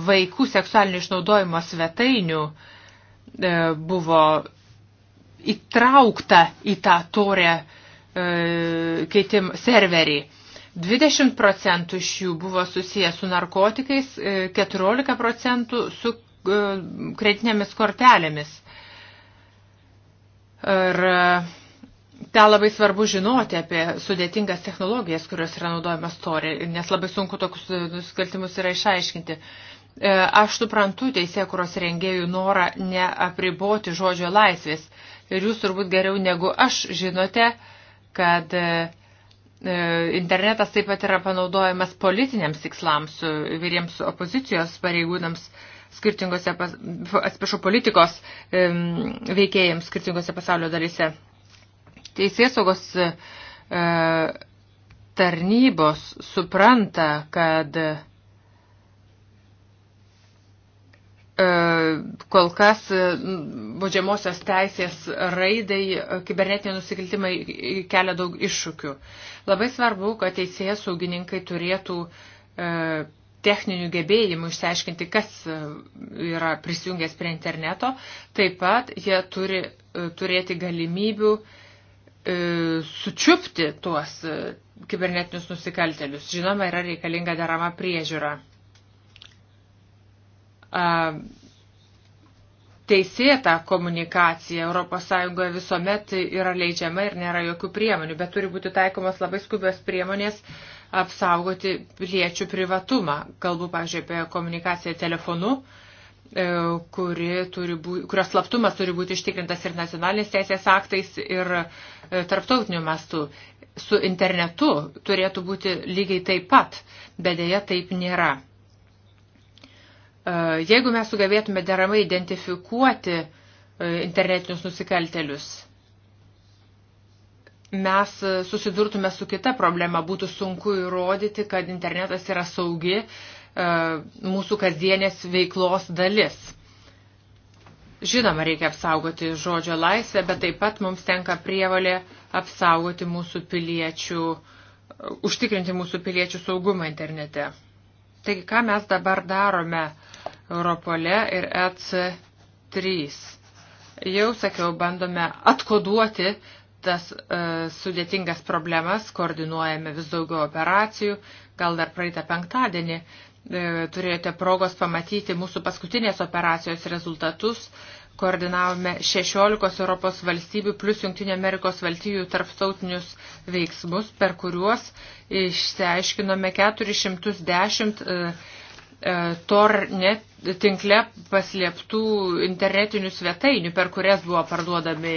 vaikų seksualinio išnaudojimo svetainių e, buvo įtraukta į tą torę keitim serverį. 20 procentų iš jų buvo susijęs su narkotikais, 14 e, procentų su e, kreditinėmis kortelėmis. Ir e, tą labai svarbu žinoti apie sudėtingas technologijas, kurios yra naudojamas tori, nes labai sunku tokius nusikaltimus yra išaiškinti. Aš suprantu teisėkuros rengėjų norą neapriboti žodžio laisvės. Ir jūs turbūt geriau negu aš žinote, kad uh, E, internetas taip pat yra panaudojamas politiniams tikslams, e, vyriems opozicijos pareigūnams, skirtingose, atsiprašau, politikos e, veikėjams skirtingose pasaulio dalyse. Teisėsaugos tarnybos supranta, kad E, kol kas e, baudžiamosios teisės raidai e, kibernetiniai nusikaltimai kelia daug iššūkių. Labai svarbu, kad teisėjas saugininkai turėtų techninių gebėjimų išsiaiškinti, kas yra prisijungęs prie interneto. Taip pat jie turi turėti galimybių sučiupti tuos kibernetinius nusikaltelius. Žinoma, yra reikalinga derama priežiūra teisėta komunikacija ES visuomet yra leidžiama ir nėra jokių priemonių, bet turi būti taikomas labai skubios priemonės apsaugoti piliečių privatumą. Kalbu, pavyzdžiui, apie komunikaciją telefonu, e, kuri turi būti, kurios slaptumas turi būti ištikrintas ir nacionalinės teisės aktais, ir e, tarptautiniu mastu. Su internetu turėtų būti lygiai taip pat, bet dėja taip nėra. E, jeigu mes sugebėtume deramai identifikuoti e, internetinius nusikaltelius, mes susidurtume su kita problema, būtų sunku įrodyti, kad internetas yra saugi e, mūsų kasdienės veiklos dalis. Žinoma, reikia apsaugoti žodžio laisvę, bet taip pat mums tenka prievalė apsaugoti mūsų piliečių, užtikrinti mūsų piliečių saugumą internete. Taigi, ką mes dabar darome? Uh, Europole ir EC3. Jau sakiau, bandome atkoduoti tas e, sudėtingas problemas, koordinuojame vis daugiau operacijų. Gal dar praeitą penktadienį e, turėjote progos pamatyti mūsų paskutinės operacijos rezultatus. Koordinavome 16 Europos valstybių plus Junktinio Amerikos valstybių tarptautinius veiksmus, per kuriuos išsiaiškinome 410 e, E, torne tinkle paslėptų internetinių svetainių, per kurias buvo parduodami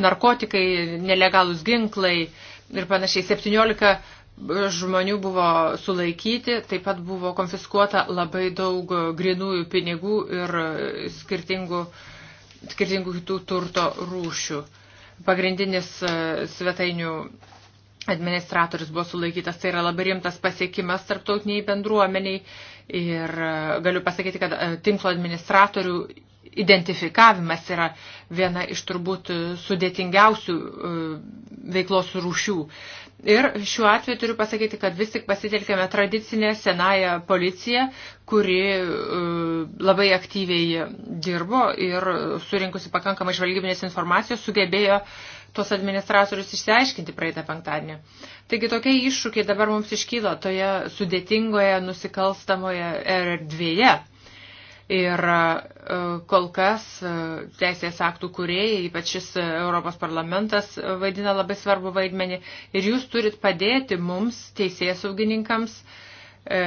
narkotikai, nelegalus ginklai ir panašiai. 17 žmonių buvo sulaikyti, taip pat buvo konfiskuota labai daug grinųjų pinigų ir skirtingų, skirtingų kitų turto rūšių. Pagrindinis e, svetainių administratorius buvo sulaikytas, tai yra labai rimtas pasiekimas tarptautiniai bendruomeniai Ir e, galiu pasakyti, kad e, tinklo administratorių identifikavimas yra viena iš turbūt sudėtingiausių e, veiklos rūšių. Ir šiuo atveju turiu pasakyti, kad vis tik pasitelkėme tradicinę senąją policiją, kuri labai aktyviai dirbo ir surinkusi pakankamai žvalgybinės informacijos sugebėjo uh, tuos administratorius išsiaiškinti praeitą penktadienį. Taigi tokie iššūkiai dabar mums iškyla toje sudėtingoje nusikalstamoje erdvėje. Ir e, kol kas e, teisės aktų kuriejai, ypač šis Europos parlamentas e, vaidina labai svarbu vaidmenį ir jūs turit padėti mums, teisės saugininkams, e,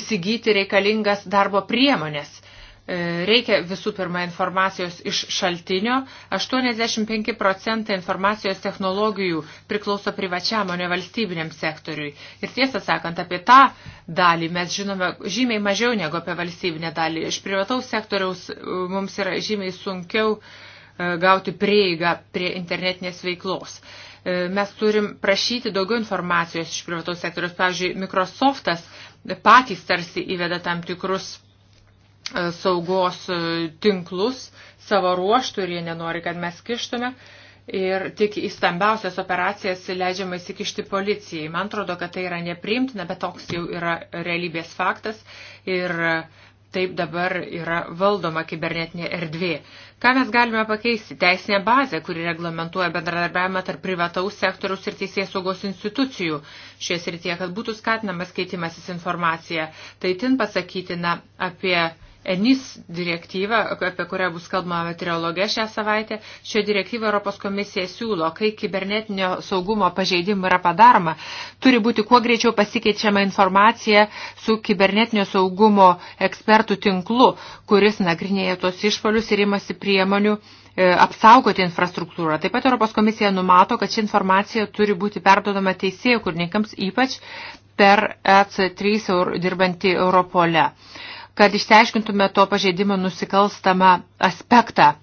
įsigyti reikalingas darbo priemonės E, reikia visų pirma informacijos iš šaltinio. 85 procentai informacijos technologijų priklauso privačiam, o ne valstybiniam sektoriui. Ir tiesą sakant, apie tą dalį mes žinome žymiai mažiau negu apie valstybinę dalį. Iš privataus sektoriaus e, mums yra žymiai sunkiau e, gauti prieigą prie internetinės veiklos mes turim prašyti daugiau informacijos iš privataus sektoriaus. Pavyzdžiui, Microsoftas patys tarsi įveda tam tikrus E, saugos e, tinklus savo ruoštų ir jie nenori, kad mes kištume. Ir tik į stambiausias operacijas leidžiama įsikišti policijai. Man atrodo, kad tai yra nepriimtina, bet toks jau yra realybės faktas. Ir taip dabar yra valdoma kibernetinė erdvė. Ką mes galime pakeisti? Teisinė bazė, kuri reglamentuoja bendradarbiavimą tarp privataus sektoriaus ir teisės saugos institucijų šioje srityje, kad būtų skatinamas keitimasis informacija. Tai tin pasakytina apie ENIS direktyva, apie kurią bus kalbama meteorologė šią savaitę, šio direktyva Europos komisija siūlo, kai kibernetinio saugumo pažeidimų yra padaroma, turi būti kuo greičiau pasikeičiama informacija su kibernetinio saugumo ekspertų tinklu, kuris nagrinėja tos išpolius ir imasi priemonių e, apsaugoti infrastruktūrą. Taip pat Europos komisija numato, kad ši informacija turi būti perdodama teisėjų kurnikams, ypač per EC3 dirbantį Europole kad išsiaiškintume to pažeidimo nusikalstamą aspektą. E,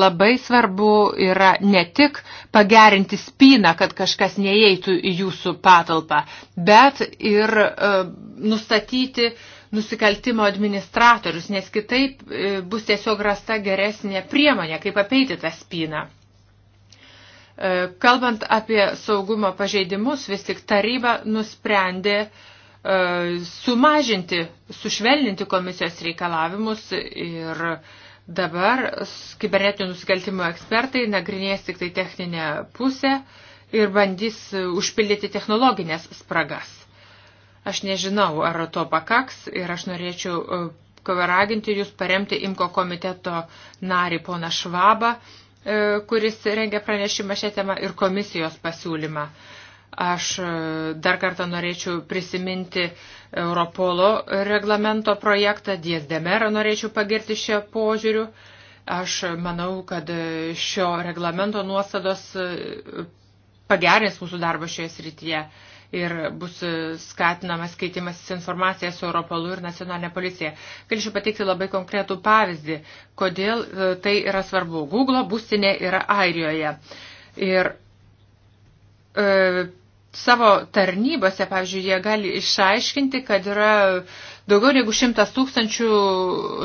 labai svarbu yra ne tik pagerinti spyną, kad kažkas neįeitų į jūsų patalpą, bet ir e, nustatyti nusikaltimo administratorius, nes kitaip e, bus tiesiog rasta geresnė priemonė, kaip apeiti tą spyną. Kalbant apie saugumo pažeidimus, vis tik taryba nusprendė uh, E, sumažinti, sušvelninti komisijos reikalavimus ir dabar kibernetinių nusikaltimų ekspertai nagrinės tik tai techninę pusę ir bandys užpildyti technologinės spragas. Aš nežinau, ar to pakaks ir aš norėčiau e, raginti jūs paremti IMKO komiteto narį poną Švabą, e, kuris rengia pranešimą šią temą ir komisijos pasiūlymą. Aš e, dar kartą norėčiau prisiminti Europolo reglamento projektą, Diezdemerą norėčiau pagirti šio požiūriu. Aš manau, kad e, šio reglamento nuostados e, pagerins mūsų darbą šioje srityje ir bus skatinamas keitimasis informacija su Europolu ir nacionalinė policija. Galėčiau pateikti labai konkretų pavyzdį, kodėl tai yra svarbu. Google būstinė yra Airijoje. Ir E, savo tarnybose, pavyzdžiui, jie gali išaiškinti, kad yra daugiau negu šimtas tūkstančių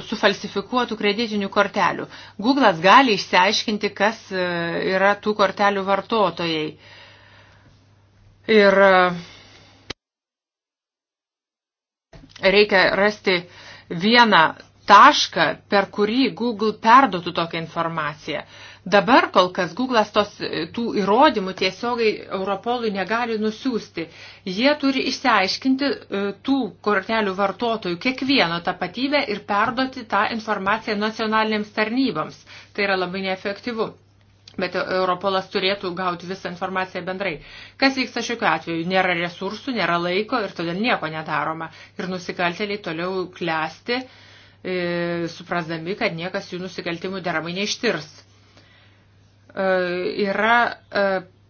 sufalsifikuotų kreditinių kortelių. Google'as gali išsiaiškinti, kas e, yra tų kortelių vartotojai. Ir e, reikia rasti vieną tašką, per kurį Google perduotų tokią informaciją. Uh, Dabar kol kas Google'as tos, e, tų įrodymų tiesiogai Europolui negali nusiųsti. Jie turi išsiaiškinti e, tų kortelių vartotojų kiekvieno tapatybę ir perduoti tą informaciją nacionalinėms tarnyboms. Tai yra labai neefektyvu. Bet Europolas turėtų gauti visą informaciją bendrai. Kas vyksta šiokiu atveju? Nėra resursų, nėra laiko ir todėl nieko nedaroma. Ir nusikaltėliai toliau klesti, e, suprasdami, kad niekas jų nusikaltimų deramai neištirs. E, yra e,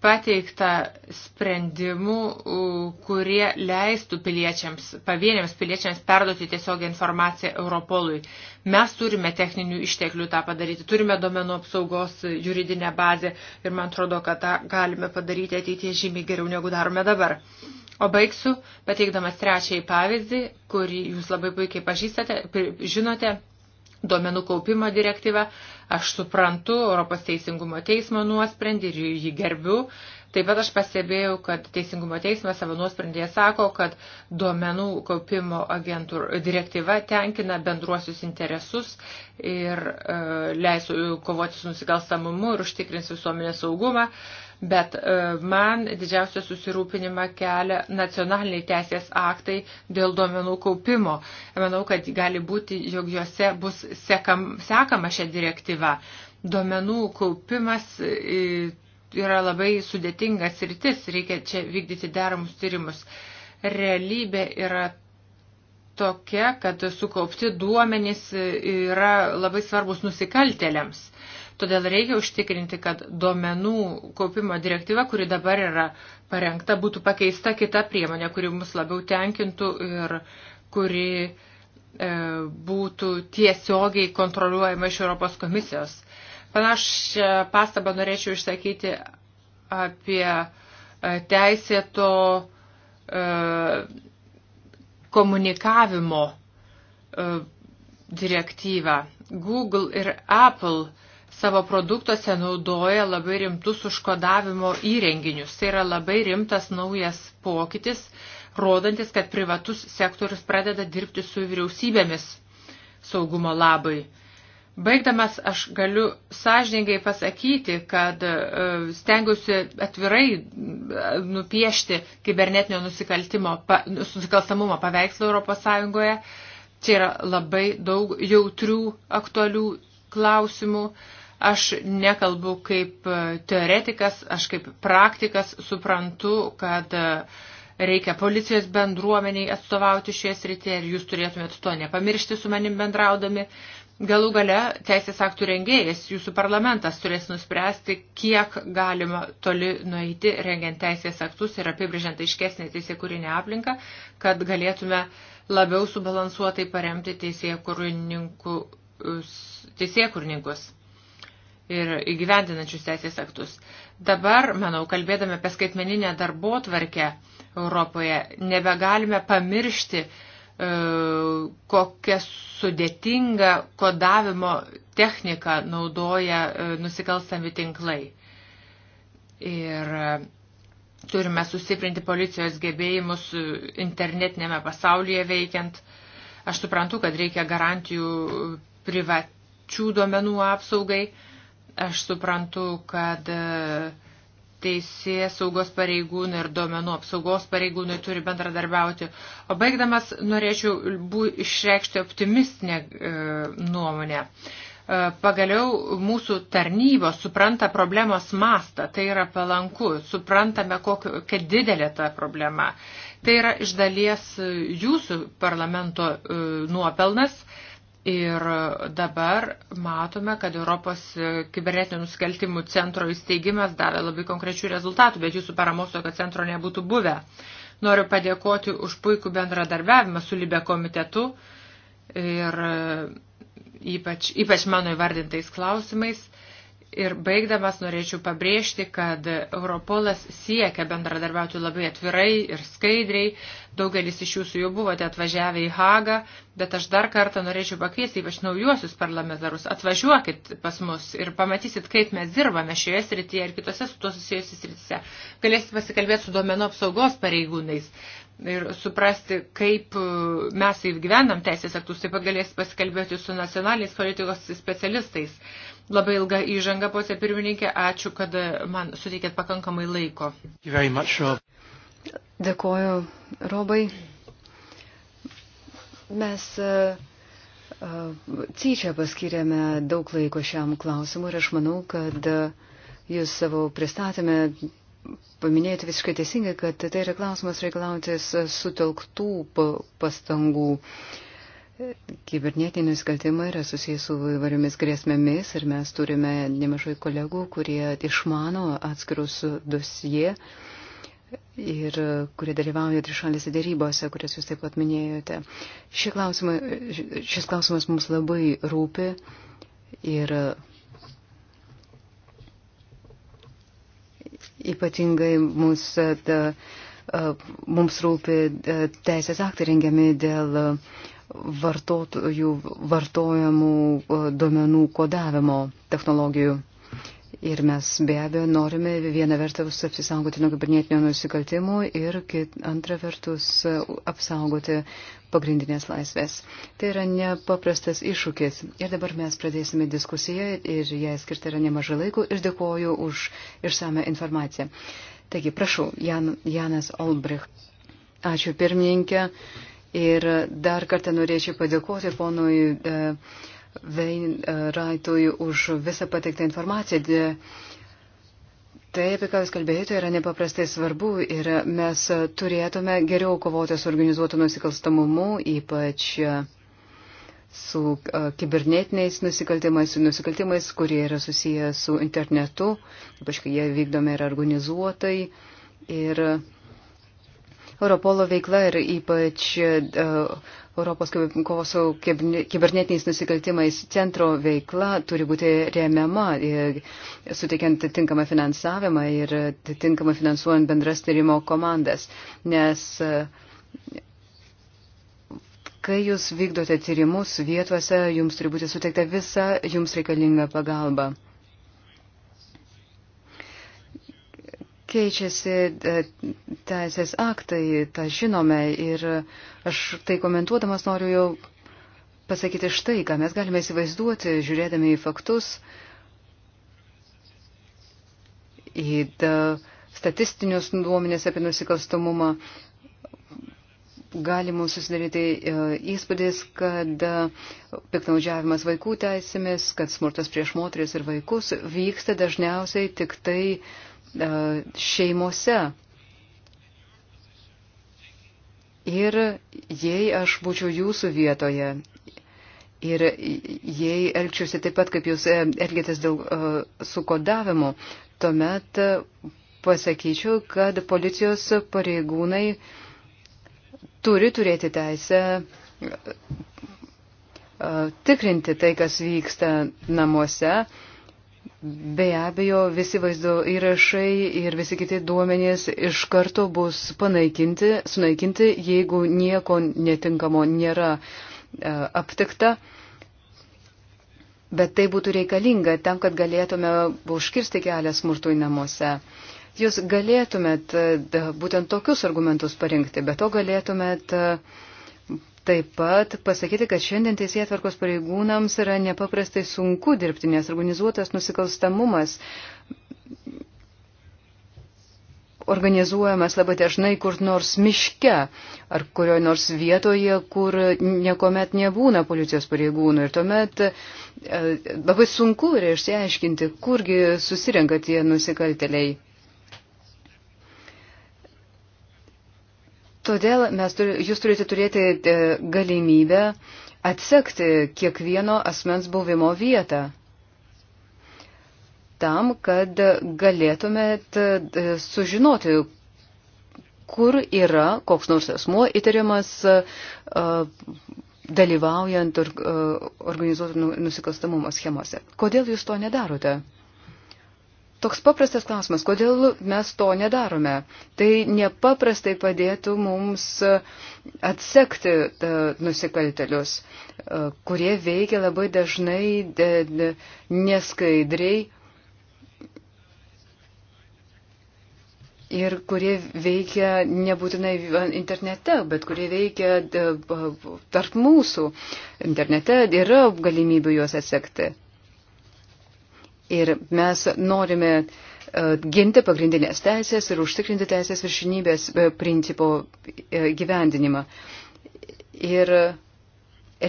pateikta sprendimų, kurie leistų piliečiams, pavieniams piliečiams perduoti tiesiog informaciją Europolui. Mes turime techninių išteklių tą padaryti, turime domenų apsaugos juridinę bazę ir man atrodo, kad tą galime padaryti ateitie žymiai geriau negu darome dabar. O baigsiu, pateikdamas trečiąjį pavyzdį, kurį jūs labai puikiai pažįstate, žinote, duomenų kaupimo direktyvą. Aš suprantu Europos Teisingumo teismo nuosprendį ir jį gerbiu. Taip pat aš pastebėjau, kad Teisingumo teismas savo nuosprendėje sako, kad duomenų kaupimo agentūr direktyva tenkina bendruosius interesus ir e, leis kovoti su nusikalstamumu ir užtikrins visuomenės saugumą. E, bet e, man didžiausia susirūpinima kelia nacionaliniai teisės aktai dėl duomenų kaupimo. Manau, kad gali būti, jog juose bus sekam, sekama šią direktyvą. Duomenų kaupimas e, yra labai sudėtingas rytis, reikia čia vykdyti deramus tyrimus. Realybė yra tokia, kad sukaupti duomenys e, yra labai svarbus nusikaltelėms. Todėl reikia užtikrinti, kad duomenų kaupimo direktyva, kuri dabar yra parengta, būtų pakeista kita priemonė, kuri mus labiau tenkintų ir kuri e, būtų tiesiogiai kontroliuojama iš Europos komisijos. Panašią pastabą norėčiau išsakyti apie e, teisėto e, komunikavimo e, direktyvą. Google ir Apple savo produktuose naudoja labai rimtus užkodavimo įrenginius. Tai yra labai rimtas naujas pokytis, rodantis, kad privatus sektorius pradeda dirbti su vyriausybėmis saugumo labai. Baigdamas aš galiu sąžiningai pasakyti, kad e, stengiuosi atvirai e, nupiešti kibernetinio nusikalstamumo paveikslą Europos Sąjungoje. Čia yra labai daug jautrių, aktualių klausimų. Uh, Aš nekalbu kaip e, teoretikas, aš kaip praktikas suprantu, kad e, reikia policijos bendruomeniai atstovauti šioje srityje ir jūs turėtumėte to nepamiršti su manim bendraudami. Galų gale teisės aktų rengėjas, jūsų parlamentas turės nuspręsti, kiek galima toli nueiti rengiant teisės aktus ir apibrėžiant aiškesnį teisėkūrinę aplinką, kad galėtume labiau subalansuotai paremti teisėkūrininkus ir įgyvendinančius teisės aktus. Dabar, manau, kalbėdami apie skaitmeninę darbo tvarkę Europoje, nebegalime pamiršti, e, kokią sudėtingą kodavimo techniką naudoja e, nusikalstami tinklai. Ir e, turime sustiprinti policijos gebėjimus internetinėme pasaulyje veikiant. Aš suprantu, kad reikia garantijų privačių duomenų apsaugai Aš suprantu, kad e, teisės saugos pareigūnai ir duomenų apsaugos pareigūnai turi bendradarbiauti. O baigdamas norėčiau bū, išreikšti optimistinę e, nuomonę. E, pagaliau mūsų tarnybos supranta problemos mastą, tai yra palanku, suprantame, kokia didelė ta problema. Tai yra iš dalies e, jūsų parlamento e, nuopelnas. E, Ir dabar matome, kad Europos kibernetinių nusikaltimų centro įsteigimas davė labai konkrečių rezultatų, bet jūsų paramos tokio centro nebūtų buvę. Noriu padėkoti už puikų bendradarbiavimą su Libe komitetu ir ypač, ypač mano įvardintais klausimais. Ir baigdamas norėčiau pabrėžti, kad Europolas siekia bendradarbiauti labai atvirai ir skaidriai. Daugelis iš jūsų jau buvote atvažiavę į Hagą, bet aš dar kartą norėčiau pakviesti, ypač naujuosius parlamentarus, atvažiuokit pas mus ir pamatysit, kaip mes dirbame šioje srityje ir kitose su tuo susijusios srityse. Galėsit pasikalbėti su duomenų apsaugos pareigūnais ir suprasti, kaip e, mes įgyvenam teisės aktus, taip pat galėsit pasikalbėti su nacionaliniais politikos specialistais Labai ilga įžanga, posė pirmininkė, ačiū, kad man suteikėt pakankamai laiko. Much, Rob. Dėkoju, Robai. Mes tyčia e, e, paskiriame daug laiko šiam klausimui ir aš manau, kad e, jūs savo pristatymę paminėjote visiškai teisingai, kad tai yra klausimas reikalaujantis sutelktų pastangų. Uh, Kibernetiniai nusikaltimai yra susijęs su įvairiomis grėsmėmis ir mes turime nemažai kolegų, kurie išmano atskirus dosie ir kurie dalyvauja trišalėse dėrybose, kurias jūs taip pat minėjote. Šis klausimas, šis klausimas mums labai rūpi ir ypatingai mūsų. Da, mums rūpi teisės aktai rengiami dėl uh, vartotojų vartojamų e, duomenų kodavimo technologijų. Ir mes be abejo norime vieną vertus apsisaugoti nuo kibernetinio nusikaltimų ir kit, antrą vertus e, apsaugoti pagrindinės laisvės. Tai yra nepaprastas iššūkis. Ir dabar mes pradėsime diskusiją ir jai skirti yra nemažai laiko ir dėkoju už išsame informaciją. Taigi, prašau, Jan, Janas Olbrich. Ačiū pirmininkė. Ir dar kartą norėčiau padėkoti ponui e, Veinraitui e, už visą pateiktą informaciją. Tai, apie ką jūs kalbėjote, tai yra nepaprastai svarbu ir mes turėtume geriau kovoti su organizuotu nusikalstamumu, ypač e, su kibernetiniais nusikaltimais, su nusikaltimais, kurie yra susiję su internetu, ypač kai jie vykdomi ir organizuotai. Ir Europolo veikla ir ypač e, Europos kovos su kibernetiniais nusikaltimais centro veikla turi būti remiama, e, suteikiant tinkamą finansavimą ir tinkamą finansuojant bendras tyrimo komandas. Nes e, kai jūs vykdote tyrimus vietose, jums turi būti suteikta visa jums reikalinga pagalba. keičiasi e, teisės aktai, tą žinome ir aš tai komentuodamas noriu jau pasakyti štai, ką mes galime įsivaizduoti, žiūrėdami į faktus, į statistinius duomenės apie nusikalstamumą. Galima susidaryti e, įspūdis, kad e, piknaudžiavimas vaikų teisėmis, kad smurtas prieš moteris ir vaikus vyksta dažniausiai tik tai uh, E, šeimose. Ir jei aš būčiau jūsų vietoje ir jei elgčiausi taip pat, kaip jūs e, elgėtės dėl uh, su kodavimu, tuomet pasakyčiau, kad policijos pareigūnai turi turėti teisę uh, tikrinti tai, kas vyksta namuose. Uh, Be abejo, visi vaizdo įrašai ir visi kiti duomenys iš karto bus panaikinti, sunaikinti, jeigu nieko netinkamo nėra e, aptikta. Bet tai būtų reikalinga tam, kad galėtume užkirsti kelią smurtui namuose. Jūs galėtumėt e, būtent tokius argumentus parinkti, bet to galėtumėt. E, Taip pat pasakyti, kad šiandien teisėtvarkos pareigūnams yra nepaprastai sunku dirbti, nes organizuotas nusikalstamumas organizuojamas labai dažnai kur nors miške ar kurioje nors vietoje, kur niekuomet nebūna policijos pareigūnų. Ir tuomet e, labai sunku yra išsiaiškinti, kurgi susirenka tie nusikalteliai. Todėl mes, jūs turite turėti e, galimybę atsekti kiekvieno asmens buvimo vietą tam, kad galėtumėt e, sužinoti, kur yra koks nors asmuo įtariamas e, dalyvaujant organizuotų nu-, nusikalstamumo schemose. Kodėl jūs to nedarote? Toks paprastas klausimas, kodėl mes to nedarome? Tai nepaprastai padėtų mums atsekti e, nusikaltelius, e, kurie veikia labai dažnai neskaidriai ir kurie veikia nebūtinai internete, bet kurie veikia tarp mūsų. Internete yra galimybių juos atsekti. Ir mes norime e, ginti pagrindinės teisės ir užtikrinti teisės viršinybės e, principo e, gyvendinimą. Ir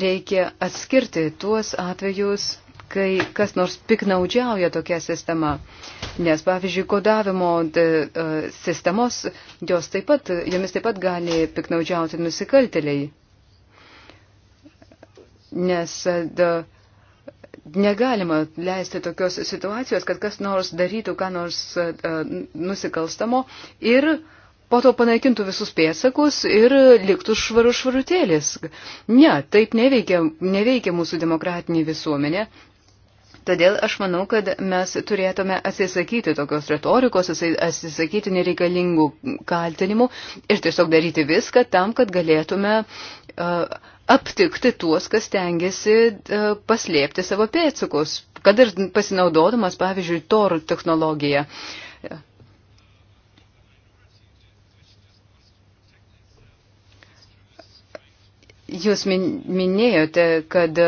reikia atskirti tuos atvejus, kai kas nors piknaudžiauja tokia sistema. Nes, pavyzdžiui, kodavimo sistemos, jos taip pat, jomis taip pat gali piknaudžiauti nusikalteliai. Nes da, Negalima leisti tokios situacijos, kad kas nors darytų ką nors e, e, nusikalstamo ir po to panaikintų visus pėsakus ir liktų švarus švarutėlis. Ne, taip neveikia, neveikia mūsų demokratinė visuomenė. Todėl aš manau, kad mes turėtume atsisakyti tokios retorikos, atsisakyti nereikalingų kaltinimų ir tiesiog daryti viską tam, kad galėtume uh, aptikti tuos, kas tengiasi e, paslėpti savo pėtsakus, kad ir pasinaudodamas, pavyzdžiui, TOR technologiją. Jūs minėjote, kad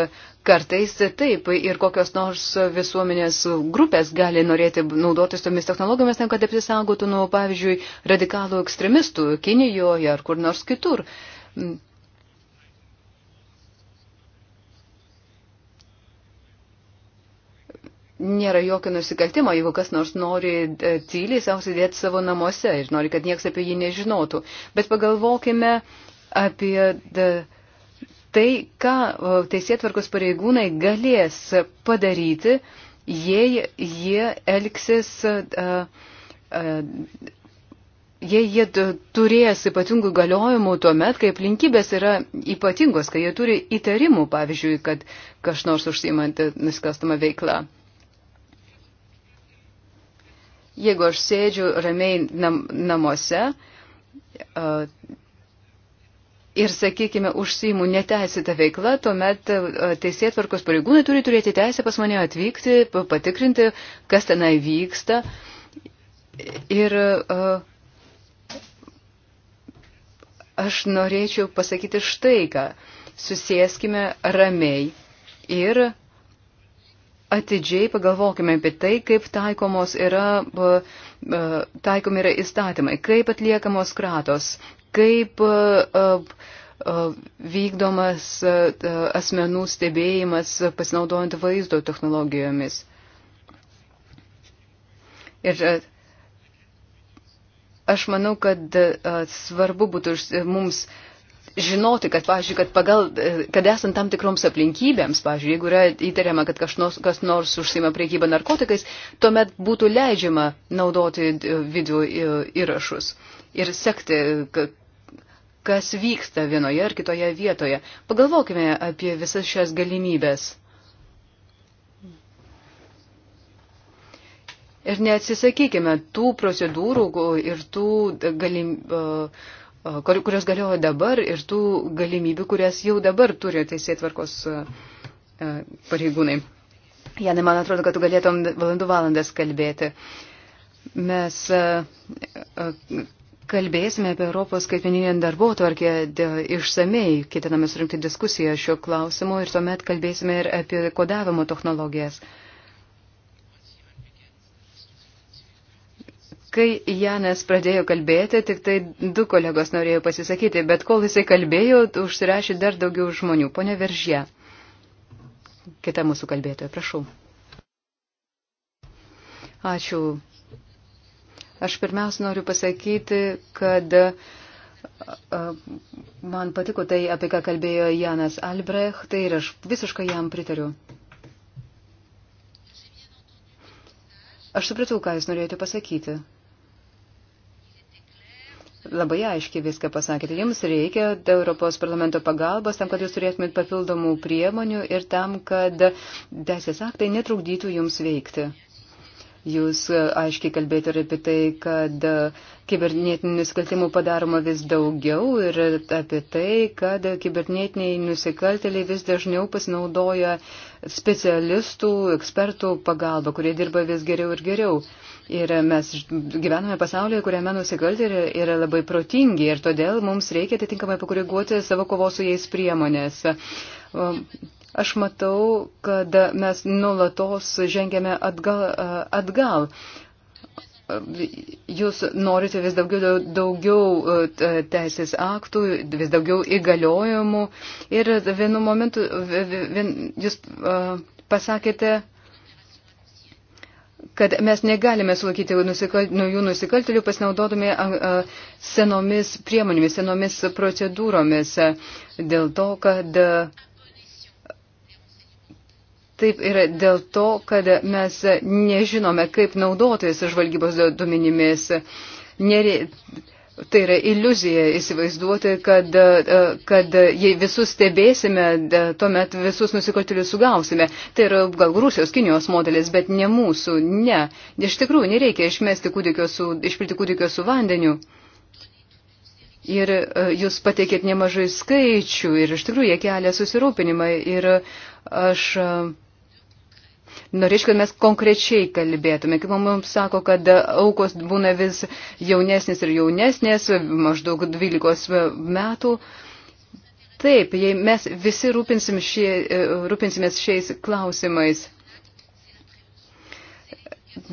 kartais taip ir kokios nors visuomenės grupės gali norėti naudotis tomis technologijomis, tam, kad apsisaugotų nuo, pavyzdžiui, radikalų ekstremistų Kinijoje ar kur nors kitur. Uh, nėra jokio nusikaltimo, jeigu kas nors nori e, tyliai savo sėdėti savo namuose ir nori, kad niekas apie jį nežinotų. Bet pagalvokime apie tai, ką e, teisėtvarkos pareigūnai galės padaryti, jei jie elgsis. E, jei jie turės ypatingų galiojimų tuo met, kai aplinkybės yra ypatingos, kai jie turi įtarimų, pavyzdžiui, kad kažnors užsimant nusikalstamą veiklą. Jeigu aš sėdžiu ramiai nam, namuose ir, sakykime, užsijimu neteisėtą veiklą, tuomet teisėtvarkos pareigūnai turi turėti teisę pas mane atvykti, patikrinti, kas tenai vyksta. Ir aš norėčiau pasakyti štai ką. Susėskime ramiai ir atidžiai pagalvokime apie tai, kaip taikomos yra, e, e, taikomi yra įstatymai, kaip atliekamos kratos, kaip e, vykdomas asmenų stebėjimas pasinaudojant vaizdo technologijomis. Ir aš manau, kad svarbu būtų mums uh, žinoti, kad, pavyzdžiui, kad, pagal, e, kad esant tam tikroms aplinkybėms, pavyzdžiui, jeigu yra įtariama, kad kas nors, kas nors užsima priekybą narkotikais, tuomet būtų leidžiama naudoti e, video e, įrašus ir sekti, kas vyksta vienoje ar kitoje vietoje. Pagalvokime apie visas šias galimybės. Ir neatsisakykime tų procedūrų ir tų galimybių kurios galioja dabar ir tų galimybių, kurias jau dabar turi teisėtvarkos e, e, pareigūnai. Janai, man atrodo, kad tu galėtum valandų valandas kalbėti. Mes e, kalbėsime apie Europos skaitmeninę darbo tvarkę išsamei, ketiname surinkti diskusiją šiuo klausimu ir tuomet kalbėsime ir apie kodavimo technologijas. Kai Janas pradėjo kalbėti, tik tai du kolegos norėjo pasisakyti, bet kol jisai kalbėjo, užsirašė dar daugiau žmonių. Pone Veržė, kita mūsų kalbėtoja, prašau. Ačiū. Aš pirmiausia noriu pasakyti, kad man patiko tai, apie ką kalbėjo Janas Albrecht, tai ir aš visiškai jam pritariu. Aš supratau, ką jūs norėjote pasakyti labai aiškiai viską pasakėte. Jums reikia Europos parlamento pagalbos tam, kad jūs turėtumėt papildomų priemonių ir tam, kad teisės aktai netrukdytų jums veikti. Jūs e, aiškiai kalbėjote ir apie tai, kad e, kibernetinių nusikaltimų padaroma vis daugiau ir apie tai, kad kibernetiniai nusikaltėliai vis dažniau pasinaudoja specialistų, ekspertų pagalbą, kurie dirba vis geriau ir geriau. Ir mes gyvename pasaulyje, kuriame nusikaltėliai yra labai protingi ir todėl mums reikia atitinkamai pakoreguoti savo kovos su jais priemonės. Aš matau, kad mes nulatos žengėme atgal. atgal jūs norite vis daugiau, daugiau e, teisės aktų, vis daugiau įgaliojimų ir vienu momentu vien, jūs e, pasakėte, kad mes negalime sulaikyti nusikal, naujų nusikaltelių pasinaudodami senomis priemonėmis, senomis procedūromis, dėl to, kad Taip yra dėl to, kad mes nežinome, kaip naudotis žvalgybos duomenimis. Nere, Tai yra iliuzija įsivaizduoti, kad, e, kad jei visus stebėsime, e, tuomet visus nusikaltėlius sugausime. Tai yra gal Rusijos, Kinijos modelis, bet ne mūsų, ne. Iš tikrųjų, nereikia išmesti kūdikio su, išpilti kūdikio su vandeniu. Ir e, jūs pateikėt nemažai skaičių ir iš tikrųjų jie kelia susirūpinimą. Ir aš. Uh, Norėčiau, kad mes konkrečiai kalbėtume. Kaip mums sako, kad aukos būna vis jaunesnis ir jaunesnis, maždaug 12 metų. Taip, jei mes visi rūpinsim šie, e, rūpinsimės šiais klausimais,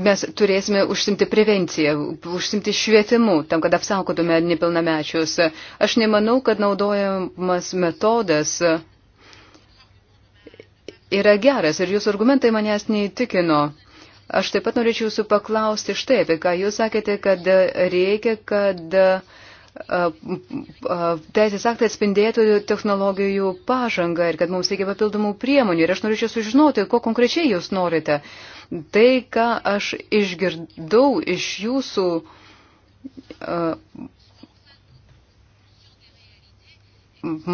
mes turėsime užsimti prevenciją, užsimti švietimu, tam, kad apsaugotume nepilnamečius. Aš nemanau, kad naudojamas metodas yra geras ir jūsų argumentai manęs neįtikino. Aš taip pat norėčiau jūsų paklausti štai apie ką. Jūs sakėte, kad reikia, kad teisės aktai atspindėtų technologijų pažangą ir kad mums reikia papildomų priemonių. Ir aš norėčiau sužinoti, ko konkrečiai jūs norite. Tai, ką aš išgirdau iš jūsų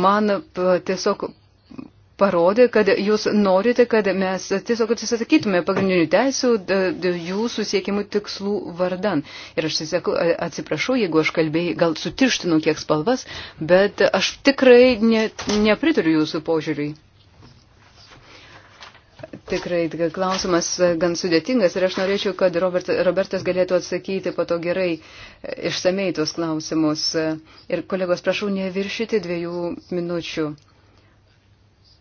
man tiesiog parodė, kad jūs norite, kad mes tiesiog atsisakytume pagrindinių teisų jūsų siekimų tikslų vardan. Ir aš tiesiog atsiprašau, jeigu aš kalbėjai, gal sutirštinu kiek spalvas, bet aš tikrai ne, nepritariu jūsų požiūriui. Tikrai klausimas gan sudėtingas ir aš norėčiau, kad Robert, Robertas galėtų atsakyti po to gerai e, išsamei tuos klausimus. E, ir kolegos, prašau neviršyti dviejų minučių.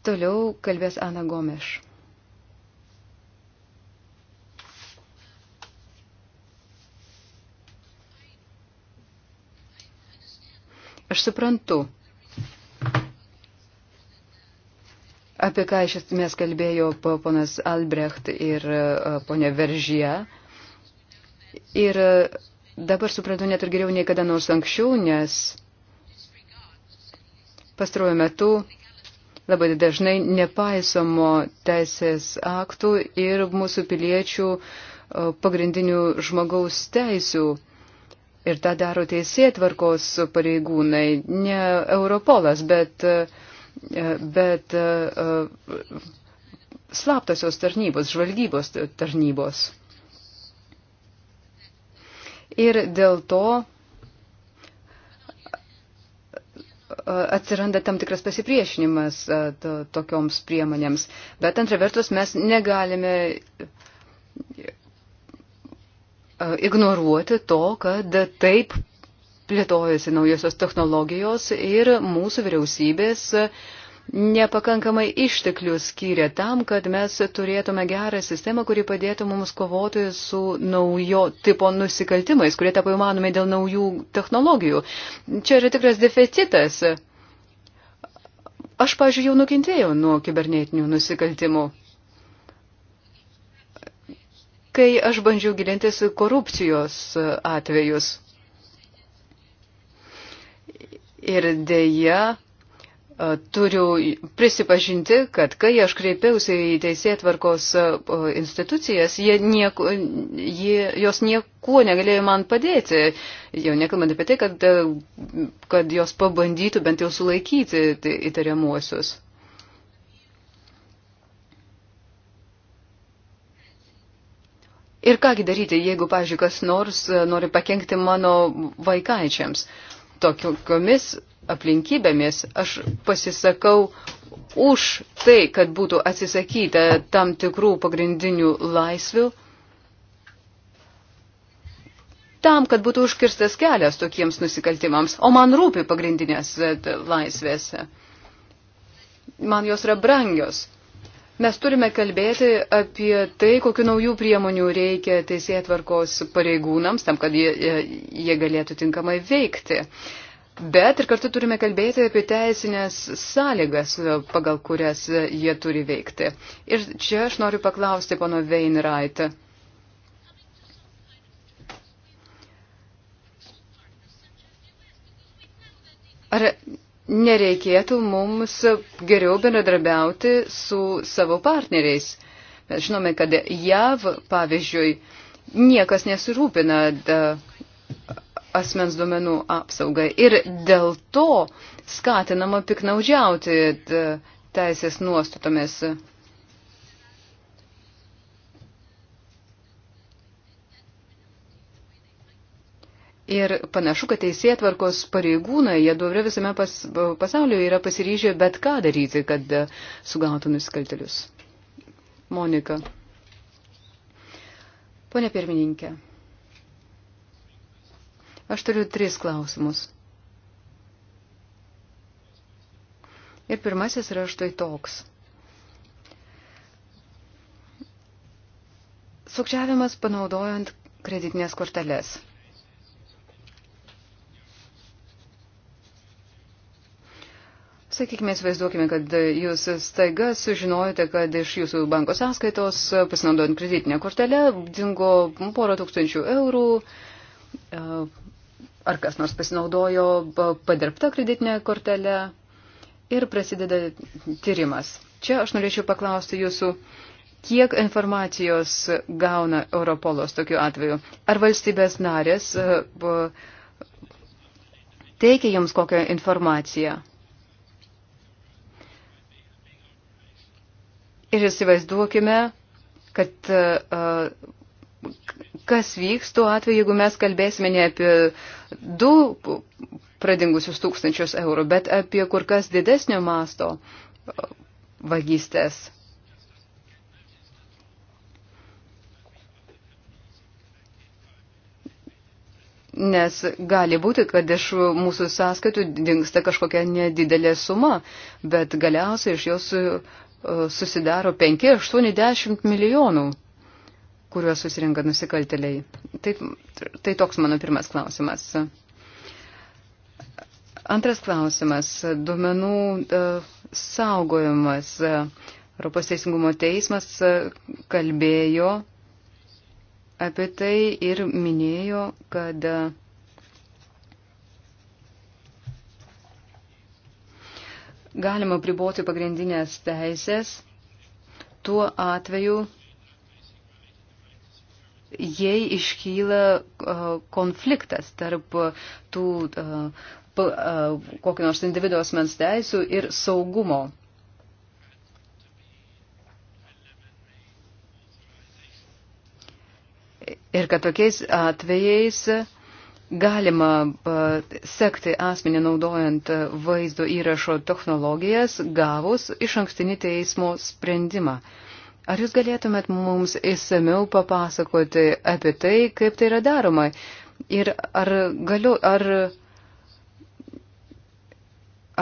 Toliau kalbės Ana Gomeš. Aš suprantu, apie ką iš esmės kalbėjo ponas Albrecht ir e, ponė Veržyje. Ir e, dabar suprantu net ir geriau nei kada nors anksčiau, nes pastaruoju metu labai dažnai nepaisomo teisės aktų ir mūsų piliečių e, pagrindinių žmogaus teisių. Ir tą daro teisėtvarkos pareigūnai, ne Europolas, bet, e, bet e, slaptosios tarnybos, žvalgybos tarnybos. Ir dėl to atsiranda tam tikras pasipriešinimas to, tokioms priemonėms. Bet antra vertus, mes negalime ignoruoti to, kad taip plėtojasi naujosios technologijos ir mūsų vyriausybės uh, nepakankamai išteklių skyrė tam, kad mes turėtume gerą sistemą, kuri padėtų mums kovoti su naujo tipo nusikaltimais, kurie tapo įmanomi dėl naujų technologijų. Čia yra tikras deficitas. Aš, pažiūrėjau, jau nukentėjau nuo kibernetinių nusikaltimų. Kai aš bandžiau gilintis korupcijos atvejus. Ir dėja, E, turiu prisipažinti, kad kai aš kreipiausi į teisėtvarkos e, institucijas, jie nieko, jie, jos niekuo negalėjo man padėti, jau nekalbant apie tai, kad, e, kad jos pabandytų bent jau sulaikyti įtariamuosius. Ir kągi daryti, jeigu, pažiūrėjau, kas nors nori pakengti mano vaikaičiams. Tokiomis aplinkybėmis aš pasisakau už tai, kad būtų atsisakyta tam tikrų pagrindinių laisvių, tam, kad būtų užkirstas kelias tokiems nusikaltimams, o man rūpi pagrindinės e, laisvės. Man jos yra brangios. Mes turime kalbėti apie tai, kokiu naujų priemonių reikia teisėtvarkos pareigūnams, tam, kad jie, e, jie galėtų tinkamai veikti. Uh, bet ir kartu turime kalbėti apie teisinės sąlygas, e, pagal kurias e, jie turi veikti. Ir čia aš noriu paklausti pono Veinraitą. Ar nereikėtų mums geriau bendradarbiauti su savo partneriais? Mes žinome, kad JAV, pavyzdžiui, niekas nesirūpina da, asmens duomenų apsaugą. Ir dėl to skatinama piknaudžiauti e, teisės nuostatomis. Ir panašu, kad teisėtvarkos pareigūnai, jie duovė visame pas, pasaulyje yra pasiryžę bet ką daryti, kad e, sugautų nusikaltelius. Monika. Pone pirmininkė. Aš turiu tris klausimus. Ir pirmasis yra štai toks. Sukčiavimas panaudojant kreditinės korteles. Sakykime, vaizduokime, kad jūs staiga sužinojote, kad iš jūsų banko sąskaitos, pasinaudojant kreditinę kortelę, dingo porą tūkstančių eurų, ar kas nors pasinaudojo padirbta kreditinė kortelė ir prasideda tyrimas. Čia aš norėčiau paklausti jūsų, kiek informacijos gauna Europolos tokiu atveju? Ar valstybės narės e, teikia jums kokią informaciją? Ir įsivaizduokime, kad e, e, kas vyks tuo atveju, jeigu mes kalbėsime ne apie du pradingusius tūkstančius eurų, bet apie kur kas didesnio masto vagystės. Nes gali būti, kad iš mūsų sąskaitų dinksta kažkokia nedidelė suma, bet galiausiai iš jos e, susidaro 5-80 milijonų kuriuos susirinka nusikalteliai. Tai, tai toks mano pirmas klausimas. Antras klausimas - duomenų e, saugojimas. E, Europos Teisingumo teismas e, kalbėjo apie tai ir minėjo, kad galima priboti pagrindinės teisės tuo atveju, jei iškyla konfliktas tarp tų kokio nors individuo asmens teisų ir saugumo. Ir kad tokiais atvejais galima sekti asmenį naudojant vaizdo įrašo technologijas, gavus iš ankstinį teismo sprendimą. Uh, Ar jūs galėtumėt mums įsamiau papasakoti apie tai, kaip tai yra daroma? Ir ar galiu, ar,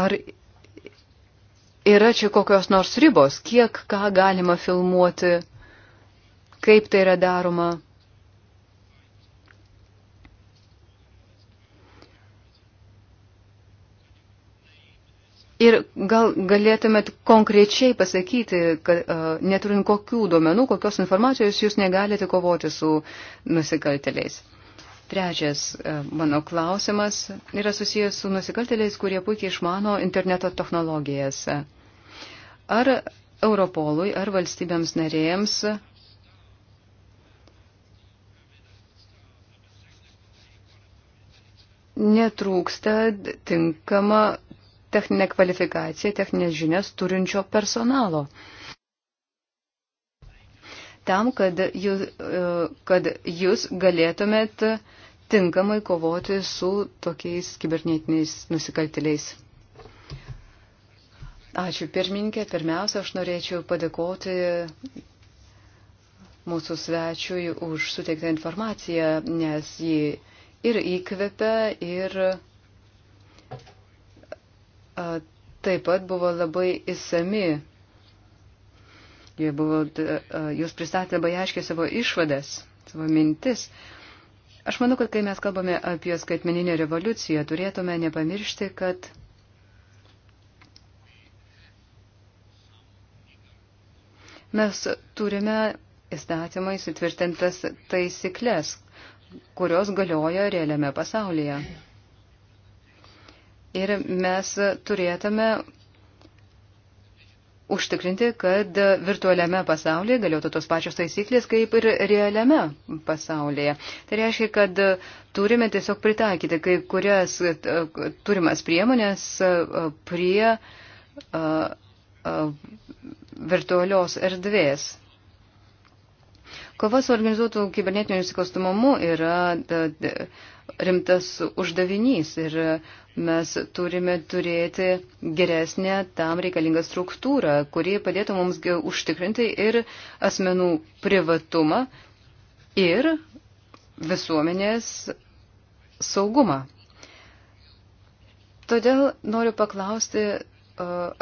ar yra čia kokios nors ribos, kiek ką galima filmuoti, kaip tai yra daroma? Ir gal galėtumėt konkrečiai pasakyti, kad uh, neturint kokių duomenų, kokios informacijos jūs negalite kovoti su nusikalteliais. Trečias uh, mano klausimas yra susijęs su nusikalteliais, kurie puikiai išmano interneto technologijas. Ar Europolui, ar valstybėms narėjams netrūksta tinkama techninę kvalifikaciją, techninės žinias turinčio personalo. Tam, kad jūs, e, kad jūs galėtumėt tinkamai kovoti su tokiais kibernetiniais nusikaltėliais. Ačiū pirmininkė. Pirmiausia, aš norėčiau padėkoti mūsų svečiui už suteiktą informaciją, nes ji ir įkvepia, ir taip pat buvo labai įsami. Buvo, jūs pristatėte labai aiškiai savo išvadas, savo mintis. Aš manau, kad kai mes kalbame apie skaitmeninę revoliuciją, turėtume nepamiršti, kad mes turime įstatymais įtvirtintas taisyklės, kurios galioja realiame pasaulyje ir mes turėtume užtikrinti, kad virtualiame pasaulyje galėtų tos pačios taisyklės kaip ir realiame pasaulyje. Tai reiškia, kad turime tiesiog pritaikyti kai kurias turimas priemonės prie virtualios erdvės. Kova su organizuotų kibernetiniu nusikalstumumu yra. Da, da, rimtas uždavinys ir mes turime turėti geresnę tam reikalingą struktūrą, kuri padėtų mums užtikrinti ir asmenų privatumą ir visuomenės saugumą. Todėl noriu paklausti uh,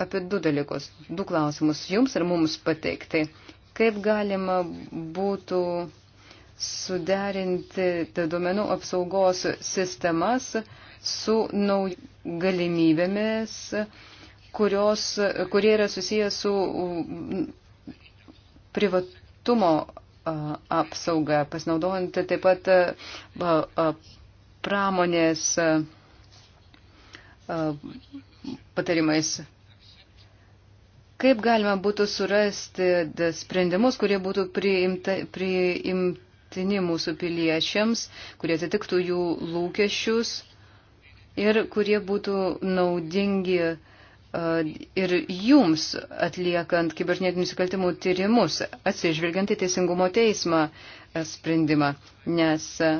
apie du dalykus, du klausimus jums ir mums pateikti. Kaip galima būtų suderinti duomenų apsaugos sistemas su nau, galimybėmis, kurios, kurie yra susijęs su mm, privatumo apsauga, pasinaudojant taip pat pramonės patarimais. Kaip galima būtų surasti sprendimus, kurie būtų priimta, priim, priimtini mūsų piliečiams, kurie atitiktų jų lūkesčius ir kurie būtų naudingi e, ir jums atliekant kibernetinių nusikaltimų tyrimus, atsižvelgiant į Teisingumo teismą e, sprendimą, nes e,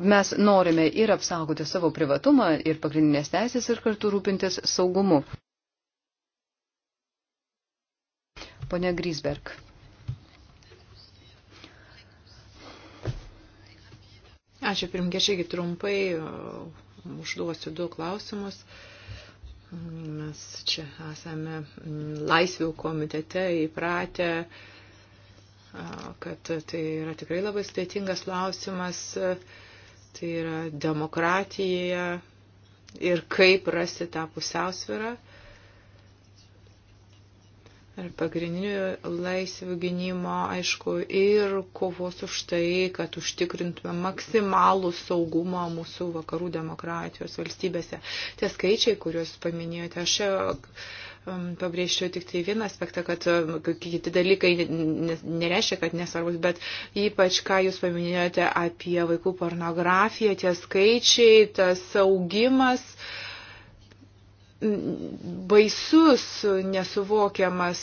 mes norime ir apsaugoti savo privatumą, ir pagrindinės teisės, ir kartu rūpintis saugumu. Pone Grisberg. Ačiū pirmgešiai, trumpai uh, užduosiu du klausimus. Mes čia esame mm, laisvių komitete įpratę uh, kad tai yra tikrai labai sudėtingas klausimas, uh, tai yra demokratija ir kaip rasti tą pusiausvyrą ir pagrindinių laisvių gynimo, aišku, ir kovos už tai, kad užtikrintume maksimalų saugumą mūsų vakarų demokratijos valstybėse. Tie skaičiai, kuriuos paminėjote, aš um, pabrėžčiau tik tai vieną aspektą, kad um, kiti dalykai nereiškia, kad nesvarbus, bet ypač, ką jūs paminėjote apie vaikų pornografiją, tie skaičiai, tas augimas. Uh, baisus, nesuvokiamas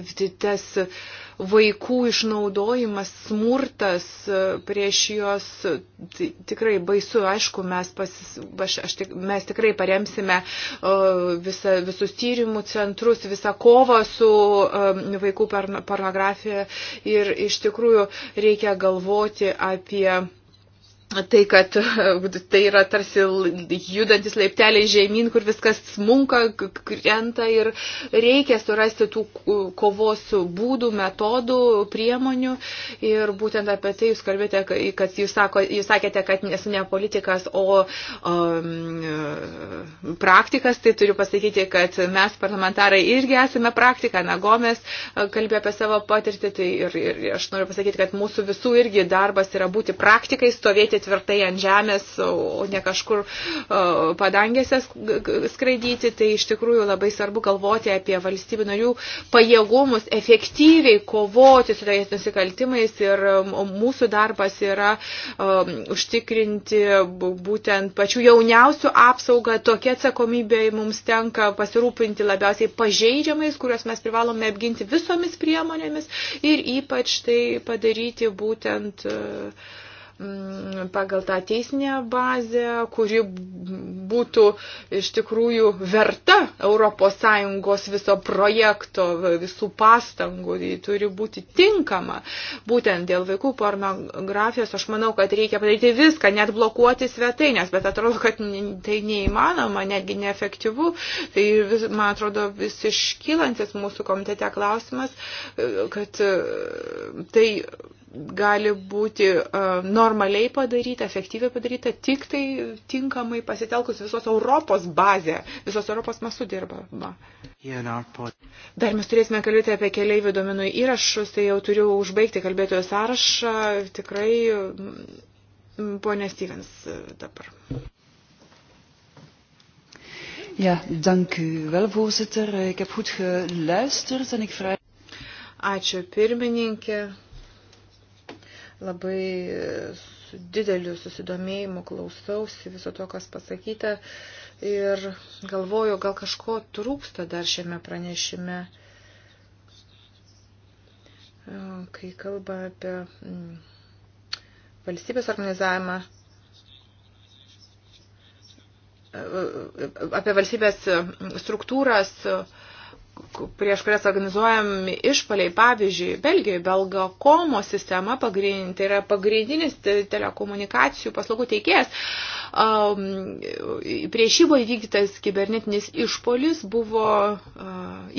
e, tas vaikų išnaudojimas, smurtas e, prieš juos tai tikrai baisu. Aišku, mes, pasis, aš, aš, mes tikrai paremsime e, visa, visus tyrimų centrus, visą kovą su vaikų pornografija ir iš tikrųjų reikia galvoti apie tai, kad tai yra tarsi judantis laipteliai žemyn, kur viskas smunka, krenta ir reikia surasti tų kovos būdų, metodų, priemonių. Ir būtent apie tai jūs kalbėte, kad jūs, sako, jūs sakėte, kad nesu ne politikas, o um, praktikas. Tai turiu pasakyti, kad mes parlamentarai irgi esame praktika. Nagomės uh, kalbė apie savo patirtį. Tai ir, ir aš noriu pasakyti, kad mūsų visų irgi darbas yra būti praktikais, stovėti tvirtai ant žemės, o ne kažkur padangėse skraidyti, tai iš tikrųjų labai svarbu galvoti apie valstybių narių pajėgumus efektyviai kovoti su tais nusikaltimais ir mūsų darbas yra um, užtikrinti būtent pačių jauniausių apsaugą, tokia atsakomybė mums tenka pasirūpinti labiausiai pažeidžiamais, kuriuos mes privalome apginti visomis priemonėmis ir ypač tai padaryti būtent uh, Mm, pagal tą teisinę bazę, kuri būtų iš tikrųjų verta ES viso projekto, visų pastangų, ji turi būti tinkama. Būtent dėl vaikų pornografijos aš manau, kad reikia padaryti viską, net blokuoti svetainės, bet atrodo, kad tai neįmanoma, netgi neefektyvu. Tai, vis, man atrodo, vis iškylantis mūsų komitete klausimas, kad e, tai gali būti e, normaliai padaryta, efektyviai padaryta, tik tai tinkamai pasitelkus visos Europos bazę, visos Europos masų dirbama. Dar mes turėsime kalbėti apie keliaivių domenų įrašus, tai jau turiu užbaigti kalbėtojų sąrašą, tikrai ponė Stevens dabar. Ja, dank u wel, voorzitter. Ik heb goed geluisterd en ik vraag. Ačiū pirmininkė. Labai su dideliu susidomėjimu klausausi viso to, kas pasakyta ir galvoju, gal kažko trūksta dar šiame pranešime, kai kalba apie mm, valstybės organizavimą e, e, e, apie valstybės mm, struktūras, prieš kurias organizuojami išpaliai, pavyzdžiui, Belgijoje Belgakomo sistema pagrindinė, tai yra pagrindinis telekomunikacijų paslaugų teikėjas. Prieš jį buvo įvykdytas kibernetinis išpolis, buvo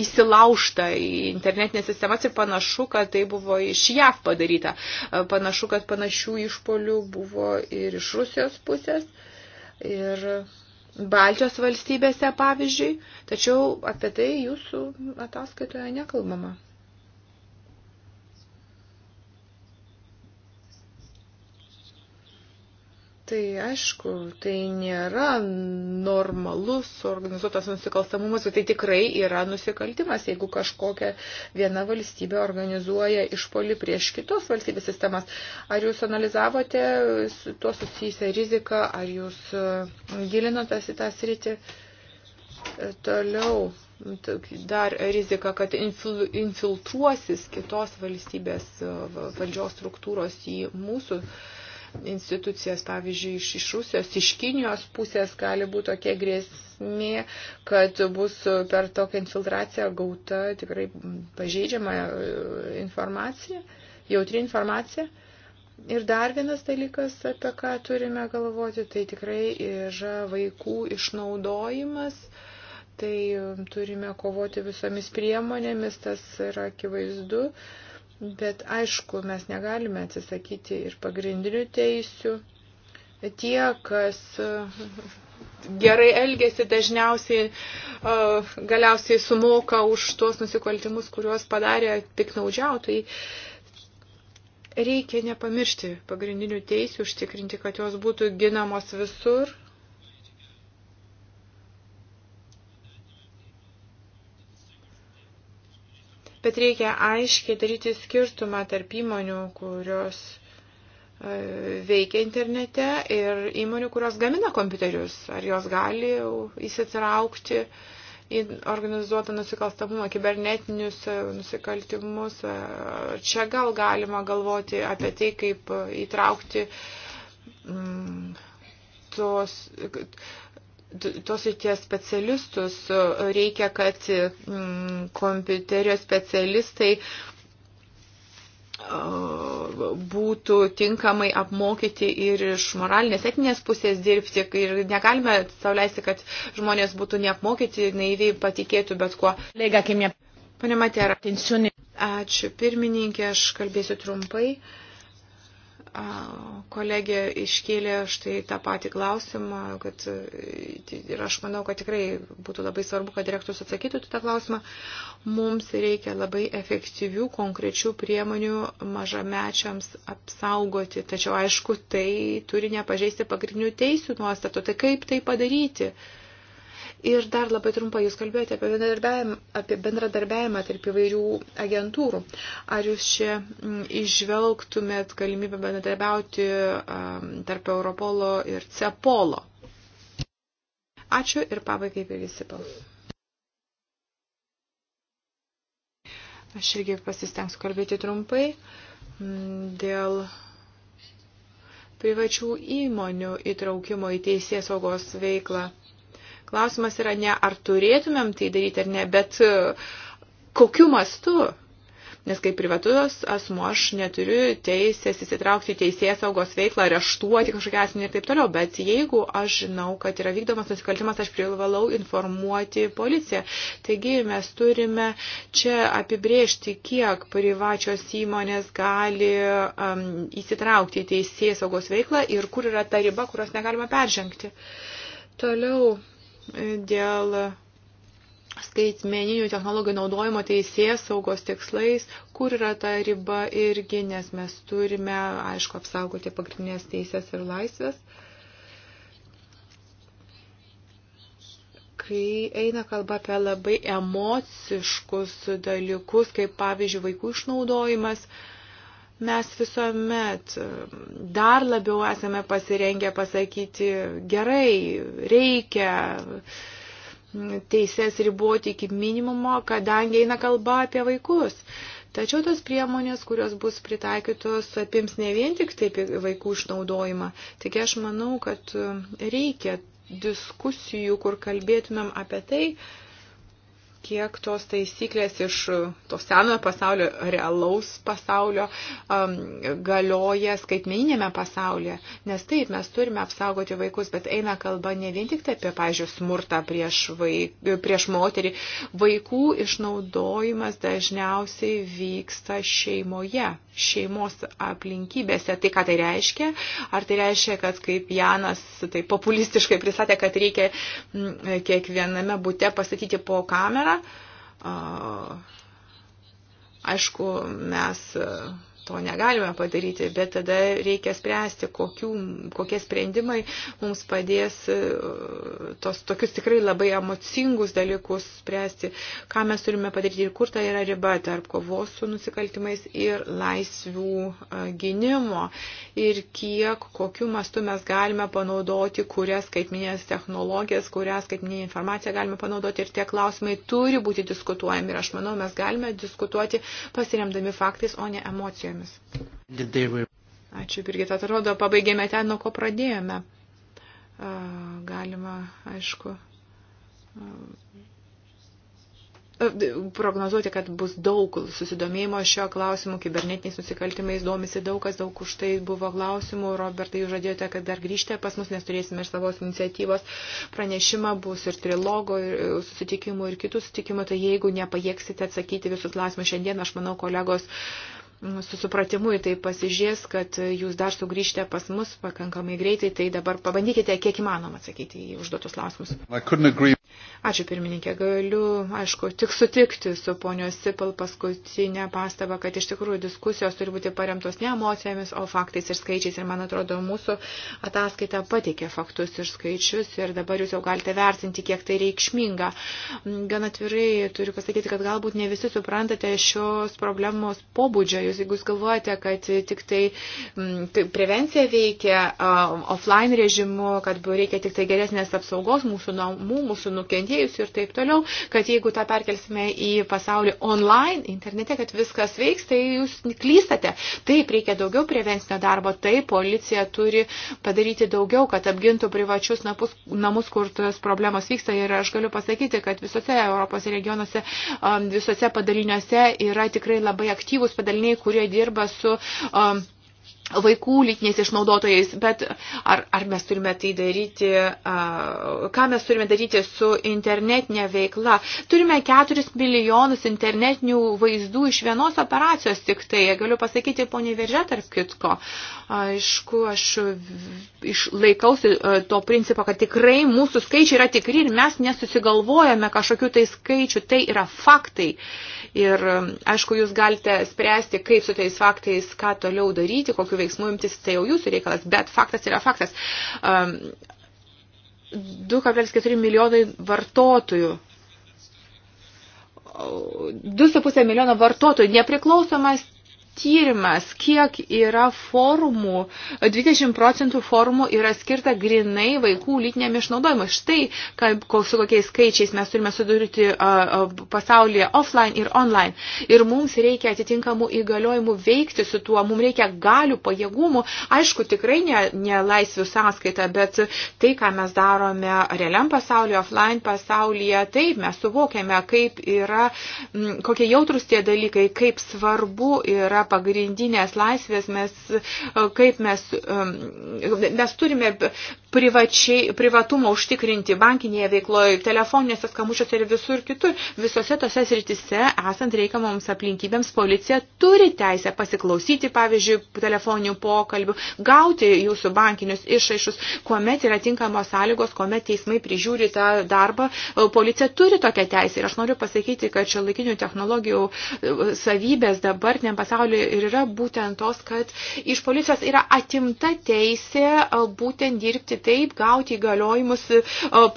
įsilaužta į internetinės sistemas ir panašu, kad tai buvo iš JAV padaryta. Panašu, kad panašių išpolių buvo ir iš Rusijos pusės. Ir Baltijos valstybėse, pavyzdžiui, tačiau apie tai jūsų ataskaitoje nekalbama. Tai aišku, tai nėra normalus organizuotas nusikalstamumas, tai tikrai yra nusikaltimas, jeigu kažkokia viena valstybė organizuoja išpolį prieš kitos valstybės sistemas. Ar jūs analizavote su tuo susijusią riziką, ar jūs e, gilinotės į tą sritį? E, toliau dar rizika, kad infiltruosis kitos valstybės e, valdžios struktūros į mūsų institucijas, pavyzdžiui, iš, iš Rusijos, iš Kinijos pusės gali būti tokia grėsmė, kad bus per tokią infiltraciją gauta tikrai pažeidžiama e, informacija, jautri informacija. Ir dar vienas dalykas, apie ką turime galvoti, tai tikrai yra vaikų išnaudojimas. Tai turime kovoti visomis priemonėmis, tas yra akivaizdu. Uh, Bet aišku, mes negalime atsisakyti ir pagrindinių teisių. Tie, kas uh, gerai elgesi, dažniausiai uh, galiausiai sumoka už tuos nusikaltimus, kuriuos padarė piknaudžiautojai. Reikia nepamiršti pagrindinių teisių, užtikrinti, kad jos būtų ginamos visur kad reikia aiškiai daryti skirtumą tarp įmonių, kurios e, veikia internete ir įmonių, kurios gamina kompiuterius. Ar jos gali įsitraukti į organizuotą nusikalstamumą, kibernetinius e, nusikaltimus. E, čia gal galima galvoti apie tai, kaip įtraukti mm, tos tos išties specialistus reikia, kad mm, kompiuterio specialistai būtų tinkamai apmokyti ir iš moralinės etinės pusės dirbti. Ir negalime sauliaisti, kad žmonės būtų neapmokyti, naiviai patikėtų bet kuo. Pane Matera, ačiū pirmininkė, aš kalbėsiu trumpai. Uh, kolegė iškėlė štai tą patį klausimą, kad ir aš manau, kad tikrai būtų labai svarbu, kad direktorius atsakytų tą klausimą. Mums reikia labai efektyvių, konkrečių priemonių mažamečiams apsaugoti, tačiau aišku, tai turi nepažeisti pagrindinių teisų nuostatų. Tai kaip tai padaryti? Uh, Ir dar labai trumpai jūs kalbėjote apie bendradarbiavimą, apie bendradarbiavimą tarp įvairių agentūrų. Ar jūs čia mm, išvelgtumėt galimybę bendradarbiauti tarp Europolo ir Cepolo? Ačiū ir pabaigai Vilisipal. Aš irgi pasistengsiu kalbėti trumpai mm, dėl privačių įmonių įtraukimo į teisės saugos veiklą. Klausimas yra ne ar turėtumėm tai daryti ar ne, bet e, kokiu mastu. Nes kaip privatus asmo aš neturiu teisės įsitraukti į teisės saugos veiklą, reštuoti kažkokią asmenį ir taip toliau. Bet jeigu aš žinau, kad yra vykdomas nusikaltimas, aš privalau informuoti policiją. Taigi mes turime čia apibriežti, kiek privačios įmonės gali um, įsitraukti į teisės saugos veiklą ir kur yra ta riba, kurios negalima peržengti. Toliau dėl skaitmeninių technologijų naudojimo teisės saugos tikslais, kur yra ta riba irgi, nes mes turime, aišku, apsaugoti pagrindinės teisės ir laisvės. Kai eina kalba apie labai emociškus dalykus, kaip pavyzdžiui vaikų išnaudojimas, uh, mes visuomet um, dar labiau esame pasirengę pasakyti gerai, reikia mm, teises riboti iki minimumo, kadangi eina kalba apie vaikus. Tačiau tos priemonės, kurios bus pritaikytos, apims ne vien tik taip vaikų išnaudojimą. Tik aš manau, kad um, reikia diskusijų, kur kalbėtumėm apie tai, kiek tos taisyklės iš to senojo pasaulio, realaus pasaulio um, galioja skaitmeninėme pasaulyje. Nes taip, mes turime apsaugoti vaikus, bet eina kalba ne vien tik tai apie, pažiūrėjau, smurtą prieš, vaik, prieš moterį. Vaikų išnaudojimas dažniausiai vyksta šeimoje šeimos aplinkybėse. Tai ką tai reiškia? Ar tai reiškia, kad kaip Janas tai populistiškai pristatė, kad reikia kiekviename būte pastatyti po kamerą? Aišku, mes to negalime padaryti, bet tada reikia spręsti, kokių, kokie sprendimai mums padės e, tos tokius tikrai labai emocingus dalykus spręsti, ką mes turime padaryti ir kur ta yra riba tarp kovos su nusikaltimais ir laisvių e, gynimo ir kiek, kokiu mastu mes galime panaudoti, kurias skaitminės technologijas, kurią skaitminę informaciją galime panaudoti ir tie klausimai turi būti diskutuojami ir aš manau, mes galime diskutuoti pasiremdami faktais, o ne emocijomis diskusijomis. Ačiū, Birgita. Atrodo, pabaigėme ten, nuo ko pradėjome. Galima, aišku, prognozuoti, kad bus daug susidomėjimo šio klausimu, kibernetiniais nusikaltimais domisi daug kas, daug už tai buvo klausimų. Robertai, jūs žadėjote, kad dar grįžtė pas mus, nes turėsime ir savos iniciatyvos pranešimą, bus ir trilogo ir e, susitikimų ir kitų susitikimų, tai jeigu nepajėgsite atsakyti visus klausimus šiandien, aš manau, kolegos su supratimu į tai pasižiės, kad jūs dar sugrįžtė pas mus pakankamai greitai, tai dabar pabandykite kiek įmanoma atsakyti į užduotus klausimus. Ačiū pirmininkė, galiu, aišku, tik sutikti su ponios Sipal paskutinę pastabą, kad iš tikrųjų diskusijos turi būti paremtos ne emocijomis, o faktais ir skaičiais. Ir man atrodo, mūsų ataskaita patikė faktus ir skaičius ir dabar jūs jau galite vertinti, kiek tai reikšminga. Gan atvirai turiu pasakyti, kad galbūt ne visi suprantate šios problemos pobūdžio požiūris. Jeigu jūs galvojate, kad tik tai, mm, tai prevencija veikia offline režimu, kad reikia tik tai geresnės apsaugos mūsų namų, mūsų nukentėjusių ir taip toliau, kad jeigu tą perkelsime į pasaulį online, internete, kad viskas veiks, tai jūs klystate. Taip, reikia daugiau prevencinio darbo, taip, policija turi padaryti daugiau, kad apgintų privačius napus, namus, kur tos problemos vyksta. Ir aš galiu pasakyti, kad visose Europos regionuose, visose padaliniuose yra tikrai labai aktyvūs padaliniai, kurie dirba su um, vaikų lytiniais išnaudotojais, bet ar, ar mes turime tai daryti, uh, ką mes turime daryti su internetinė veikla. Turime 4 milijonus internetinių vaizdų iš vienos operacijos tik tai, galiu pasakyti, ponė Veržė, tarp kitko. Aišku, aš išlaikausi to principo, kad tikrai mūsų skaičiai yra tikri ir mes nesusigalvojame kažkokių tai skaičių, tai yra faktai. Uh, Ir um, aišku, jūs galite spręsti, kaip su tais faktais, ką toliau daryti, kokiu veiksmu imtis, tai jau jūsų reikalas, bet faktas yra faktas. 2,4 um, milijonai vartotojų 2,5 milijono vartotojų, nepriklausomas tyrimas, kiek yra formų, 20 procentų formų yra skirta grinai vaikų lytiniam išnaudojimui. Štai, kaip, su kokiais skaičiais mes turime sudurti pasaulyje offline ir online. Ir mums reikia atitinkamų įgaliojimų veikti su tuo, mums reikia galių, pajėgumų, aišku, tikrai ne, ne laisvių sąskaita, bet tai, ką mes darome realiam pasaulyje, offline pasaulyje, taip mes suvokiame, kaip yra, kokie jautrus tie dalykai, kaip svarbu yra yra pagrindinės laisvės, mes, e, kaip mes, e, mes turime privačiai, privatumą užtikrinti bankinėje veikloje, telefoninėse skamučiuose ir visur kitur. Visose tose sritise, esant reikiamoms aplinkybėms, policija turi teisę pasiklausyti, pavyzdžiui, telefoninių pokalbių, gauti jūsų bankinius išaišus, kuomet yra tinkamos sąlygos, kuomet teismai prižiūri tą darbą. E, policija turi tokią teisę ir aš noriu pasakyti, kad šio laikinių technologijų savybės dabartiniam pasauliu išpolį ir yra būtent tos, kad iš policijos yra atimta teisė būtent dirbti taip, gauti įgaliojimus,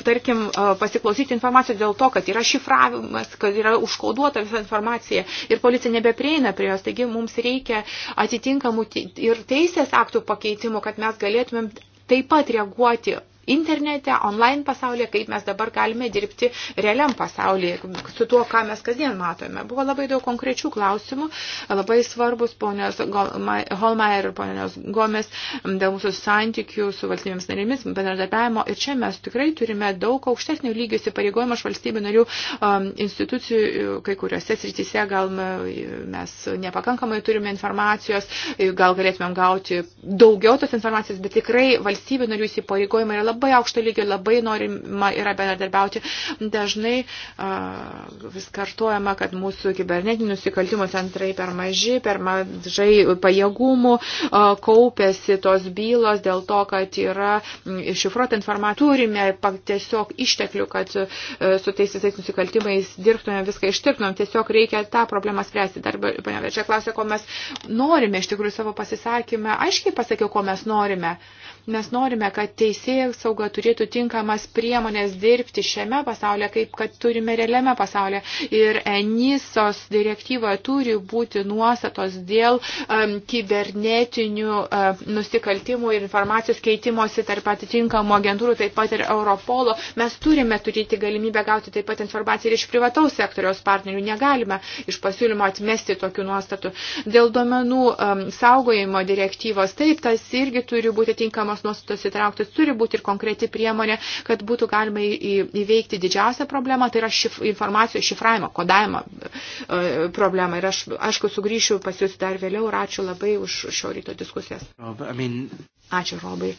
tarkim, pasiklausyti informaciją dėl to, kad yra šifravimas, kad yra užkoduota visa informacija ir policija nebeprieina prie jos. Taigi mums reikia atitinkamų ir teisės aktų pakeitimų, kad mes galėtumėm taip pat reaguoti internete, online pasaulyje, kaip mes dabar galime dirbti realiam pasaulyje, su tuo, ką mes kasdien matome. Buvo labai daug konkrečių klausimų, labai svarbus ponios Holmeier ir ponios Gomes dėl mūsų santykių su valstybėms narėmis, bendradarbiavimo. Ir čia mes tikrai turime daug aukštesnių lygių įsipareigojimų iš valstybių narių um, institucijų, kai kuriuose srityse gal mes nepakankamai turime informacijos, gal galėtumėm gauti daugiau tos informacijos, bet tikrai valstybių narių įsipareigojimai yra labai labai aukšto lygio, labai norima yra bendradarbiauti. Dažnai uh, vis kartuojama, kad mūsų kibernetinių nusikaltimų centrai per maži, per mažai pajėgumų uh, kaupėsi tos bylos dėl to, kad yra iššifruota informacija. Turime tiesiog išteklių, kad uh, su tais visais nusikaltimais dirbtumėm viską ištirtumėm. Tiesiog reikia tą problemą spręsti. Dar, ponia, čia klausė, ko mes norime iš tikrųjų savo pasisakymę. Aiškiai pasakiau, ko mes norime. Mes norime, kad teisėjai sauga turėtų tinkamas priemonės dirbti šiame pasaulyje, kaip kad turime realiame pasaulyje. Ir ENISOS direktyvoje turi būti nuostatos dėl um, kibernetinių um, nusikaltimų ir informacijos keitimosi tarp atitinkamų agentūrų, taip pat ir Europolo. Mes turime turėti galimybę gauti taip pat informaciją ir iš privataus sektoriaus partnerių. Negalime iš pasiūlymo atmesti tokių nuostatų. Dėl duomenų um, saugojimo direktyvos, taip, tas irgi turi būti tinkamas šios nuostatos įtraukti, turi būti ir konkreti priemonė, kad būtų galima įveikti didžiausią problemą, tai yra šif, informacijos šifravimo, kodavimo e, problemą. Ir aš, aišku, sugrįšiu pas jūs dar vėliau ir ačiū labai už šio ryto diskusijas. Ačiū, Robai.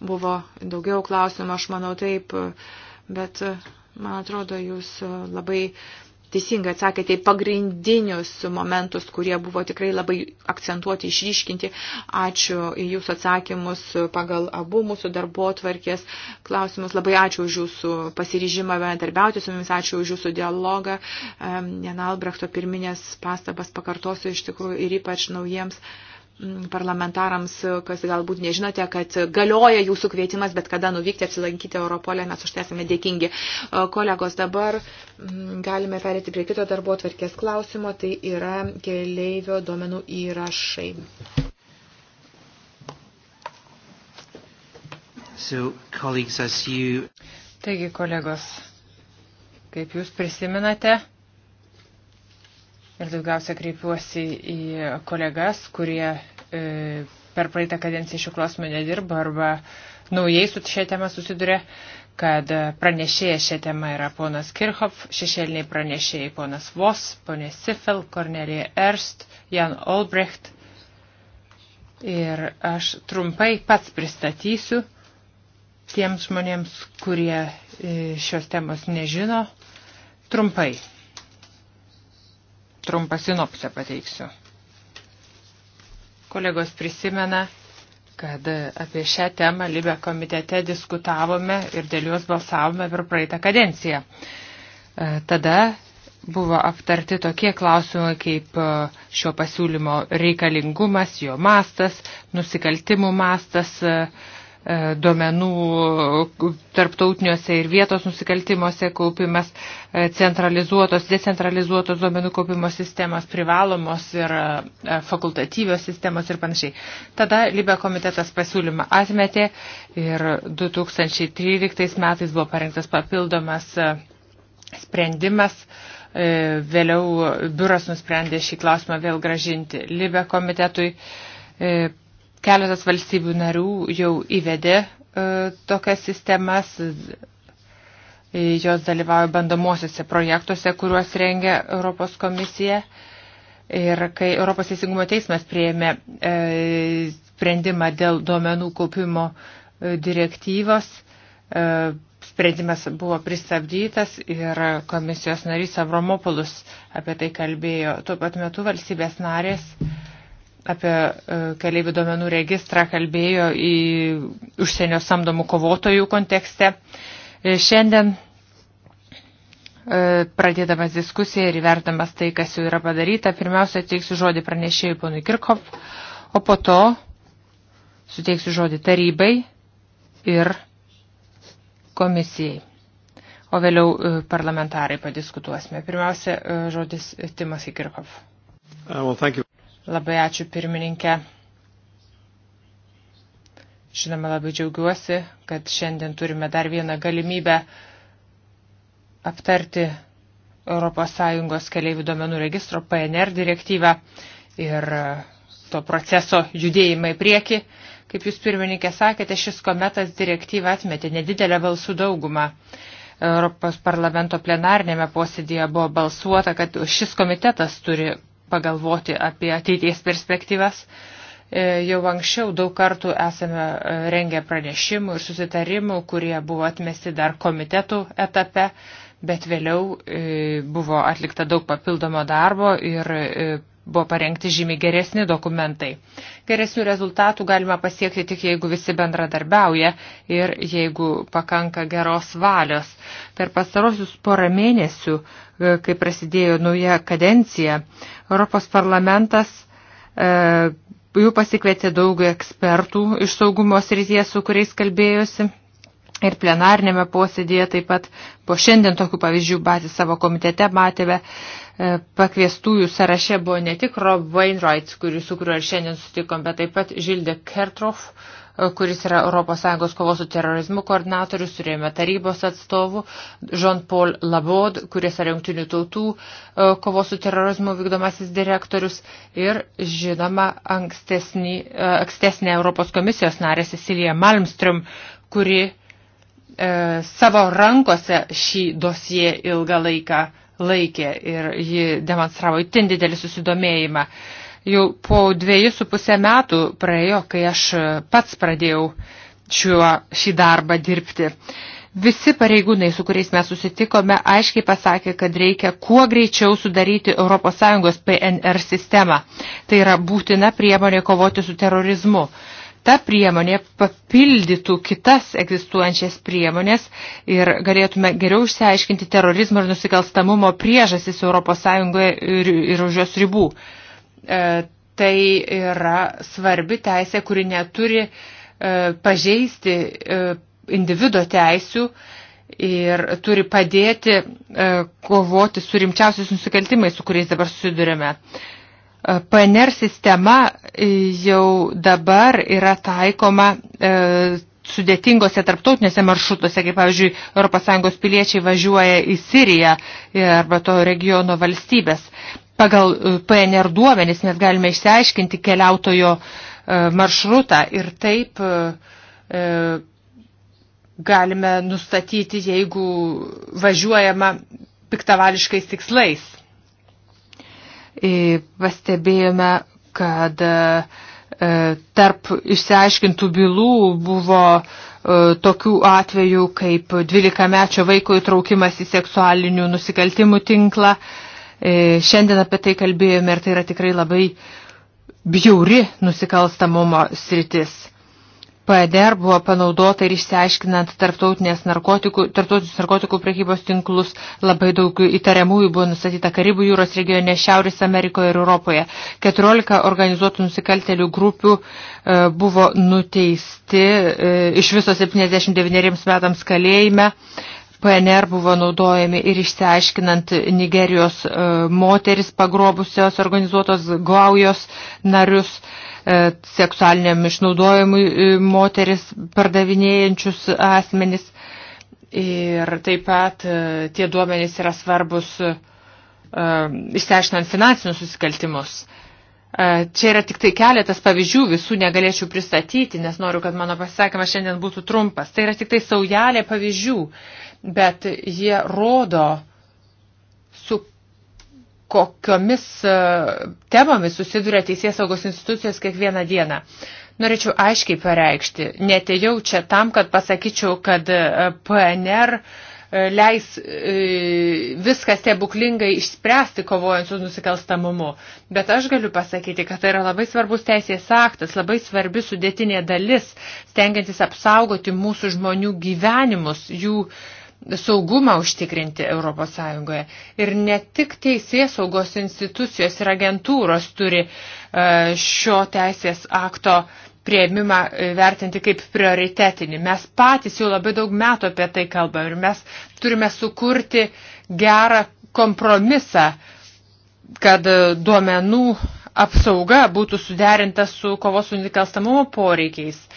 Buvo daugiau klausimų, aš manau taip, bet man atrodo, jūs labai teisingai atsakėte į pagrindinius momentus, kurie buvo tikrai labai akcentuoti, išryškinti. Ačiū į jūsų atsakymus pagal abu mūsų darbo tvarkės klausimus. Labai ačiū už jūsų pasiryžimą bendarbiauti su mumis, ačiū už jūsų dialogą. Jan Albrechto pirminės pastabas pakartosiu iš tikrųjų ir ypač naujiems. Uh, Mm, parlamentarams, kas galbūt nežinote, kad galioja jūsų kvietimas, bet kada nuvykti apsilankyti Europolę, mes už tai esame dėkingi. E, kolegos, dabar mm, galime perėti prie kito darbo tvarkės klausimo, tai yra keleivio duomenų įrašai. So, colleagues, as you... Taigi, kolegos, kaip jūs prisiminate, ir daugiausia kreipiuosi į kolegas, kurie e, per praeitą kadenciją šių klausimų nedirba arba naujai su šia tema susiduria, kad e, pranešėja šia tema yra ponas Kirchhoff, šešėliniai pranešėjai ponas Vos, ponė Sifel, Kornelija Erst, Jan Olbrecht. Ir aš trumpai pats pristatysiu tiems žmonėms, kurie e, šios temos nežino. Trumpai trumpą sinopsę pateiksiu. Kolegos prisimena, kad apie šią temą Libė komitete diskutavome ir dėl jos balsavome per praeitą kadenciją. E, tada buvo aptarti tokie klausimai kaip e, šio pasiūlymo reikalingumas, jo mastas, nusikaltimų mastas, uh, E, duomenų tarptautiniuose ir vietos nusikaltimuose kaupimas, e, centralizuotos, decentralizuotos duomenų kaupimo sistemos, privalomos ir e, fakultatyvios sistemos ir panašiai. Tada Libė komitetas pasiūlymą atmetė ir 2013 metais buvo parengtas papildomas sprendimas. Vėliau biuras nusprendė šį klausimą vėl gražinti Libė komitetui Keletas valstybių narių jau įvedė e, tokias sistemas, jos dalyvauja bandomuosiuose projektuose, kuriuos rengia Europos komisija. Ir kai Europos teisingumo teismas prieėmė e, sprendimą dėl duomenų kaupimo e, direktyvos, e, sprendimas buvo pristabdytas ir komisijos narys Avromopolus apie tai kalbėjo. Tuo pat metu valstybės narės e, apie e, keliaivių duomenų registrą kalbėjo į užsienio samdomų kovotojų kontekste. E, šiandien e, pradėdamas diskusiją ir įvertamas tai, kas jau yra padaryta, pirmiausia, teiksiu žodį pranešėjui ponui Kirkop, o po to suteiksiu žodį tarybai ir komisijai. O vėliau parlamentarai padiskutuosime. Pirmiausia, žodis Timas Kirkop. Uh, well, Labai ačiū pirmininkė. Žinoma, labai džiaugiuosi, kad šiandien turime dar vieną galimybę aptarti ES keliaivių duomenų registro PNR direktyvą ir to proceso judėjimą į priekį. Kaip jūs pirmininkė sakėte, šis kometas direktyvą atmetė nedidelę balsų daugumą. Europos parlamento plenarnėme posėdėje buvo balsuota, kad šis komitetas turi pagalvoti apie ateities perspektyvas. E, jau anksčiau daug kartų esame e, rengę pranešimų ir susitarimų, kurie buvo atmesti dar komitetų etape, bet vėliau e, buvo atlikta daug papildomo darbo ir buvo parengti žymiai geresni dokumentai. Geresnių rezultatų galima pasiekti tik jeigu visi bendradarbiauja ir jeigu pakanka geros valios. Per pastarosius porą mėnesių, e, kai prasidėjo nauja kadencija, Europos parlamentas e, jų pasikvietė daug ekspertų iš saugumo srities, su kuriais kalbėjosi ir plenarnėme posėdėje taip pat po šiandien tokių pavyzdžių bazį savo komitete matėme. E, pakviestųjų sąraše buvo ne tik Rob Wainwright, kurį, su kuriuo ir šiandien sutikom, bet taip pat Žildė Kertroff, e, kuris yra ES kovos su terorizmu koordinatorius, turėjome tarybos atstovų, Jean-Paul Labod, kuris yra jungtinių tautų e, kovos su terorizmu vykdomasis direktorius ir, žinoma, ankstesnė Europos komisijos narė Cecilija Malmström, kuri uh, e, savo rankose šį dosiją ilgą laiką laikė ir ji demonstravo itin didelį susidomėjimą. Jau po dviejų su pusę metų praėjo, kai aš pats pradėjau šiuo, šį darbą dirbti. Visi pareigūnai, su kuriais mes susitikome, aiškiai pasakė, kad reikia kuo greičiau sudaryti ES PNR sistemą. Tai yra būtina priemonė kovoti su terorizmu ta priemonė papildytų kitas egzistuojančias priemonės ir galėtume geriau išsiaiškinti terorizmo ir nusikalstamumo priežasis ES ir, ir už jos ribų. E, tai yra svarbi teisė, kuri neturi e, pažeisti e, individo teisių ir turi padėti e, kovoti su rimčiausiais nusikaltimais, su kuriais dabar susidurėme. E, PNR sistema jau dabar yra taikoma e, sudėtingose tarptautiniuose maršrutuose, kaip pavyzdžiui, ES piliečiai važiuoja į Siriją arba to regiono valstybės. Pagal e, PNR duomenis mes galime išsiaiškinti keliautojo e, maršrutą ir taip galime nustatyti, jeigu važiuojama piktavališkais tikslais. E, pastebėjome, kad e, tarp išsiaiškintų bylų buvo e, tokių atvejų kaip 12-mečio vaiko įtraukimas į seksualinių nusikaltimų tinklą. Šiandien apie tai kalbėjome ir tai yra tikrai labai bjauri nusikalstamumo sritis. PDR buvo panaudota ir išsiaiškinant tarptautinės narkotikų, tarptautinius narkotikų prekybos tinklus. Labai daug įtariamųjų buvo nustatyta Karibų jūros regione, Šiaurės Amerikoje ir Europoje. 14 organizuotų nusikaltelių grupių e, buvo nuteisti e, iš viso 79 metams kalėjime. PNR buvo naudojami ir išsiaiškinant Nigerijos e, moteris pagrobusios organizuotos glaujos narius, e, seksualiniam išnaudojimui e, moteris pardavinėjančius asmenis. Ir taip pat tie duomenys yra svarbus išsiaiškinant finansinius susikaltimus. Čia yra tik tai keletas pavyzdžių, visų negalėčiau pristatyti, nes noriu, kad mano pasisakymas šiandien būtų trumpas. Tai yra tik tai saujelė pavyzdžių. Uh, bet jie rodo, su kokiomis e, temomis susiduria teisės saugos institucijos kiekvieną dieną. Norėčiau aiškiai pareikšti, netėjau čia tam, kad pasakyčiau, kad e, PNR e, leis viską stebuklingai išspręsti kovojant su nusikalstamumu. Bet aš galiu pasakyti, kad tai yra labai svarbus teisės aktas, labai svarbi sudėtinė dalis, stengiantis apsaugoti mūsų žmonių gyvenimus, jų uh, saugumą užtikrinti ES. Ir ne tik teisės saugos institucijos ir agentūros turi e, šio teisės akto prieimimą e, vertinti kaip prioritetinį. Mes patys jau labai daug metų apie tai kalbame ir mes turime sukurti gerą kompromisą, kad e, duomenų apsauga būtų suderinta su kovos su nusikalstamumo poreikiais. Uh,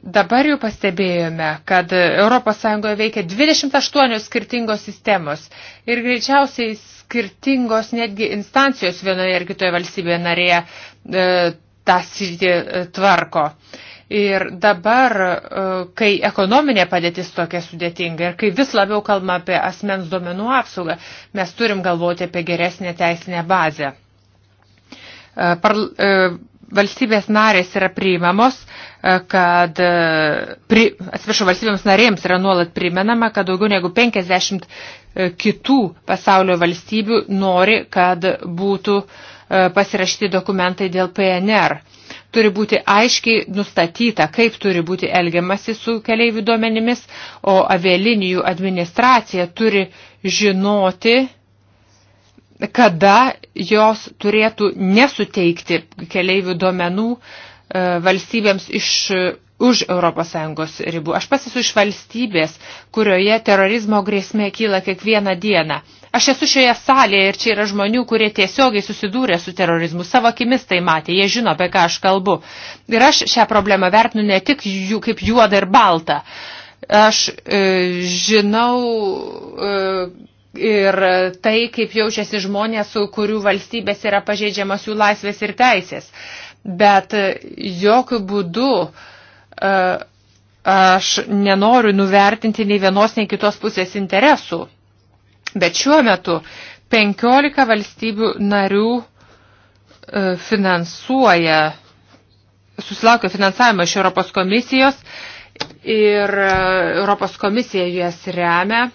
Dabar jau pastebėjome, kad ES veikia 28 skirtingos sistemos ir greičiausiai skirtingos netgi instancijos vienoje ar kitoje valstybėje narėje e, tą sritį e, tvarko. Ir dabar, e, kai ekonominė padėtis tokia sudėtinga ir kai vis labiau kalbame apie asmens duomenų apsaugą, mes turim galvoti apie geresnę teisinę bazę. E, Par, valstybės narės yra priimamos, e, kad, e, pri, atsiprašau, valstybėms narėms yra nuolat primenama, kad daugiau negu 50 e, kitų pasaulio valstybių nori, kad būtų pasirašyti dokumentai dėl PNR. Turi būti aiškiai nustatyta, kaip turi būti elgiamasi su keleivių duomenimis, o avialinijų administracija turi žinoti, kada jos turėtų nesuteikti keleivių duomenų e, valstybėms iš už ES ribų. Aš pats esu iš valstybės, kurioje terorizmo grėsmė kyla kiekvieną dieną. Aš esu šioje salėje ir čia yra žmonių, kurie tiesiogiai susidūrė su terorizmu, savo akimis tai matė, jie žino, apie ką aš kalbu. Ir aš šią problemą vertinu ne tik jų, kaip juoda ir balta. Aš e, žinau, e, ir tai, kaip jaučiasi žmonės, kurių valstybės yra pažeidžiamas jų laisvės ir teisės. Bet jokių būdų e, aš nenoriu nuvertinti nei vienos, nei kitos pusės interesų. Bet šiuo metu 15 valstybių narių e, finansuoja, susilaukia finansavimą iš Europos komisijos ir e, Europos komisija juos remia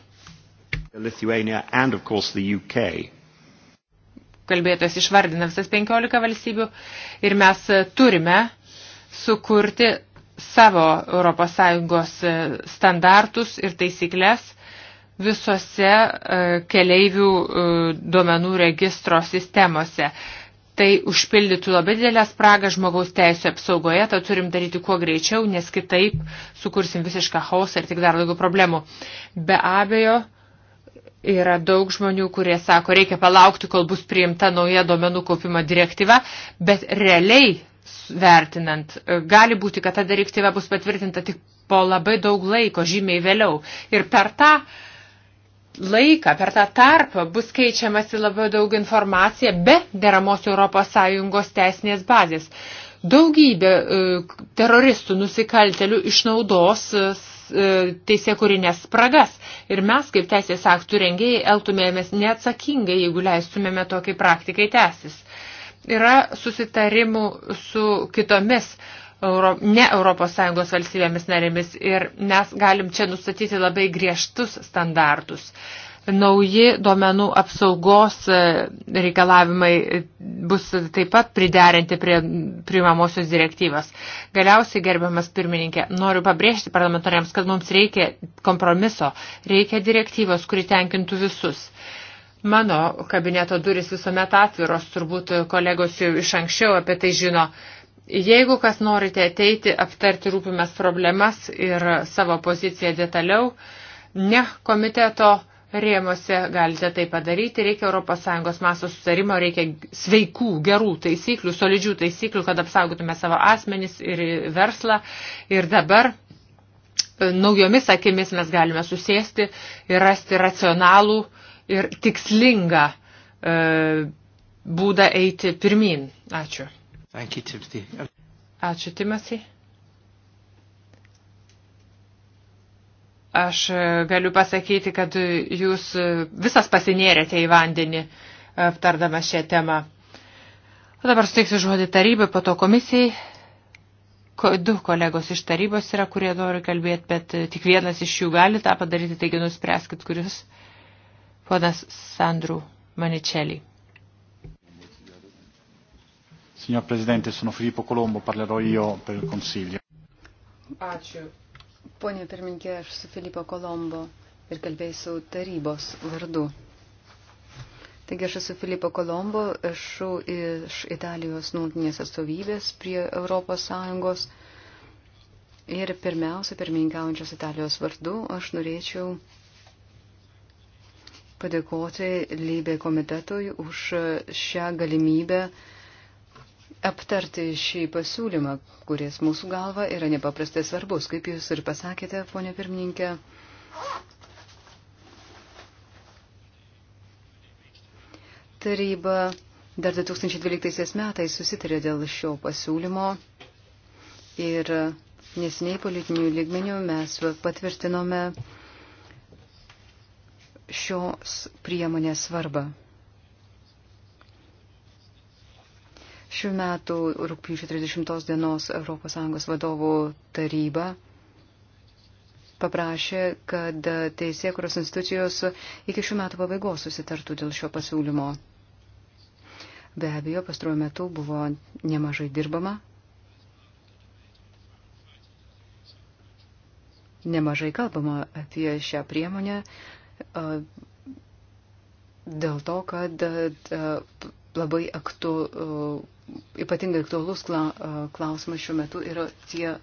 Lithuania and of course the UK. Kalbėtojas išvardina visas 15 valstybių ir mes e, turime sukurti savo ES e, standartus ir taisyklės visose e, keleivių duomenų registro sistemose. Tai užpildytų labai didelę spragą žmogaus teisų apsaugoje, tą turim daryti kuo greičiau, nes kitaip sukursim visišką hausą ir tik dar daugiau problemų. Be abejo, Yra daug žmonių, kurie sako, reikia palaukti, kol bus priimta nauja duomenų kaupimo direktyva, bet realiai vertinant, gali būti, kad ta direktyva bus patvirtinta tik po labai daug laiko, žymiai vėliau. Ir per tą laiką, per tą tarpą bus keičiamasi labai daug informacija be deramos ES teisinės bazės. Daugybė e, teroristų, nusikaltelių išnaudos e, E, teisėkurinės spragas. Ir mes, kaip teisės aktų rengėjai, elgtumėmės neatsakingai, jeigu leistumėme tokiai praktikai tęsis. Yra susitarimų su kitomis Euro, ne ES valstybėmis narėmis ir mes galim čia nustatyti labai griežtus standartus. Uh, Nauji duomenų apsaugos e, reikalavimai e, bus taip pat priderinti prie priimamosios direktyvos. Galiausiai, gerbiamas pirmininkė, noriu pabrėžti parlamentariams, kad mums reikia kompromiso, reikia direktyvos, kuri tenkintų visus. Mano kabineto duris visuomet atviros, turbūt kolegos jau iš anksčiau apie tai žino. Jeigu kas norite ateiti, aptarti rūpimės problemas ir savo poziciją detaliau, ne komiteto rėmose galite tai padaryti. Reikia ES maso sustarimo, reikia sveikų, gerų taisyklių, solidžių taisyklių, kad apsaugotume savo asmenis ir verslą. Ir dabar e, naujomis akimis mes galime susėsti ir rasti racionalų ir tikslingą e, būdą eiti pirmin. Ačiū. Ačiū, Timasi. Aš e, galiu pasakyti, kad jūs e, visas pasinėrėte į vandenį aptardama šią temą. O dabar suteiksiu žodį tarybai, po to komisijai. Ko, du kolegos iš tarybos yra, kurie nori kalbėti, bet e, tik vienas iš jų gali tą padaryti, taigi nuspręskit, kuris ponas Sandrų Manicelli. Signor Presidente, sono Filippo Colombo, parlerò io per il Consiglio. Ačiū. Pone pirminkė, aš su Filipo Kolombo ir kalbėsiu tarybos vardu. Taigi aš esu Filipo Kolombo, esu iš Italijos nuotinės atstovybės prie Europos Sąjungos. Ir pirmiausia, pirmininkaujančios Italijos vardu, aš norėčiau padėkoti Lybė komitetui už šią galimybę uh, aptarti šį pasiūlymą, kuris mūsų galva yra nepaprastai svarbus, kaip jūs ir pasakėte, ponė pirmininkė. Taryba dar 2012 metais susitarė dėl šio pasiūlymo ir nesiniai politinių lygmenių mes patvirtinome šios priemonės svarbą. Šių metų rūpjūčio 30 dienos ES vadovų taryba paprašė, kad teisėkuros institucijos iki šių metų pabaigos susitartų dėl šio pasiūlymo. Be abejo, pastaruoju metu buvo nemažai dirbama, nemažai kalbama apie šią priemonę dėl to, kad labai aktu, ypatingai aktualus klausimas šiuo metu yra tie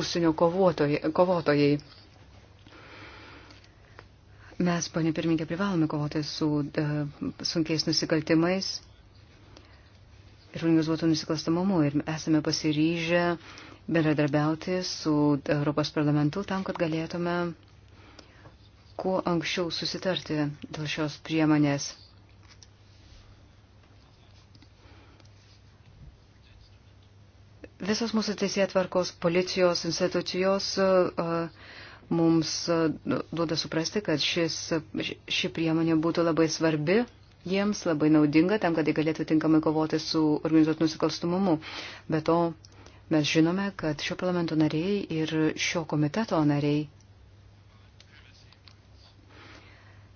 užsienio kovotojai. kovotojai. Mes, ponė pirmininkė, privalome kovoti su da, sunkiais nusikaltimais ir organizuotų nusikalstamumu ir esame pasiryžę bendradarbiauti su Europos parlamentu tam, kad galėtume kuo anksčiau susitarti dėl šios priemonės. Visos mūsų teisėtvarkos policijos institucijos mums duoda suprasti, kad šis, ši priemonė būtų labai svarbi jiems, labai naudinga tam, kad jie galėtų tinkamai kovoti su organizuotų nusikalstumumu. Be to, mes žinome, kad šio parlamento nariai ir šio komiteto nariai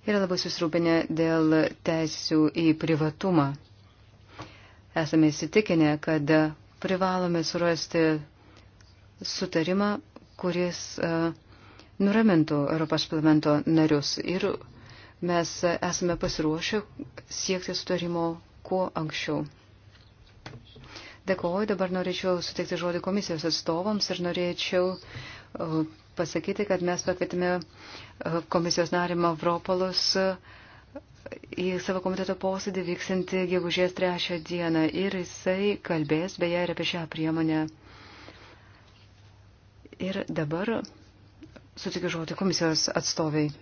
yra labai susirūpinę dėl teisų į privatumą. Esame įsitikinę, kad privalome surasti sutarimą, kuris e, nuramintų Europos parlamento narius. Ir mes esame pasiruošę siekti sutarimo kuo anksčiau. Dėkuoju, dabar norėčiau suteikti žodį komisijos atstovams ir norėčiau e, pasakyti, kad mes pakvietėme e, komisijos narį Mavropolus į savo komiteto posėdį vyksinti gegužės trečią dieną ir jisai kalbės beje ir apie šią priemonę. Ir dabar sutikiu žodį komisijos atstoviai.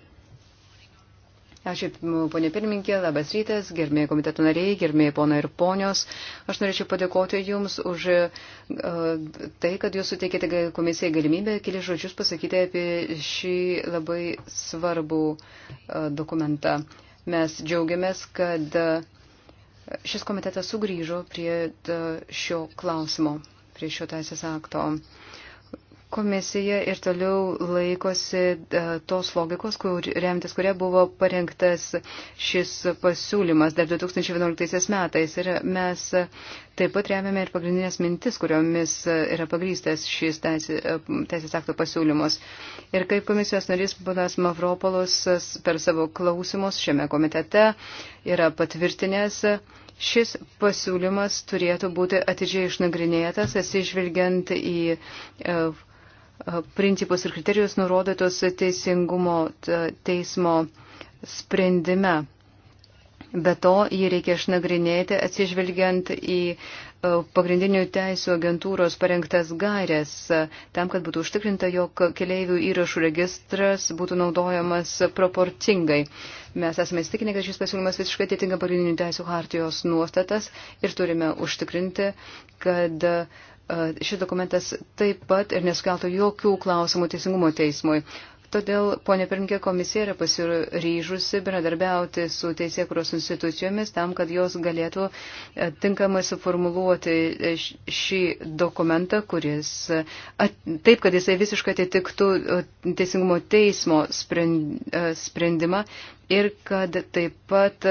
Ačiū, ponė pirminkė, labas rytas, gerbėjai komiteto nariai, gerbėjai pono ir ponios. Aš norėčiau padėkoti Jums už e, tai, kad Jūs suteikėte komisijai galimybę keli žodžius pasakyti apie šį labai svarbų e, dokumentą. Uh, Mes džiaugiamės, kad e, šis komitetas sugrįžo prie e, šio klausimo, prie šio teisės akto. Komisija ir toliau laikosi e, tos logikos, kur, remtis kuria buvo parengtas šis pasiūlymas dar 2011 metais. Ir mes taip pat remiame ir pagrindinės mintis, kuriomis yra pagrystas šis e, teisės akto pasiūlymas. Ir kaip komisijos narys Bonas Mavropolos per savo klausimus šiame komitete yra patvirtinęs Šis pasiūlymas turėtų būti atidžiai išnagrinėtas, atsižvelgiant į uh, principus ir kriterijus nurodytos teisingumo teismo sprendime. Be to, jį reikia išnagrinėti atsižvelgiant į e, pagrindinių teisų agentūros parengtas gairias, e, tam, kad būtų užtikrinta, jog keleivių įrašų registras būtų naudojamas proporcingai. Mes esame įstikinę, kad šis pasiūlymas visiškai atitinka pagrindinių teisų hartijos nuostatas ir turime užtikrinti, kad uh, šis dokumentas taip pat ir neskeltų jokių klausimų teisingumo teismui. Todėl, ponė pirmininkė, komisija yra pasiryžusi bendradarbiauti su teisėkuros institucijomis tam, kad jos galėtų e, tinkamai suformuluoti e, šį dokumentą, kuris e, at, taip, kad jisai visiškai atitiktų teisingumo teismo sprendimą ir kad taip pat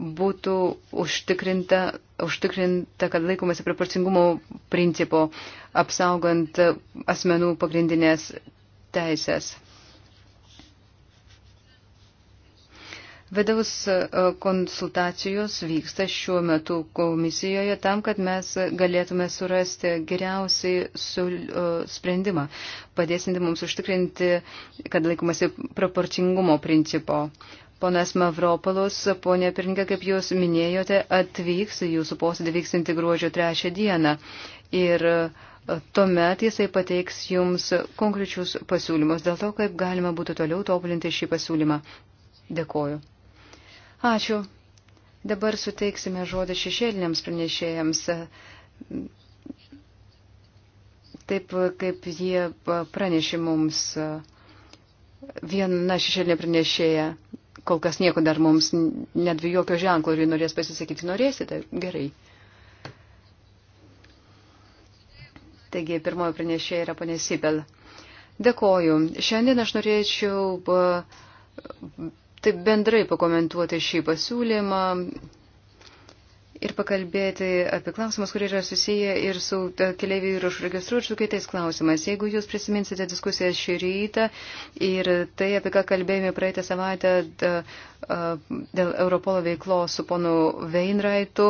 būtų užtikrinta, užtikrinta kad laikomasi proporcingumo principo, apsaugant asmenų pagrindinės teisės. Vidaus e, konsultacijos vyksta šiuo metu komisijoje tam, kad mes galėtume surasti geriausiai su, e, sprendimą, padėsinti mums užtikrinti, kad laikomasi proporcingumo principo. Ponas Mavropalos, ponė Pirinkė, kaip jūs minėjote, atvyks, jūsų posėdį vyksinti gruodžio trečią dieną. Ir e, tuomet jisai pateiks jums konkrečius pasiūlymus dėl to, kaip galima būtų toliau tobulinti šį pasiūlymą. Dėkoju. Ačiū. Dabar suteiksime žodį šešėliniams pranešėjams. Taip kaip jie pranešė mums viena šešėlinė pranešėja, kol kas nieko dar mums net jokio ženklo ir norės pasisakyti, norėsite, gerai. Taigi pirmoji pranešėja yra ponė Sibel. Dėkoju. Šiandien aš norėčiau taip bendrai pakomentuoti šį pasiūlymą ir pakalbėti apie klausimus, kurie yra susiję ir su e, keliaivių įrašų registru ir su kitais klausimais. Jeigu jūs prisiminsite diskusiją šį rytą ir tai, apie ką kalbėjome praeitą savaitę e, dėl Europolo veiklos su ponu Veinraitu,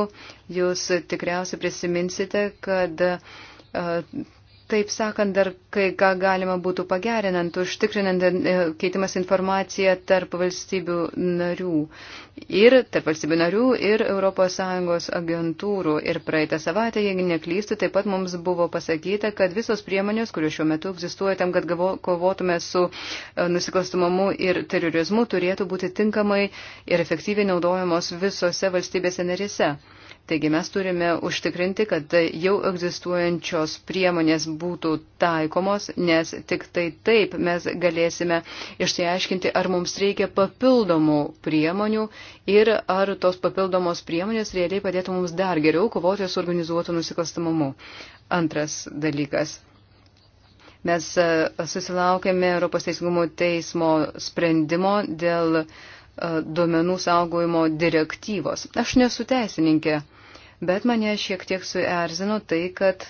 jūs tikriausiai prisiminsite, kad e, Taip sakant, dar kai ką galima būtų pagerinant, užtikrinant e, keitimas informaciją tarp valstybių narių ir tarp valstybių narių ir ES agentūrų. Ir praeitą savaitę, jeigu neklystu, taip pat mums buvo pasakyta, kad visos priemonės, kurios šiuo metu egzistuoja tam, kad gavo, kovotume su e, nusikalstumumu ir terorizmu, turėtų būti tinkamai ir efektyviai naudojamos visose valstybėse narėse. Taigi mes turime užtikrinti, kad jau egzistuojančios priemonės būtų taikomos, nes tik tai taip mes galėsime išsiaiškinti, ar mums reikia papildomų priemonių ir ar tos papildomos priemonės realiai padėtų mums dar geriau kovoti su organizuotu nusikalstamumu. Antras dalykas. Mes e, susilaukėme Europos Teisingumo teismo sprendimo dėl uh, E, duomenų saugojimo direktyvos. Aš nesu teisininkė, bet mane šiek tiek suerzino tai, kad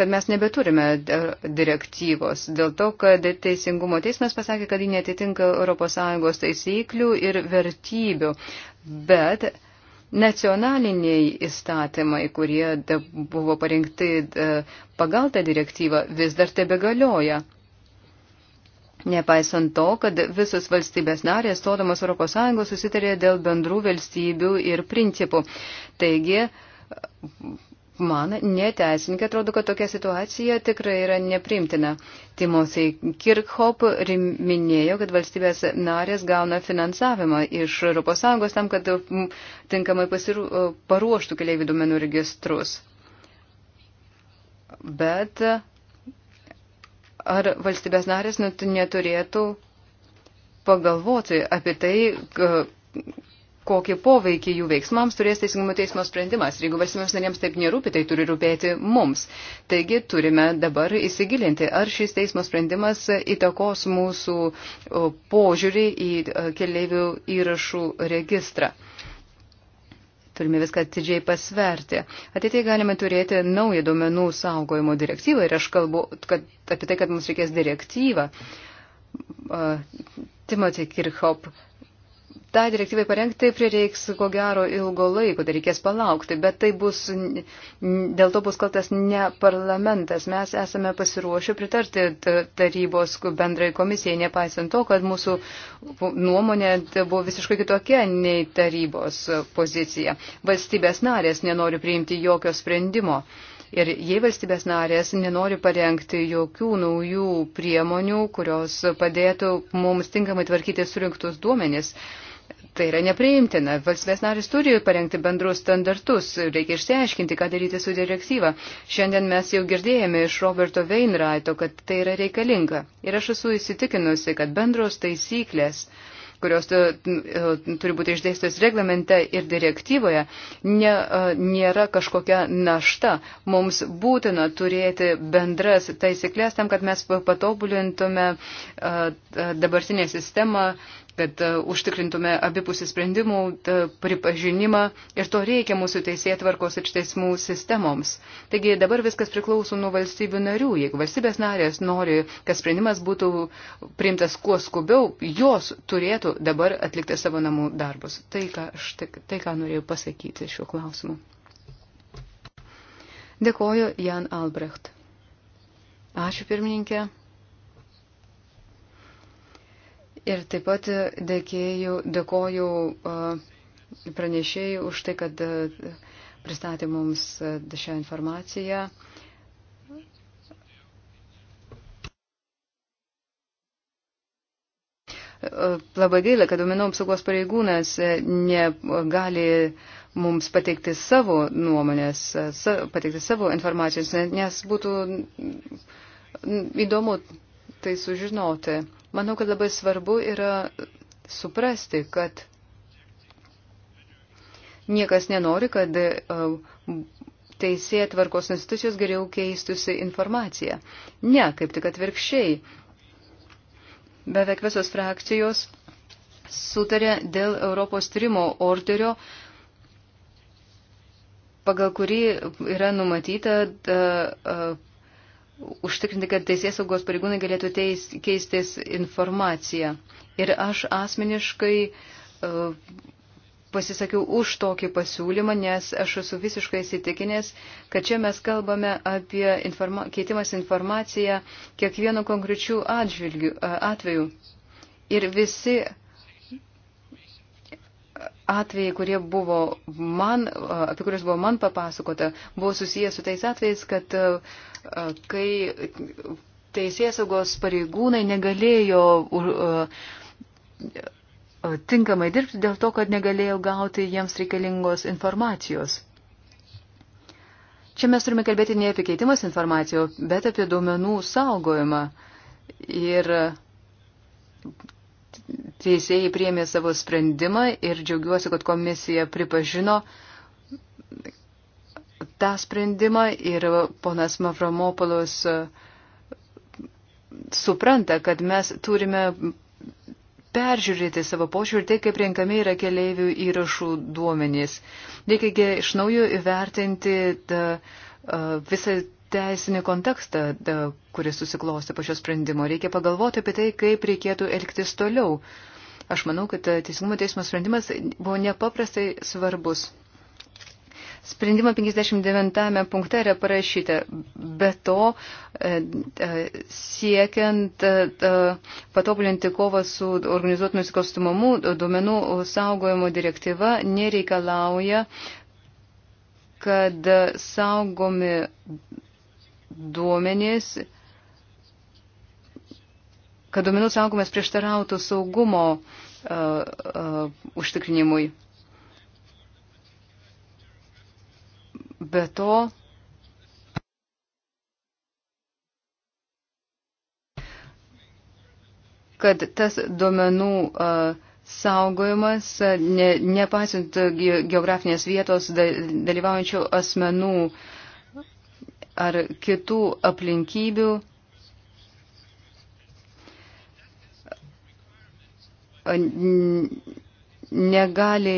kad mes nebeturime e, direktyvos dėl to, kad Teisingumo teismas pasakė, kad ji netitinka ES taisyklių ir vertybių, bet nacionaliniai įstatymai, kurie buvo parinkti e, pagal tą direktyvą, vis dar tebe galioja. Nepaisant to, kad visos valstybės narės, stodamos ES, susitarė dėl bendrų valstybių ir principų. Taigi, man neteisininkė atrodo, kad tokia situacija tikrai yra neprimtina. Timosei Kirkhop minėjo, kad valstybės narės gauna finansavimą iš ES tam, kad tinkamai pasiru, paruoštų keliaivių duomenų registrus. Bet ar valstybės narės nu, neturėtų pagalvoti apie tai, kokį poveikį jų veiksmams turės teisingumo teismo sprendimas. Ir jeigu valstybėms narėms taip nerūpi, tai turi rūpėti mums. Taigi turime dabar įsigilinti, ar šis teismo sprendimas įtakos mūsų požiūrį į keliaivių įrašų registrą. Turime viską atidžiai pasverti. Ateitai galime turėti naują duomenų saugojimo direktyvą ir aš kalbu kad, apie tai, kad mums reikės direktyvą. Timothy Kirchhoff tą direktyvai parengti prireiks ko gero ilgo laiko, tai reikės palaukti, bet tai bus, dėl to bus kaltas ne parlamentas. Mes esame pasiruošę pritarti tarybos bendrai komisijai, nepaisant to, kad mūsų nuomonė buvo visiškai kitokia nei tarybos pozicija. Valstybės narės nenori priimti jokio sprendimo. Ir jei valstybės narės nenori parengti jokių naujų priemonių, kurios padėtų mums tinkamai tvarkyti surinktus duomenis, uh, Tai yra nepriimtina. Valstybės narys turi parengti bendrus standartus. Reikia išsiaiškinti, ką daryti su direktyva. Šiandien mes jau girdėjome iš Roberto Veinraito, kad tai yra reikalinga. Ir aš esu įsitikinusi, kad bendros taisyklės kurios e, turi būti išdėstos reglamente ir direktyvoje, ne, e, nėra kažkokia našta. Mums būtina turėti bendras taisyklės tam, kad mes patobulintume e, dabartinę sistemą kad e, užtikrintume abipusį sprendimų e, pripažinimą ir to reikia mūsų teisėtvarkos ir teismų sistemoms. Taigi dabar viskas priklauso nuo valstybių narių. Jeigu valstybės narės nori, kad sprendimas būtų priimtas kuo skubiau, jos turėtų dabar atlikti savo namų darbus. Tai, ką, aš, tai, tai, ką norėjau pasakyti šiuo klausimu. Dėkoju Jan Albrecht. Ačiū pirmininkė. Ir taip pat e, dėkėjau, dėkoju e, pranešėjai už tai, kad e, pristatė mums šią informaciją. Labai gaila, kad domenų apsaugos pareigūnas negali mums pateikti savo nuomonės, pateikti savo informacijos, nes būtų įdomu tai sužinoti. Manau, kad labai svarbu yra suprasti, kad niekas nenori, kad uh, teisėje tvarkos institucijos geriau keistusi informaciją. Ne, kaip tik atvirkščiai. Beveik visos frakcijos sutarė dėl Europos trimo orderio, pagal kurį yra numatyta. Da, uh, uh užtikrinti, kad teisės saugos pareigūnai galėtų teis, keistis informaciją. Ir aš asmeniškai uh, pasisakiau už tokį pasiūlymą, nes aš esu visiškai įsitikinęs, kad čia mes kalbame apie informa keitimas informaciją kiekvienu konkrečiu atžvilgiu, e, atveju. Ir visi atvejai, kurie buvo man, apie kuriuos buvo man papasakota, buvo susijęs su tais atvejais, kad e, kai teisėsaugos pareigūnai negalėjo e, tinkamai dirbti dėl to, kad negalėjo gauti jiems reikalingos informacijos. Čia mes turime kalbėti ne apie keitimas informacijos, bet apie duomenų saugojimą. Ir teisėjai priemė savo sprendimą ir džiaugiuosi, kad komisija pripažino tą sprendimą ir ponas Mavromopolos e, supranta, kad mes turime peržiūrėti savo požiūrį, tai kaip renkami yra keleivių įrašų duomenys. Reikia iš naujo įvertinti tą, e, visą teisinį kontekstą, kuris susiklosti po šio sprendimo. Reikia pagalvoti apie tai, kaip reikėtų elgtis toliau. Aš manau, kad e, Teisingumo teismo sprendimas buvo nepaprastai svarbus. Sprendimo 59 punkte yra parašyta, be to e, e, siekiant patobulinti kovą su organizuotų nusikalstumamu, duomenų saugojimo direktyva nereikalauja kad saugomi duomenys, kad duomenų saugomas prieštarautų saugumo uh, uh, užtikrinimui. Be to, kad tas duomenų uh, saugojimas, ne, nepasint geografinės vietos dalyvaujančių asmenų uh, ar kitų aplinkybių negali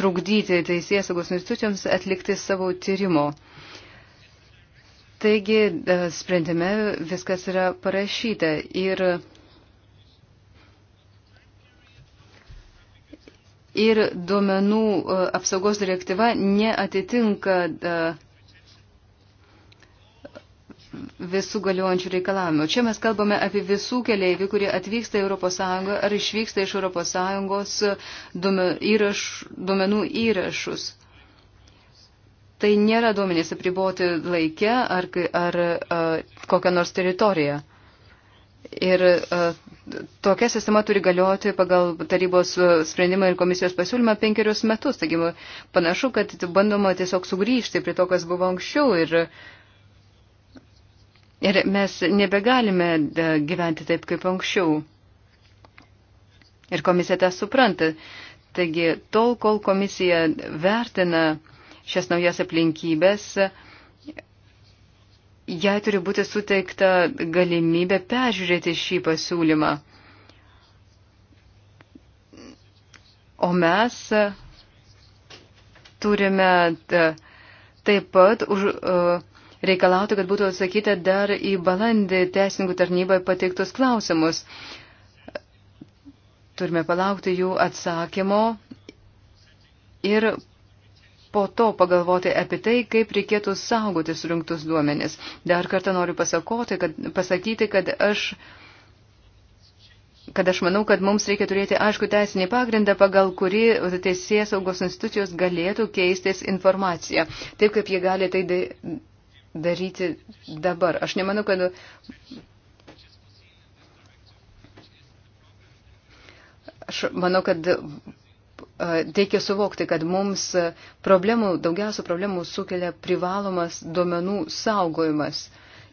trukdyti teisėsaugos institucijoms atlikti savo tyrimo. Taigi sprendime viskas yra parašyta ir ir duomenų apsaugos direktyva neatitinka uh, visų galiojančių reikalavimų. Čia mes kalbame apie visų keleivių, kurie atvyksta į ES ar išvyksta iš ES įraš, duomenų įrašus. Tai nėra duomenys apriboti laikę ar, ar a, kokią nors teritoriją. Ir a, tokia sistema turi galioti pagal tarybos sprendimą ir komisijos pasiūlymą penkerius metus. Taigi panašu, kad bandoma tiesiog sugrįžti prie to, kas buvo anksčiau. Ir, a, Ir mes nebegalime e, gyventi taip kaip anksčiau. Ir komisija tą supranta. Taigi, tol, kol komisija vertina šias naujas aplinkybės, jai turi būti suteikta galimybė peržiūrėti šį pasiūlymą. O mes turime e, taip pat už, uh, reikalauti, kad būtų atsakyta dar į balandį teisingų tarnybai pateiktus klausimus. Turime palaukti jų atsakymo ir po to pagalvoti apie tai, kaip reikėtų saugoti surinktus duomenis. Dar kartą noriu pasakoti, kad, pasakyti, kad aš kad aš manau, kad mums reikia turėti aišku teisinį pagrindą, pagal kurį teisės saugos institucijos galėtų keistis informaciją, taip kaip jie gali tai daryti dabar. Aš nemanau, kad aš manau, kad reikia suvokti, kad mums problemų, daugiausia problemų sukelia privalomas duomenų saugojimas,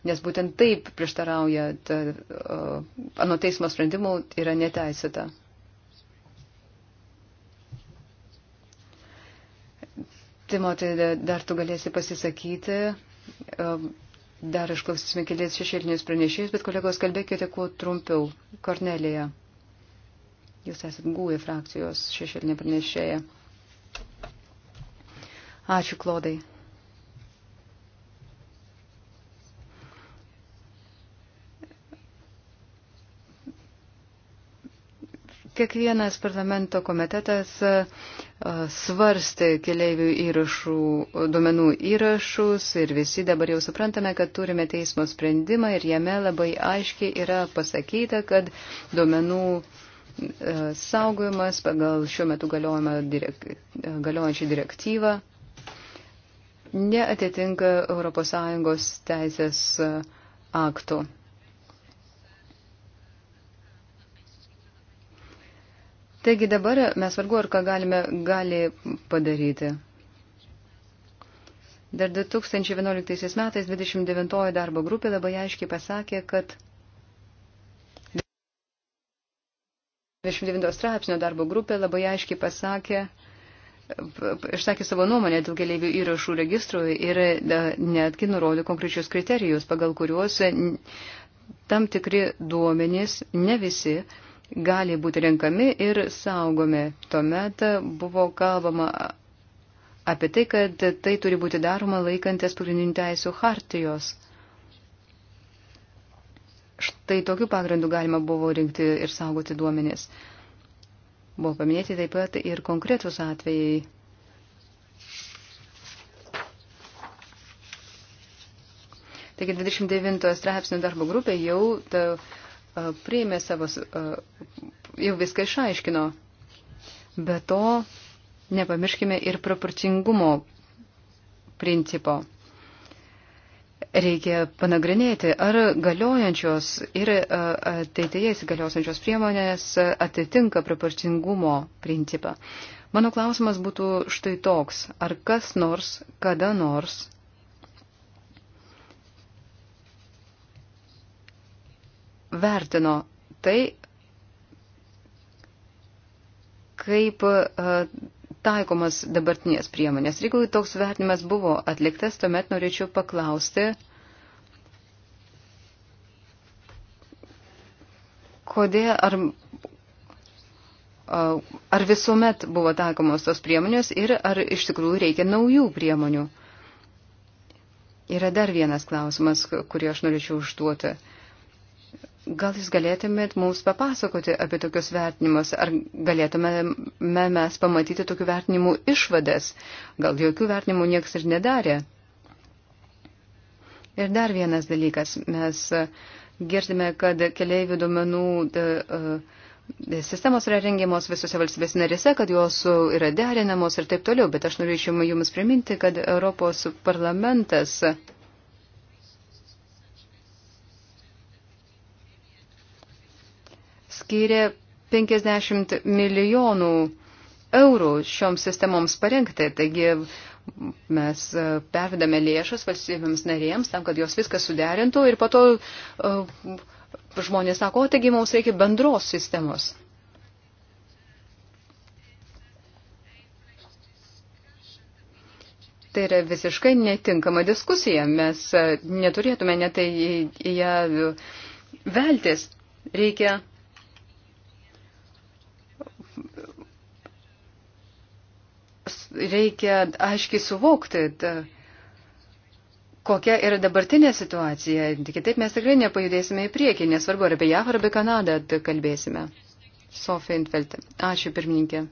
nes būtent taip prieštarauja ta, ano teismo sprendimų yra neteisėta. Timotai, dar tu galėsi pasisakyti. Dar išklausysime kelias šešėlinius pranešėjus, bet kolegos kalbėkite kuo trumpiau. Kornelija, jūs esate gūjų frakcijos šešėlinė pranešėja. Ačiū, Klodai. Kiekvienas parlamento komitetas e, svarstė keliaivių įrašų, duomenų įrašus ir visi dabar jau suprantame, kad turime teismo sprendimą ir jame labai aiškiai yra pasakyta, kad duomenų e, saugojimas pagal šiuo metu direk, galiojančią direktyvą neatitinka ES teisės e, aktų. Taigi dabar mes vargu ar ką galime gali padaryti. Dar 2011 metais 29 darbo grupė labai aiškiai pasakė, kad 29 straipsnio darbo grupė labai aiškiai pasakė, išsakė savo nuomonę dėl keliaivių įrašų registrui ir netgi nurodė konkrečius kriterijus, pagal kuriuos tam tikri duomenys, ne visi, gali būti renkami ir saugomi. Tuomet buvo kalbama apie tai, kad tai turi būti daroma laikantis pagrindinių teisų hartijos. Štai tokiu pagrindu galima buvo rinkti ir saugoti duomenis. Buvo paminėti taip pat ir konkretus atvejai. Taigi 29 straipsnių darbo grupė jau ta, uh, priėmė savo, jau viską išaiškino. Be to, nepamirškime ir proporcingumo principo. Reikia panagrinėti, ar galiojančios ir ateityje įsigaliosiančios priemonės atitinka proporcingumo principą. Mano klausimas būtų štai toks, ar kas nors, kada nors vertino tai, kaip e, taikomas dabartinės priemonės. Ir jeigu toks vertinimas buvo atliktas, tuomet norėčiau paklausti, kodėl ar, e, ar visuomet buvo taikomos tos priemonės ir ar iš tikrųjų reikia naujų priemonių. Yra dar vienas klausimas, kurį aš norėčiau užduoti. Uh, Gal jūs galėtumėt mums papasakoti apie tokius vertinimus, ar galėtumėme mes pamatyti tokių vertinimų išvadas? Gal jokių vertinimų niekas ir nedarė? Ir dar vienas dalykas. Mes e, girdime, kad keliaivių duomenų e, sistemos yra rengiamos visose valstybės narėse, kad jos yra derinamos ir taip toliau, bet aš norėčiau jums priminti, kad Europos parlamentas skyrė 50 milijonų eurų šioms sistemoms parengti. Taigi mes e, pervedame lėšas valstybėms narėms tam, kad jos viską suderintų ir po to e, žmonės sako, o taigi mums reikia bendros sistemos. Tai yra visiškai netinkama diskusija, mes e, neturėtume netai į ją veltis. Reikia reikia aiškiai suvokti, kokia yra dabartinė situacija. Kitaip mes tikrai nepajudėsime į priekį, nesvarbu, ar apie JAV ar apie Kanadą kalbėsime. Sofija Infeltė. Ačiū, pirmininkė.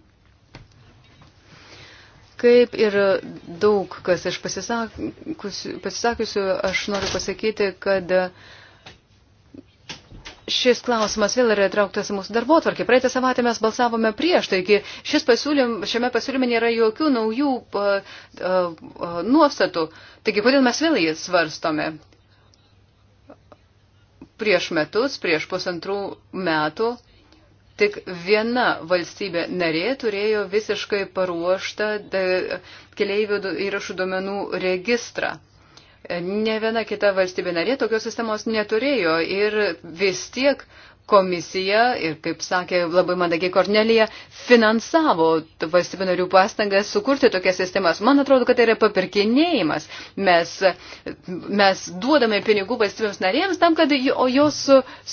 Kaip ir daug kas aš pasisakiusiu, aš noriu pasakyti, kad uh, šis klausimas vėl yra įtrauktas į mūsų darbo tvarkį. Praeitą savaitę mes balsavome prieš, taigi pasiūlym, šiame pasiūlyme nėra jokių naujų uh, uh, nuostatų. Taigi kodėl mes vėl jį svarstome? Prieš metus, prieš pusantrų metų tik viena valstybė narė turėjo visiškai paruoštą keleivių įrašų duomenų registrą. Ne viena kita valstybė narė tokios sistemos neturėjo ir vis tiek komisija ir, kaip sakė labai mandagiai Kornelija, finansavo valstybių narių pastangas sukurti tokias sistemas. Man atrodo, kad tai yra papirkinėjimas. Mes, mes duodame pinigų valstybėms narėms tam, kad jos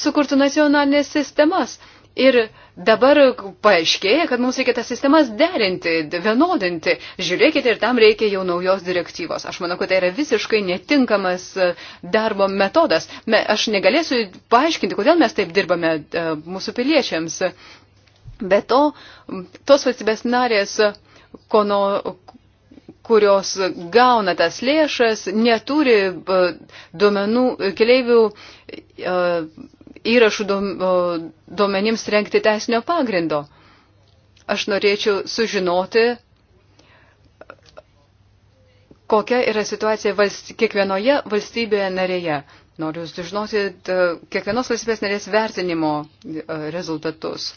sukurtų nacionalinės sistemas. Ir dabar paaiškėja, kad mums reikia tas sistemas derinti, vienodinti. Žiūrėkite, ir tam reikia jau naujos direktyvos. Aš manau, kad tai yra visiškai netinkamas e, darbo metodas. Aš negalėsiu paaiškinti, kodėl mes taip dirbame e, mūsų piliečiams. Be to, tos valstybės narės, kono, kurios gauna tas lėšas, neturi e, duomenų keleivių įrašų duomenims renkti teisinio pagrindo. Aš norėčiau sužinoti, kokia yra situacija valst... kiekvienoje valstybėje narėje. Noriu sužinoti kiekvienos valstybės narės vertinimo e, rezultatus.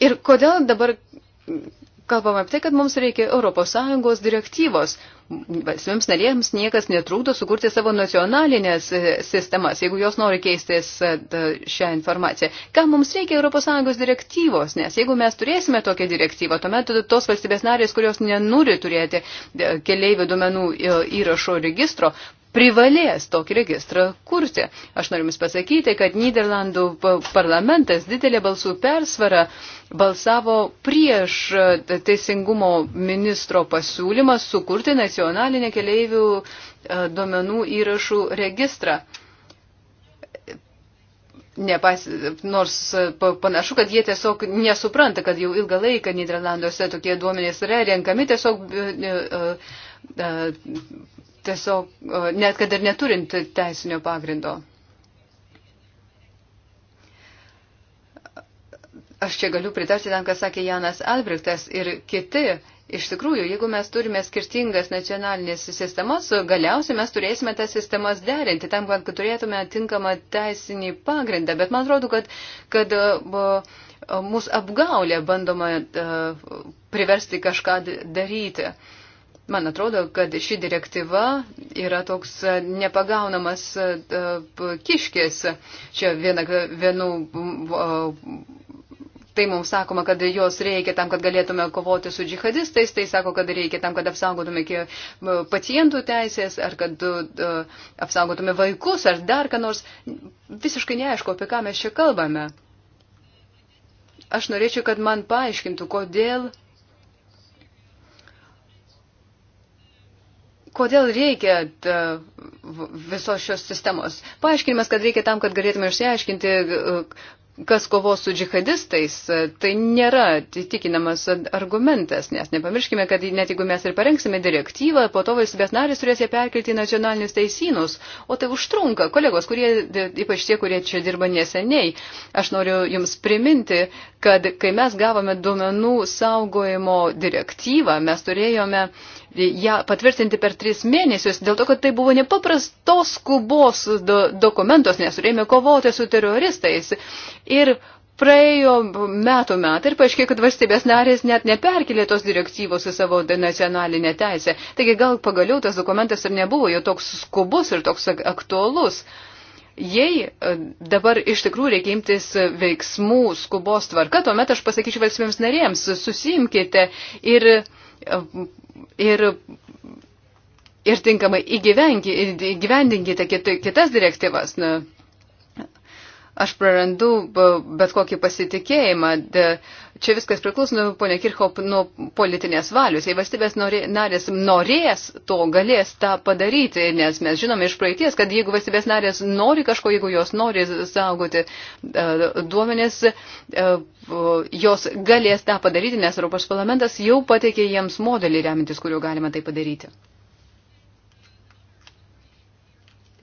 Ir kodėl dabar kalbame apie tai, kad mums reikia ES direktyvos, valstybėms narėms niekas netrūkdo sukurti savo nacionalinės e, sistemas, jeigu jos nori keistis e, šią informaciją. Kam mums reikia ES direktyvos, nes jeigu mes turėsime tokią direktyvą, tuomet tos valstybės narės, kurios nenori turėti e, keliaivių duomenų įrašo registro, privalės tokį registrą kurti. Aš noriu Jums pasakyti, kad Niderlandų parlamentas didelė balsų persvara balsavo prieš teisingumo ministro pasiūlymą sukurti nacionalinį nacionalinį keleivių e, duomenų įrašų registrą. Nepas, nors e, panašu, kad jie tiesiog nesupranta, kad jau ilgą laiką Niderlanduose tokie duomenys yra renkami tiesiog, e, tiesiog net kad ir neturint teisinio pagrindo. Aš čia galiu pritarti tam, ką sakė Janas Albrechtas ir kiti Iš tikrųjų, jeigu mes turime skirtingas nacionalinės sistemas, galiausiai mes turėsime tas sistemas derinti tam, kad turėtume tinkamą teisinį pagrindą. Bet man atrodo, kad, kad mus apgaulė bandoma priversti kažką daryti. Man atrodo, kad ši direktyva yra toks nepagaunamas kiškis. Čia viena, vienu Tai mums sakoma, kad jos reikia tam, kad galėtume kovoti su džihadistais, tai sako, kad reikia tam, kad apsaugotume pacientų teisės, ar kad uh, apsaugotume vaikus, ar dar ką nors. Visiškai neaišku, apie ką mes čia kalbame. Aš norėčiau, kad man paaiškintų, kodėl kodėl reikia visos šios sistemos. Paaiškinimas, kad reikia tam, kad galėtume išsiaiškinti, kas kovos su džihadistais, tai nėra tikinamas argumentas, nes nepamirškime, kad net jeigu mes ir parengsime direktyvą, po to valstybės narės turės ją perkelti į nacionalinius teisynus, o tai užtrunka. Kolegos, kurie, ypač tie, kurie čia dirba neseniai, aš noriu Jums priminti, kad kai mes gavome duomenų saugojimo direktyvą, mes turėjome uh, ją patvirtinti per tris mėnesius, dėl to, kad tai buvo nepaprastos skubos do, dokumentos, nes turėjome kovoti su teroristais. Ir praėjo metų metai ir paaiškėjo, kad valstybės narės net neperkelė tos direktyvos į savo nacionalinę teisę. Taigi gal pagaliau tas dokumentas ir nebuvo jau toks skubus ir toks aktuolus. Uh, Jei e, dabar iš tikrųjų reikia imtis veiksmų skubos tvarka, tuomet aš pasakyčiau valstybėms narėms, susimkite ir, e, ir, ir tinkamai įgyvendinkite kitas direktyvas. Na, aš prarandu bet kokį pasitikėjimą. De, čia viskas priklauso, nu, ponia Kirchhop, nuo politinės valios. Jei valstybės norė, narės norės to, galės tą padaryti, nes mes žinome iš praeities, kad jeigu valstybės narės nori kažko, jeigu jos nori saugoti e, duomenis, e, jos galės tą padaryti, nes Europos parlamentas jau pateikė jiems modelį remintis, kuriuo galima tai padaryti.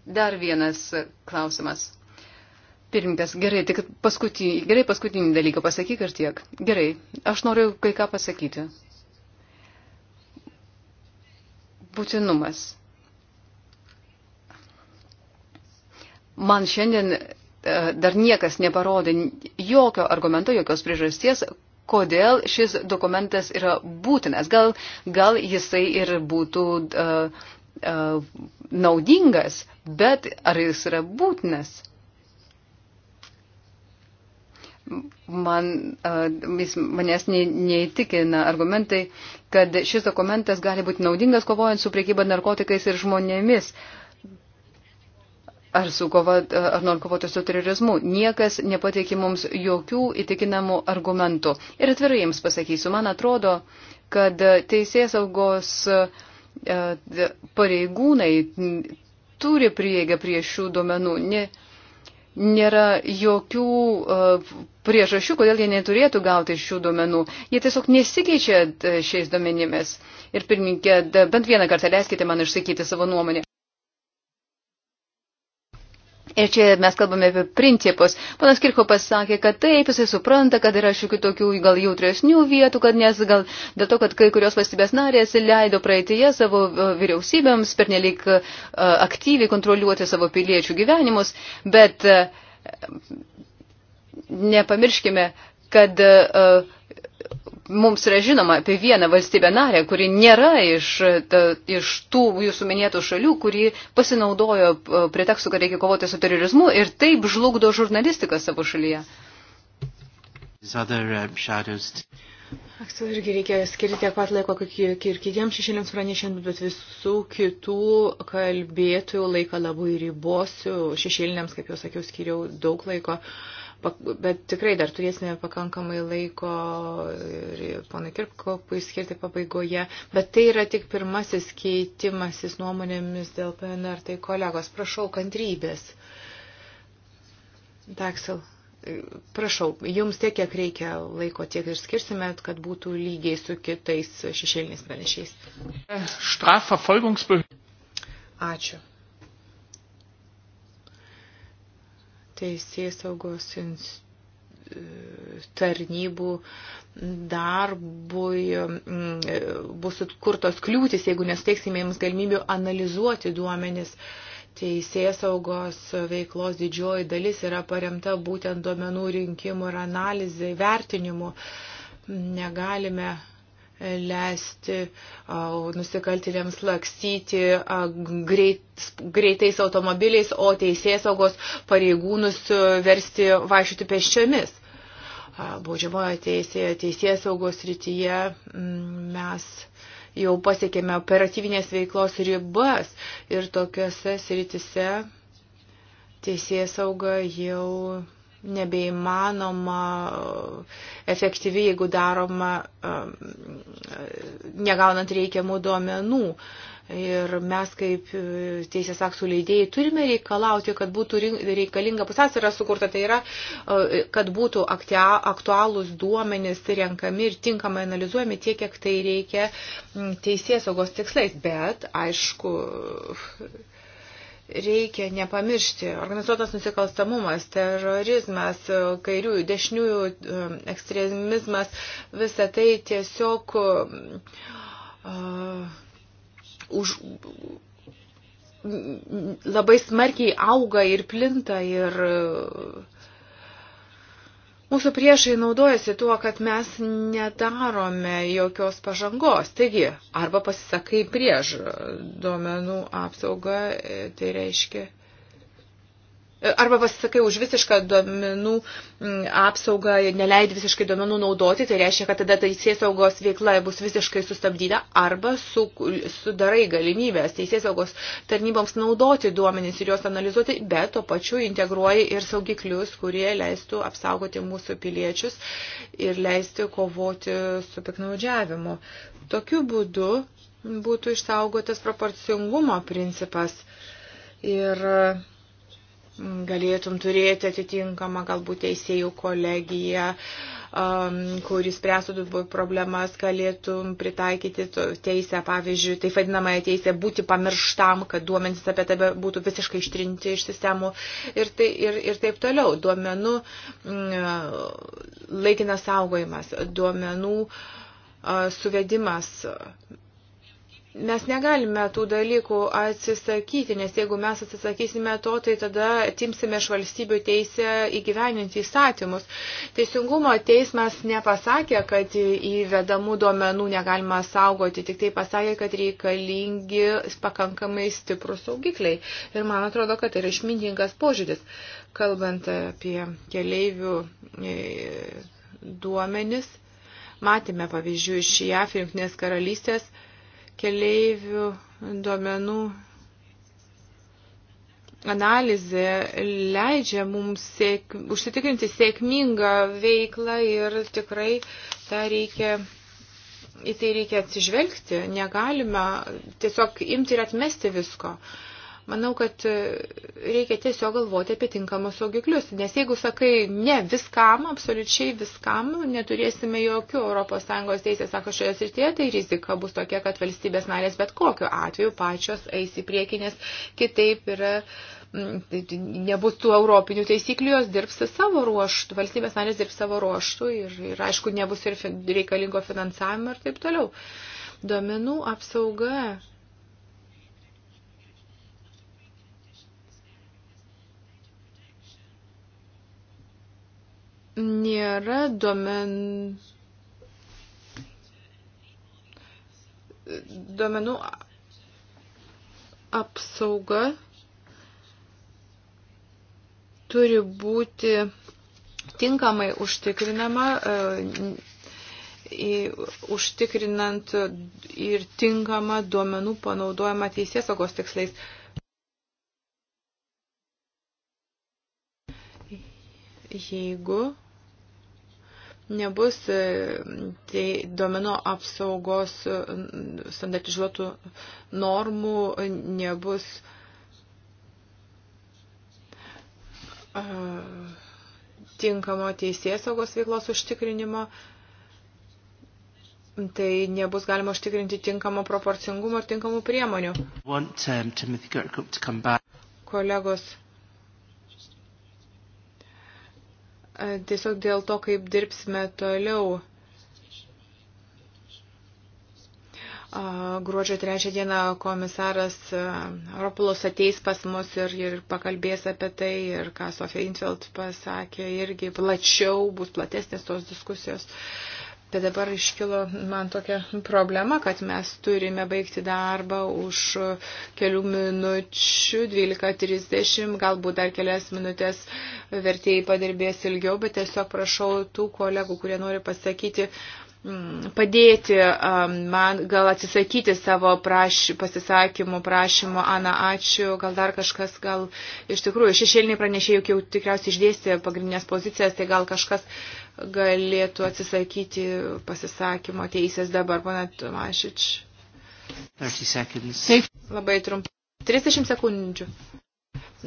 Dar vienas klausimas. Pirmininkas, gerai, tik paskutinį, gerai paskutinį dalyką pasakyk ir tiek. Gerai, aš noriu kai ką pasakyti. Būtinumas. Man šiandien e, dar niekas neparodė jokio argumento, jokios priežasties, kodėl šis dokumentas yra būtinas. Gal, gal jisai ir būtų uh, uh, naudingas, bet ar jis yra būtinas? man, jis manęs neįtikina argumentai, kad šis dokumentas gali būti naudingas kovojant su priekyba narkotikais ir žmonėmis. Ar, su kova, ar nori kovoti su terorizmu. Niekas nepateikė mums jokių įtikinamų argumentų. Ir atvirai jums pasakysiu, man atrodo, kad teisės saugos pareigūnai turi prieigą prie šių duomenų. Ne, nėra jokių uh, priežasčių, kodėl jie neturėtų gauti šių duomenų. Jie tiesiog nesikeičia uh, šiais duomenimis. Ir pirmininkė, bent vieną kartą leiskite man išsakyti savo nuomonę. Ir čia mes kalbame apie principus. Panas Kirchopas sakė, kad taip, jisai supranta, kad yra šiokių tokių gal jautresnių vietų, kad nes gal dėl to, kad kai kurios valstybės narės leido praeitėje savo vyriausybėms pernelyg aktyviai kontroliuoti savo piliečių gyvenimus, bet e, nepamirškime, kad e, mums yra žinoma apie vieną valstybę narę, kuri nėra iš, ta, iš tų jūsų minėtų šalių, kuri pasinaudojo e, pretekstu, kad reikia kovoti su terorizmu ir taip žlugdo žurnalistiką savo šalyje. Aksel um, irgi reikia skirti tiek pat laiko, kaip ir kitiems šešėliams pranešėms, bet visų kitų kalbėtojų laiką labai ribosiu. Šešėliniams, kaip jau sakiau, skiriau daug laiko. Uh, bet tikrai dar turėsime pakankamai laiko ir ponai Kirpkopui skirti pabaigoje, bet tai yra tik pirmasis keitimasis nuomonėmis dėl PNR, tai kolegos, prašau kantrybės. Daksel, prašau, jums tiek, kiek reikia laiko, tiek ir skirsime, kad būtų lygiai su kitais šešėliniais pranešiais. Ačiū. teisės saugos institucijų tarnybų darbui mm, bus atkurtos kliūtis, jeigu nesteiksime jums galimybių analizuoti duomenis. Teisės saugos veiklos didžioji dalis yra paremta būtent duomenų rinkimu ir analizai, vertinimu. Negalime leisti nusikaltėliams laksyti greit, greitais automobiliais, o teisėsaugos pareigūnus versti vaikščioti pėsčiomis. Baudžiamojo teisėje, teisėsaugos rytyje mes jau pasiekėme operatyvinės veiklos ribas ir tokiuose srityse teisėsauga jau nebeįmanoma e, efektyviai, jeigu daroma e, negaunant reikiamų duomenų. Ir mes kaip e, teisės aktų leidėjai turime reikalauti, kad būtų reikalinga pusiausvėra sukurta, tai yra, kad būtų aktualūs duomenys renkami ir tinkamai analizuojami tiek, kiek tai reikia teisės saugos tikslais. Bet, aišku, reikia nepamiršti. Organizuotas nusikalstamumas, terorizmas, kairiųjų, dešiniųjų um, ekstremizmas, visa tai tiesiog uh, už, labai smarkiai auga ir plinta ir uh, Mūsų priešai naudojasi tuo, kad mes nedarome jokios pažangos. Taigi, arba pasisakai prieš duomenų apsaugą, e, tai reiškia Arba pasisakai už visišką duomenų mm, apsaugą, neleidi visiškai duomenų naudoti, tai reiškia, kad tada teisėsaugos veikla bus visiškai sustabdyta, arba su, sudarai galimybės teisėsaugos tarnyboms naudoti duomenys ir juos analizuoti, bet to pačiu integruoji ir saugiklius, kurie leistų apsaugoti mūsų piliečius ir leisti kovoti su piknaudžiavimu. Tokiu būdu būtų išsaugotas proporcingumo principas. Ir galėtum turėti atitinkamą galbūt teisėjų kolegiją, um, kuris spręstų problemas, galėtum pritaikyti teisę, pavyzdžiui, tai vadinamąją teisę būti pamirštam, kad duomenys apie tave būtų visiškai ištrinti iš sistemų ir, tai, ir, ir taip toliau. Duomenų m, mm, laikinas saugojimas, duomenų a, uh, suvedimas mes negalime tų dalykų atsisakyti, nes jeigu mes atsisakysime to, tai tada atimsime iš valstybių teisę įgyveninti įstatymus. Teisingumo teismas nepasakė, kad įvedamų duomenų negalima saugoti, tik tai pasakė, kad reikalingi pakankamai stiprus saugikliai. Ir man atrodo, kad tai yra išmintingas požiūris, kalbant apie keleivių e, duomenis. Matėme pavyzdžių iš JAF, Junktinės karalystės, keleivių duomenų analizė leidžia mums sėk, užsitikrinti sėkmingą veiklą ir tikrai tą reikia, į tai reikia atsižvelgti. Negalime tiesiog imti ir atmesti visko. Uh, Manau, kad e, reikia tiesiog galvoti apie tinkamus saugiklius, nes jeigu sakai ne viskam, absoliučiai viskam, neturėsime jokių ES teisės sako šioje srityje, tai rizika bus tokia, kad valstybės narės bet kokiu atveju pačios eis į priekį, nes kitaip yra mm, tai, tai nebus tų europinių taisyklių, jos dirbs savo ruoštų, valstybės narės dirbs savo ruoštų ir, ir aišku, nebus ir reikalingo finansavimo ir taip toliau. Domenų apsauga nėra duomenų. Duomenų apsauga turi būti tinkamai užtikrinama, e, užtikrinant ir tinkamą duomenų panaudojimą teisėsaugos tikslais. Jeigu nebus e, tai domeno apsaugos standartizuotų normų, e, nebus e, tinkamo teisės saugos veiklos užtikrinimo, tai nebus galima užtikrinti tinkamo proporcingumo ir tinkamų priemonių. Um, Kolegos, tiesiog dėl to, kaip dirbsime toliau. Gruodžio trečią dieną komisaras Europolos ateis pas mus ir, ir pakalbės apie tai, ir ką Sofija Infeld pasakė, irgi plačiau bus platesnės tos diskusijos. Uh, Bet tai dabar iškilo man tokia problema, kad mes turime baigti darbą už kelių minučių, 12.30, galbūt dar kelias minutės vertėjai padirbės ilgiau, bet tiesiog prašau tų kolegų, kurie nori pasakyti, uh, Mm, padėti man gal atsisakyti savo praš, pasisakymų, prašymų. Ana, ačiū. Gal dar kažkas, gal iš tikrųjų šešėliniai pranešė, juk jau tikriausiai išdėstė pagrindinės pozicijas, tai gal kažkas galėtų atsisakyti pasisakymo teisės dabar, pana Tomašič. Labai trumpai. 30 sekundžių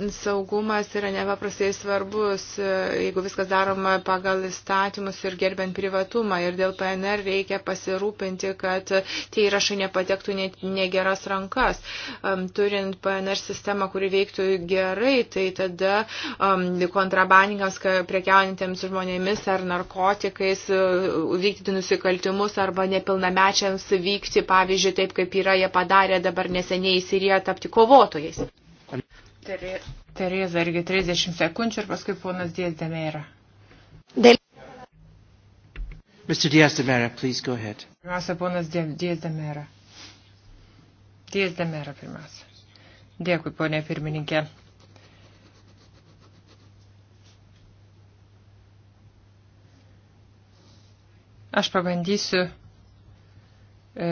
saugumas yra nepaprastai svarbus, e, jeigu viskas daroma pagal įstatymus ir gerbiant privatumą. Ir dėl PNR reikia pasirūpinti, kad tie įrašai nepatektų negeras rankas. Turint PNR sistemą, kuri veiktų gerai, tai tada kontrabandininkams, prekiaujantiems žmonėmis ar narkotikais e, vykdyti nusikaltimus arba nepilnamečiams vykti, pavyzdžiui, taip kaip yra jie padarė dabar neseniai į Siriją tapti kovotojais. Tere, Tereza irgi 30 sekundžių ir paskui ponas Dies Demera. Dėl... Mr. Diaz de Mera, please go ahead. Pirmiausia, ponas Diaz de Mera. Diaz de Mera pirmiausia. Dėkui, ponė pirmininkė. Aš pabandysiu e,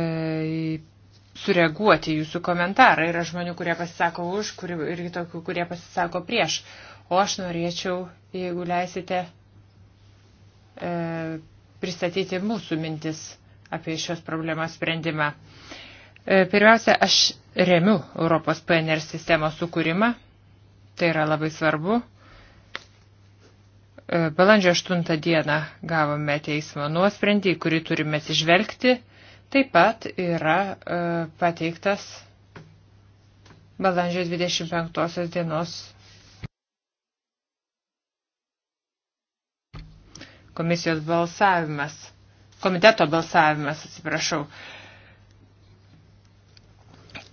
sureaguoti jūsų komentarą. Yra žmonių, kurie pasisako už kuri, ir tokių, kurie pasisako prieš. O aš norėčiau, jeigu leisite, e, pristatyti mūsų mintis apie šios problemos sprendimą. E, pirmiausia, aš remiu Europos PNR sistemos sukūrimą. Tai yra labai svarbu. E, balandžio 8 dieną gavome teismo nuosprendį, kurį turime atsižvelgti Taip pat yra e, pateiktas balandžio 25 dienos komisijos balsavimas, komiteto balsavimas, atsiprašau.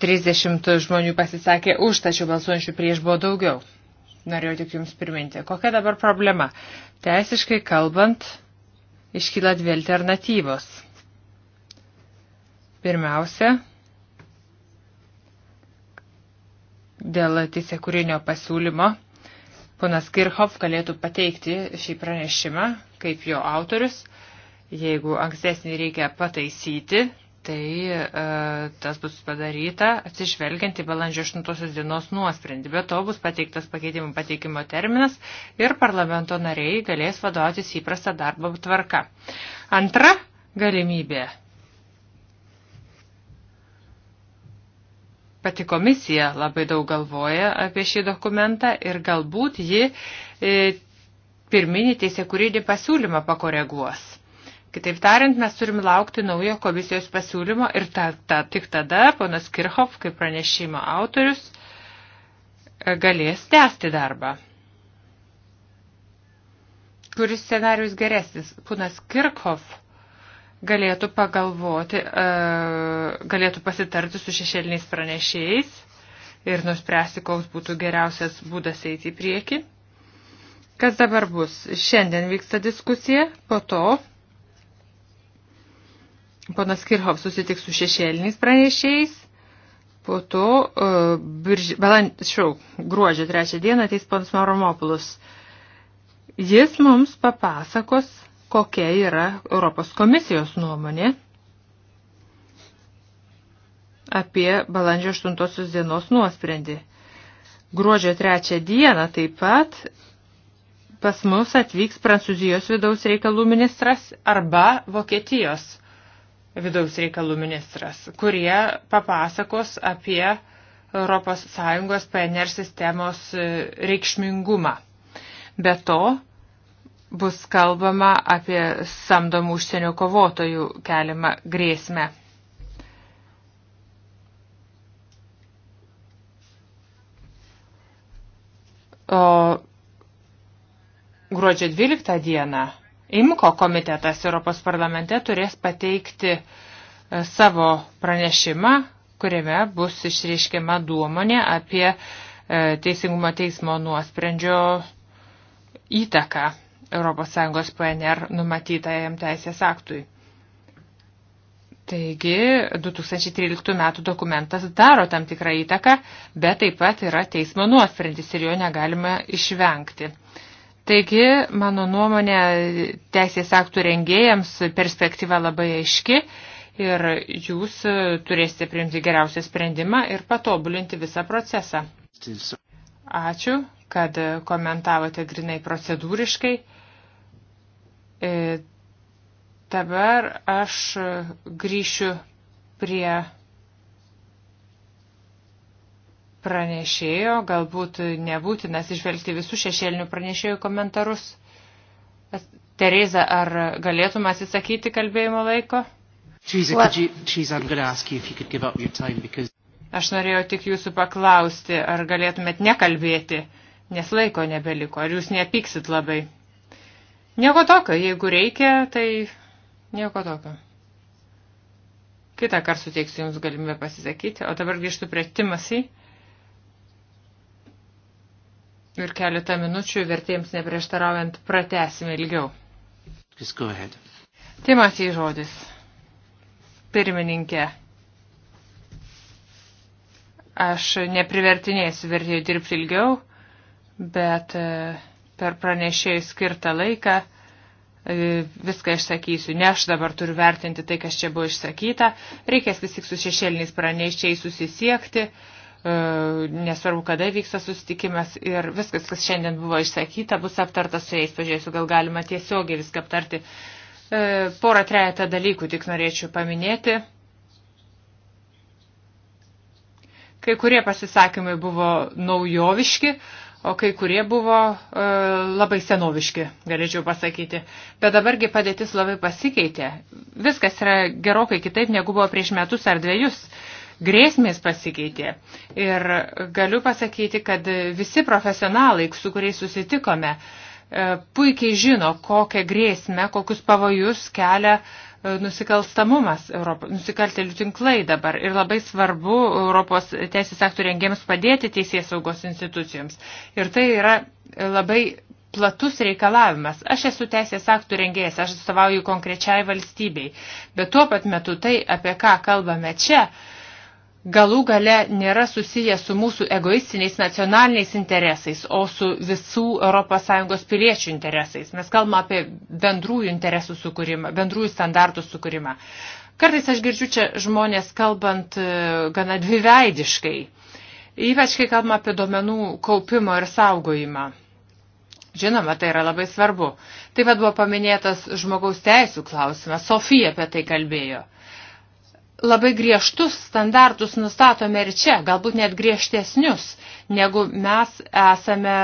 30 žmonių pasisakė už, tačiau balsuojančių prieš buvo daugiau. Norėjau tik Jums priminti. Kokia dabar problema? Teisiškai kalbant, iškyla dvi alternatyvos. Pirmiausia, dėl tiesiekurinio pasiūlymo, ponas Kirchhoff galėtų pateikti šį pranešimą kaip jo autorius. Jeigu ankstesnį reikia pataisyti, tai e, tas bus padaryta atsižvelgiant į balandžio 8 dienos nuosprendį. Be to bus pateiktas pakeitimų pateikimo terminas ir parlamento nariai galės vadovautis įprasta darbo tvarka. Antra galimybė Pati komisija labai daug galvoja apie šį dokumentą ir galbūt ji e, pirminį teisėkūrinį pasiūlymą pakoreguos. Kitaip tariant, mes turim laukti naujo komisijos pasiūlymo ir ta, ta, tik tada ponas Kirchhoff, kaip pranešimo autorius, e, galės tęsti darbą. Kuris scenarius geresnis? Ponas Kirchhoff galėtų pagalvoti, e, galėtų pasitarti su šešėliniais pranešėjais ir nuspręsti, koks būtų geriausias būdas eiti į priekį. Kas dabar bus? Šiandien vyksta diskusija, po to ponas Kirchhoff susitiks su šešėliniais pranešėjais, po to uh, e, birž... Balan... Šau, gruodžio trečią dieną ateis ponas Maromopulus. Jis mums papasakos, kokia yra Europos komisijos nuomonė apie balandžio 8 dienos nuosprendį. Gruodžio 3 dieną taip pat pas mus atvyks Prancūzijos vidaus reikalų ministras arba Vokietijos vidaus reikalų ministras, kurie papasakos apie ES PNR sistemos e, reikšmingumą. Be to, bus kalbama apie samdomų užsienio kovotojų keliamą grėsmę. O gruodžio 12 dieną IMKO komitetas Europos parlamente turės pateikti e, savo pranešimą, kuriame bus išreiškiama duomonė apie e, Teisingumo teismo nuosprendžio įtaką ES PNR numatytajam teisės aktui. Taigi 2013 metų dokumentas daro tam tikrą įtaką, bet taip pat yra teismo nuosprendis ir jo negalima išvengti. Taigi, mano nuomonė, teisės aktų rengėjams perspektyva labai aiški ir jūs turėsite priimti geriausią sprendimą ir patobulinti visą procesą. Ačiū, kad komentavote grinai procedūriškai. E, dabar aš grįšiu prie pranešėjo, galbūt nebūtinas išvelgti visų šešėlinių pranešėjų komentarus. Tereza, ar galėtum atsisakyti kalbėjimo laiko? Aš norėjau tik jūsų paklausti, ar galėtumėt nekalbėti, nes laiko nebeliko, ar jūs nepyksit labai. Nieko tokio, jeigu reikia, tai nieko tokio. Kitą kartą suteiksiu Jums galimybę pasisakyti, o dabar grįžtu prie Timasi. Ir keletą minučių vertėjams neprieštaraujant pratesime ilgiau. Timasi žodis. Pirmininkė. Aš neprivertinėsiu vertėjų dirbti ilgiau, bet. Uh, per pranešėjų skirtą laiką e, viską išsakysiu, ne aš dabar turiu vertinti tai, kas čia buvo išsakyta, reikės vis tik su šešėliniais pranešėjais susisiekti, e, nesvarbu, kada vyksta susitikimas ir viskas, kas šiandien buvo išsakyta, bus aptarta su jais, pažiūrėsiu, gal galima tiesiogiai viską aptarti. E, porą trejata dalykų tik norėčiau paminėti. Kai kurie pasisakymai buvo naujoviški, uh, o kai kurie buvo e, labai senoviški, galėčiau pasakyti. Bet dabargi padėtis labai pasikeitė. Viskas yra gerokai kitaip, negu buvo prieš metus ar dviejus. Grėsmės pasikeitė. Ir galiu pasakyti, kad visi profesionalai, su kuriais susitikome, e, puikiai žino, kokią grėsmę, kokius pavojus kelia e, E, nusikalstamumas, Europo, nusikaltelių tinklai dabar ir labai svarbu Europos teisės aktų rengėms padėti teisės saugos institucijoms. Ir tai yra labai platus reikalavimas. Aš esu teisės aktų rengėjas, aš atstovauju konkrečiai valstybei, bet tuo pat metu tai, apie ką kalbame čia, uh, galų gale nėra susiję su mūsų egoistiniais nacionaliniais interesais, o su visų ES piliečių interesais. Mes kalbame apie bendrųjų interesų sukūrimą, bendrųjų standartų sukūrimą. Kartais aš girdžiu čia žmonės kalbant e, gana dviveidiškai, ypač kai kalbame apie duomenų kaupimo ir saugojimą. Žinoma, tai yra labai svarbu. Taip pat buvo paminėtas žmogaus teisų klausimas. Sofija apie tai kalbėjo labai griežtus standartus nustatome ir čia, galbūt net griežtesnius, negu mes esame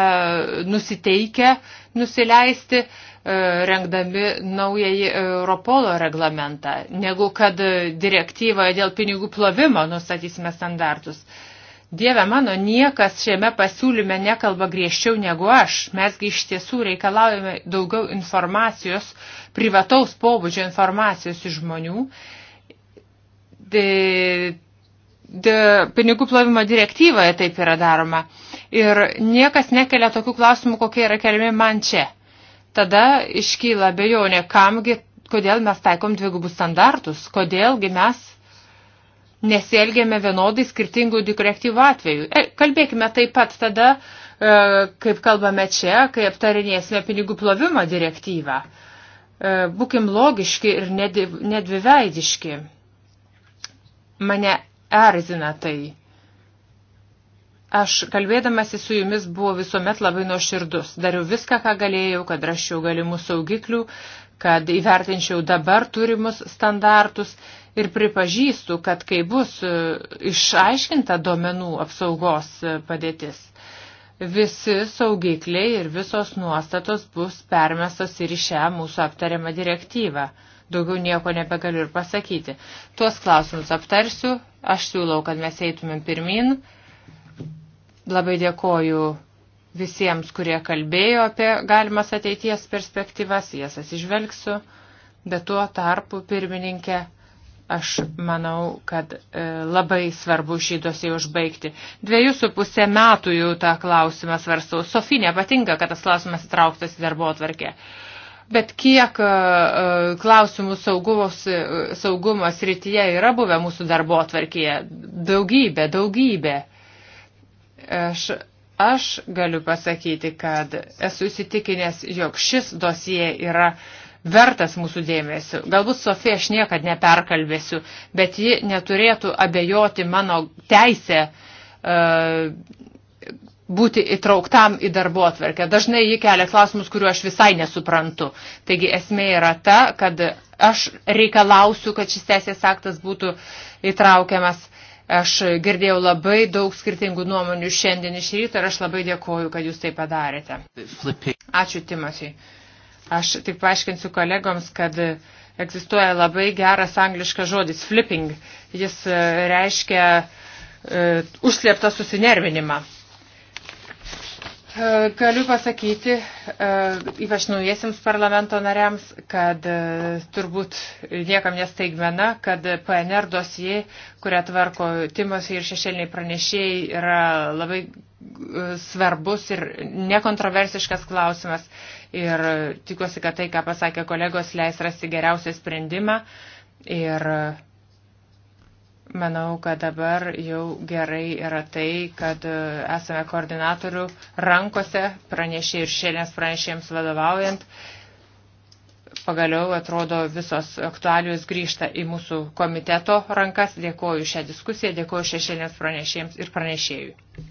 nusiteikę nusileisti, e, rengdami naująjį Europolo reglamentą, negu kad direktyvoje dėl pinigų plovimo nustatysime standartus. Dieve mano, niekas šiame pasiūlyme nekalba griežčiau negu aš. Mesgi iš tiesų reikalaujame daugiau informacijos, privataus pobūdžio informacijos iš žmonių de, de, pinigų plovimo direktyvoje taip yra daroma. Ir niekas nekelia tokių klausimų, kokie yra keliami man čia. Tada iškyla bejonė, kamgi, kodėl mes taikom dvigubus standartus, kodėlgi mes nesielgėme vienodai skirtingų direktyvų atveju. E, kalbėkime taip pat tada, e, kaip kalbame čia, kai aptarinėsime pinigų plovimo direktyvą. E, būkim logiški ir nedviveidiški. Nedvi Mane erzina tai. Aš kalbėdamasi su jumis buvo visuomet labai nuoširdus. Dariau viską, ką galėjau, kad raščiau galimų saugiklių, kad įvertinčiau dabar turimus standartus ir pripažįstu, kad kai bus e, išaiškinta domenų apsaugos e, padėtis, visi saugikliai ir visos nuostatos bus permestos ir į šią mūsų aptariamą direktyvą. Daugiau nieko nebegaliu ir pasakyti. Tuos klausimus aptarsiu. Aš siūlau, kad mes eitumėm pirmin. Labai dėkoju visiems, kurie kalbėjo apie galimas ateities perspektyvas. Jas atsižvelgsiu. Bet tuo tarpu, pirmininkė, aš manau, kad e, labai svarbu šydosiai užbaigti. Dviejų su pusė metų jau tą klausimą svarstau. Sofinė patinka, kad tas klausimas įtrauktas į darbo atvarkę. E, Bet kiek e, e, klausimų saugumos, e, saugumo srityje yra buvę mūsų darbo atvarkėje? Daugybė, daugybė. Aš, aš galiu pasakyti, kad esu įsitikinęs, jog šis dosie yra vertas mūsų dėmesio. Galbūt Sofija aš niekad neperkalbėsiu, bet ji neturėtų abejoti mano teisę uh, būti įtrauktam į darbo atverkę. Dažnai jį kelia klausimus, kuriuo aš visai nesuprantu. Taigi esmė yra ta, kad aš reikalausiu, kad šis teisės aktas būtų įtraukiamas. Aš girdėjau labai daug skirtingų nuomonių šiandien iš ryto ir aš labai dėkoju, kad jūs tai padarėte. Ačiū, Timothy. Aš tik paaiškinsiu kolegoms, kad egzistuoja labai geras angliškas žodis flipping. Jis e, reiškia uh, užslėptą susinervinimą. E, galiu pasakyti e, ypač naujiesiams parlamento nariams, kad e, turbūt niekam nestaigmena, kad PNR dosijai, kurią tvarko Timosiai ir šešėliniai pranešėjai, yra labai svarbus ir nekontroversiškas klausimas. Ir tikiuosi, kad tai, ką pasakė kolegos, leis rasti geriausią sprendimą. Ir Manau, kad dabar jau gerai yra tai, kad e, esame koordinatorių rankose, pranešė ir šiandien pranešėjams vadovaujant. Pagaliau, atrodo, visos aktualijos grįžta į mūsų komiteto rankas. Dėkuoju šią diskusiją, dėkuoju šešėlėms pranešėjams ir pranešėjui.